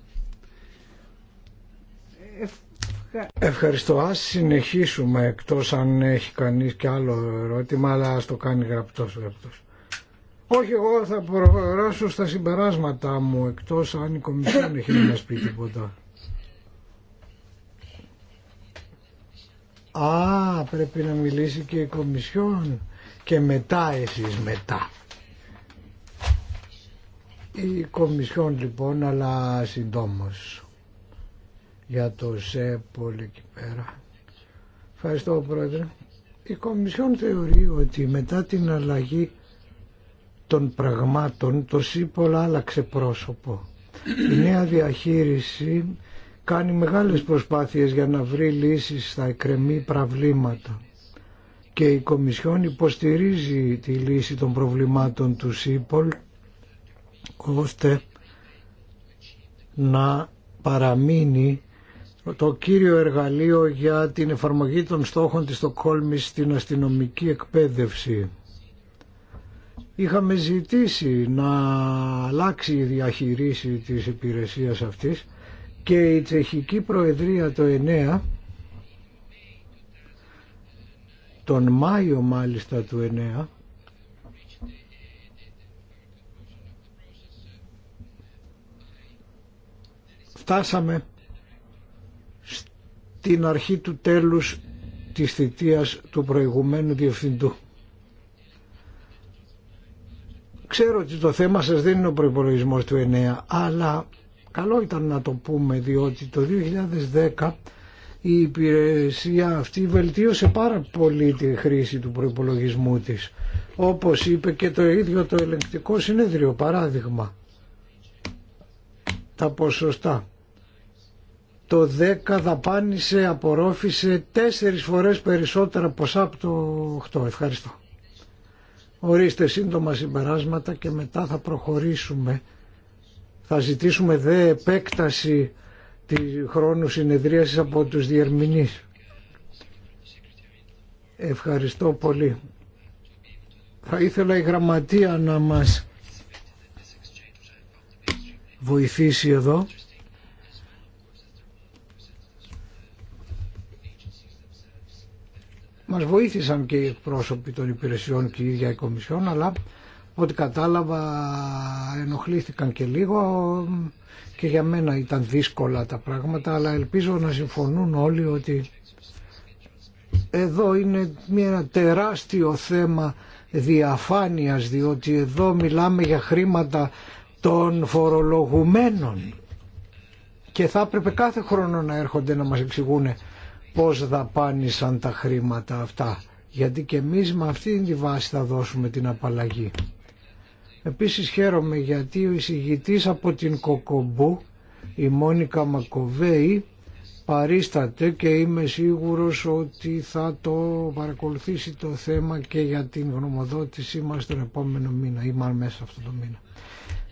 Ευχαριστώ. Ας συνεχίσουμε εκτός αν έχει κανείς και άλλο ερώτημα, αλλά ας το κάνει γραπτός γραπτός. Όχι, εγώ θα προχωράσω στα συμπεράσματα μου, εκτός αν η Κομισιόν έχει να μας πει τίποτα. Α, πρέπει να μιλήσει και η Κομισιόν και μετά εσείς μετά. Η Κομισιόν λοιπόν, αλλά συντόμως για το πολύ εκεί πέρα. Ευχαριστώ πρόεδρε. Η Κομισιόν θεωρεί ότι μετά την αλλαγή των πραγμάτων το ΣΥΠΟΛ άλλαξε πρόσωπο. Η νέα διαχείριση κάνει μεγάλες προσπάθειες για να βρει λύσεις στα εκκρεμή προβλήματα και η Κομισιόν υποστηρίζει τη λύση των προβλημάτων του ΣΥΠΟΛ ώστε να παραμείνει το κύριο εργαλείο για την εφαρμογή των στόχων της Στοκόλμης στην αστυνομική εκπαίδευση. Είχαμε ζητήσει να αλλάξει η διαχειρίση της υπηρεσίας αυτής και η Τσεχική Προεδρία το 9 τον Μάιο μάλιστα του 9 φτάσαμε στην αρχή του τέλους της θητείας του προηγουμένου διευθυντού. Ξέρω ότι το θέμα σας δεν είναι ο προπολογισμό του 9, αλλά καλό ήταν να το πούμε διότι το 2010 η υπηρεσία αυτή βελτίωσε πάρα πολύ τη χρήση του προπολογισμού της. Όπως είπε και το ίδιο το ελεγκτικό συνέδριο παράδειγμα. Τα ποσοστά το 10 δαπάνησε, απορρόφησε τέσσερις φορές περισσότερα ποσά από το 8. Ευχαριστώ. Ορίστε σύντομα συμπεράσματα και μετά θα προχωρήσουμε. Θα ζητήσουμε δε επέκταση τη χρόνου συνεδρίασης από τους διερμηνείς. Ευχαριστώ πολύ. Θα ήθελα η γραμματεία να μας βοηθήσει εδώ Μας βοήθησαν και οι εκπρόσωποι των υπηρεσιών και η ίδια η Κομισιόν, αλλά ό,τι κατάλαβα ενοχλήθηκαν και λίγο και για μένα ήταν δύσκολα τα πράγματα, αλλά ελπίζω να συμφωνούν όλοι ότι εδώ είναι ένα τεράστιο θέμα διαφάνειας, διότι εδώ μιλάμε για χρήματα των φορολογουμένων και θα έπρεπε κάθε χρόνο να έρχονται να μας εξηγούν πώς δαπάνησαν τα χρήματα αυτά. Γιατί και εμείς με αυτή τη βάση θα δώσουμε την απαλλαγή. Επίσης χαίρομαι γιατί ο εισηγητής από την Κοκομπού, η Μόνικα Μακοβέη, παρίσταται και είμαι σίγουρος ότι θα το παρακολουθήσει το θέμα και για την γνωμοδότησή μας τον επόμενο μήνα ή μάλλον μέσα αυτό το μήνα.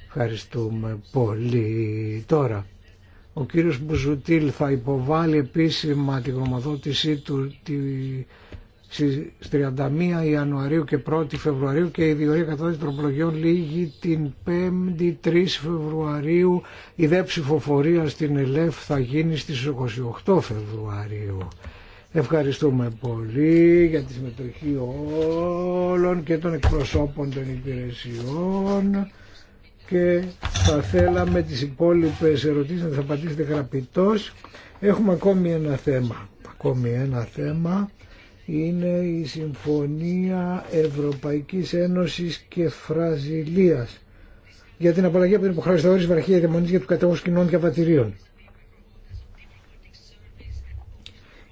Ευχαριστούμε πολύ. Τώρα, ο κύριος Μπουζουτήλ θα υποβάλει επίσημα τη γνωμοδότησή του τη, στις 31 Ιανουαρίου και 1 Φεβρουαρίου και η διορία κατά τροπολογιών λήγει την 5η 3 Φεβρουαρίου. Η δε ψηφοφορία στην ΕΛΕΦ θα γίνει στις 28 Φεβρουαρίου. Ευχαριστούμε πολύ για τη συμμετοχή όλων και των εκπροσώπων των υπηρεσιών και θα θέλαμε τις υπόλοιπες ερωτήσεις να τις απαντήσετε γραπητός. Έχουμε ακόμη ένα θέμα. Ακόμη ένα θέμα είναι η Συμφωνία Ευρωπαϊκής Ένωσης και Φραζιλίας για την απαλλαγή από την υποχρέωση θεώρηση βαρχία διαμονή για του κατόχου κοινών διαβατηρίων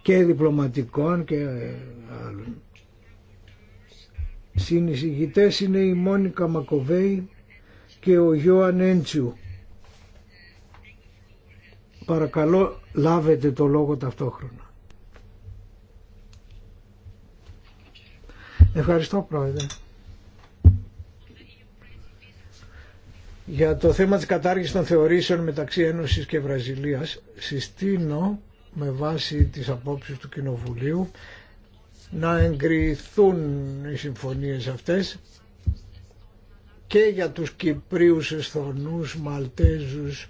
και διπλωματικών και άλλων. Συνεισηγητές είναι η Μόνικα Μακοβέη και ο Γιώαν Έντσιου. Παρακαλώ λάβετε το λόγο ταυτόχρονα. Ευχαριστώ Πρόεδρε. Για το θέμα της κατάργησης των θεωρήσεων μεταξύ Ένωσης και Βραζιλίας συστήνω με βάση τις απόψεις του Κοινοβουλίου να εγκριθούν οι συμφωνίες αυτές και για τους Κυπρίους, Εσθονούς, Μαλτέζους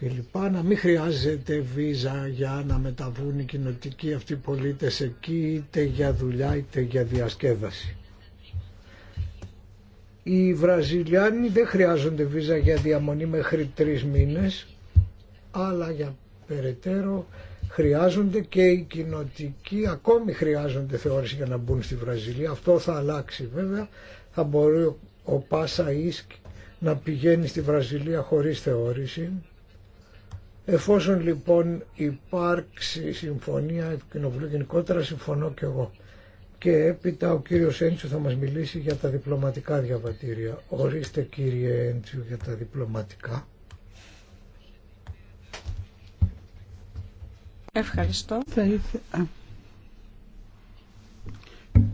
κλπ. Να μην χρειάζεται βίζα για να μεταβούν οι κοινοτικοί αυτοί οι πολίτες εκεί είτε για δουλειά είτε για διασκέδαση. Οι Βραζιλιάνοι δεν χρειάζονται βίζα για διαμονή μέχρι τρεις μήνες αλλά για περαιτέρω χρειάζονται και οι κοινοτικοί ακόμη χρειάζονται θεώρηση για να μπουν στη Βραζιλία. Αυτό θα αλλάξει βέβαια. Θα ο Πάσα Ίσκ να πηγαίνει στη Βραζιλία χωρίς θεώρηση. Εφόσον λοιπόν υπάρξει συμφωνία του Κοινοβουλίου γενικότερα, συμφωνώ και εγώ. Και έπειτα ο κύριος Έντσου θα μας μιλήσει για τα διπλωματικά διαβατήρια. Ορίστε κύριε Έντσου για τα διπλωματικά. Ευχαριστώ. Θα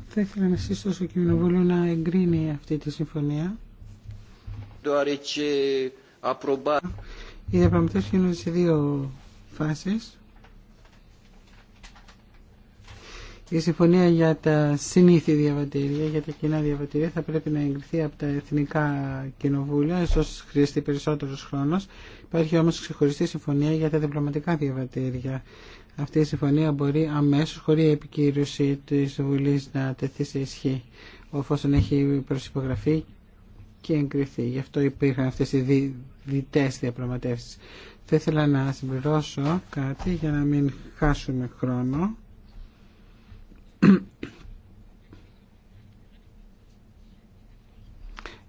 θα ήθελα να συστήσω στο Κοινοβούλιο να εγκρίνει αυτή τη συμφωνία. Οι διαπραγματεύσει γίνονται σε δύο φάσεις. Η συμφωνία για τα συνήθη διαβατήρια, για τα κοινά διαβατήρια, θα πρέπει να εγκριθεί από τα εθνικά κοινοβούλια, ίσω χρειαστεί περισσότερο χρόνο. Υπάρχει όμω ξεχωριστή συμφωνία για τα διπλωματικά διαβατήρια αυτή η συμφωνία μπορεί αμέσως χωρί επικύρωση της Βουλής να τεθεί σε ισχύ εφόσον έχει προσυπογραφεί και εγκριθεί. Γι' αυτό υπήρχαν αυτές οι δι, διτές διαπραγματεύσεις. Θα ήθελα να συμπληρώσω κάτι για να μην χάσουμε χρόνο.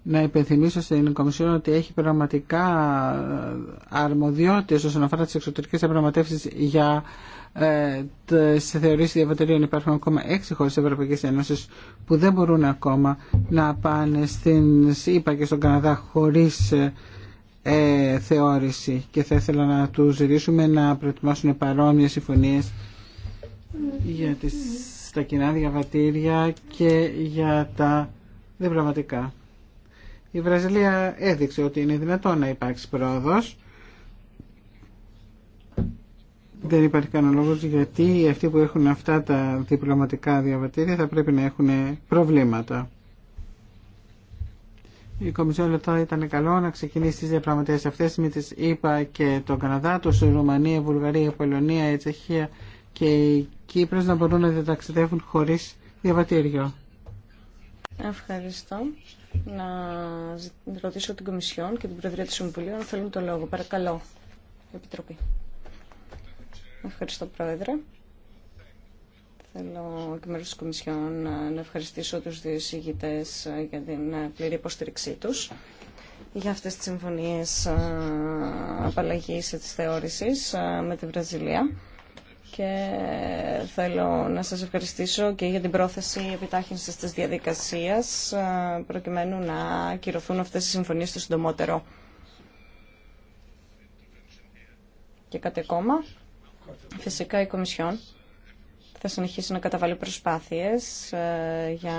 να υπενθυμίσω στην Κομισιόν ότι έχει πραγματικά ε, αρμοδιότητες όσον αφορά τις εξωτερικές διαπραγματεύσεις για ε, τις θεωρήσεις διαβατηρίων. Υπάρχουν ακόμα έξι χώρες της Ευρωπαϊκής Ένωσης που δεν μπορούν ακόμα να πάνε στην ΣΥΠΑ και στον Καναδά χωρίς ε, ε θεώρηση και θα ήθελα να τους ζητήσουμε να προετοιμάσουν παρόμοιες συμφωνίες για τις, τα κοινά διαβατήρια και για τα πραγματικά. Η Βραζιλία έδειξε ότι είναι δυνατόν να υπάρξει πρόοδος. Δεν υπάρχει κανένα λόγο γιατί αυτοί που έχουν αυτά τα διπλωματικά διαβατήρια θα πρέπει να έχουν προβλήματα. Η Κομισιόν λοιπόν ήταν καλό να ξεκινήσει τι διαπραγματεύσει αυτέ με τι ΗΠΑ και τον Καναδά, του Ρουμανία, Βουλγαρία, Πολωνία, η Τσεχία και η Κύπρος να μπορούν να διαταξιδεύουν χωρί διαβατήριο. Ευχαριστώ. Να ρωτήσω την Κομισιόν και την Προεδρία του Συμβουλίου αν θέλουν το λόγο. Παρακαλώ, Επιτροπή. Ευχαριστώ, Πρόεδρε. Θέλω εκ μέρους της Κομισιόν να ευχαριστήσω τους δύο ε, για την ε, πλήρη υποστήριξή τους για αυτές τις συμφωνίες ε, απαλλαγής της θεώρησης με τη Βραζιλία και θέλω να σας ευχαριστήσω και για την πρόθεση επιτάχυνσης της διαδικασίας ε, προκειμένου να κυρωθούν αυτές οι συμφωνίες το συντομότερο. Και κάτι ακόμα, φυσικά η Κομισιόν θα συνεχίσει να καταβάλει προσπάθειες ε, για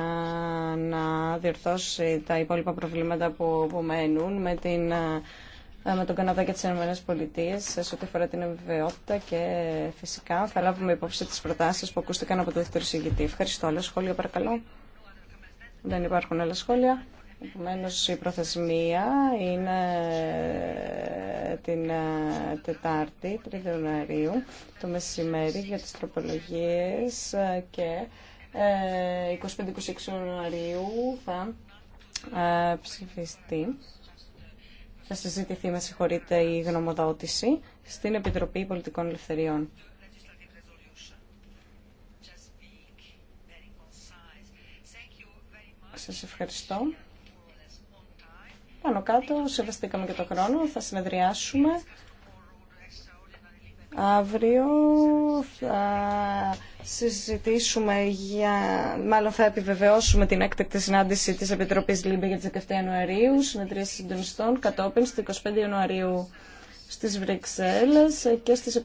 να διορθώσει τα υπόλοιπα προβλήματα που, που μένουν με την ε, ε, με τον Καναδά και τι Ηνωμένε Πολιτείε, ε, σε ό,τι αφορά την αμοιβαιότητα και φυσικά θα λάβουμε υπόψη τι προτάσει που ακούστηκαν από το δεύτερο συγγητή. Ευχαριστώ. Άλλα σχόλια παρακαλώ. Δεν υπάρχουν άλλα σχόλια. Επομένω, η προθεσμία είναι ε, την Τετάρτη, 3 Ιανουαρίου, το μεσημέρι για τις τροπολογίες και 25-26 Ιανουαρίου θα ψηφιστεί θα συζητηθεί, με συγχωρείτε, η γνωμοδότηση στην Επιτροπή Πολιτικών Ελευθεριών. Σας ευχαριστώ. Πάνω κάτω, σεβαστήκαμε και το χρόνο, θα συνεδριάσουμε. Αύριο θα συζητήσουμε για... Μάλλον θα επιβεβαιώσουμε την έκτακτη συνάντηση της Επιτροπής ΛΥΜΠΕ για τις 17 Ιανουαρίου, συνεδρίες συντονιστών, κατόπιν στις 25 Ιανουαρίου στις Βρυξέλλες και στις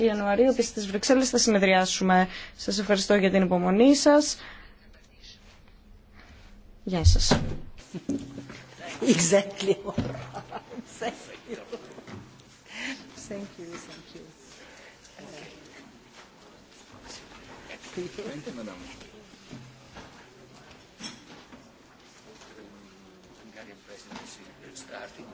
26 Ιανουαρίου επίσης στις Βρυξέλλες θα συνεδριάσουμε. Σας ευχαριστώ για την υπομονή σας. Γεια σας. Exactly. Thank you. Thank you, madam. Hungarian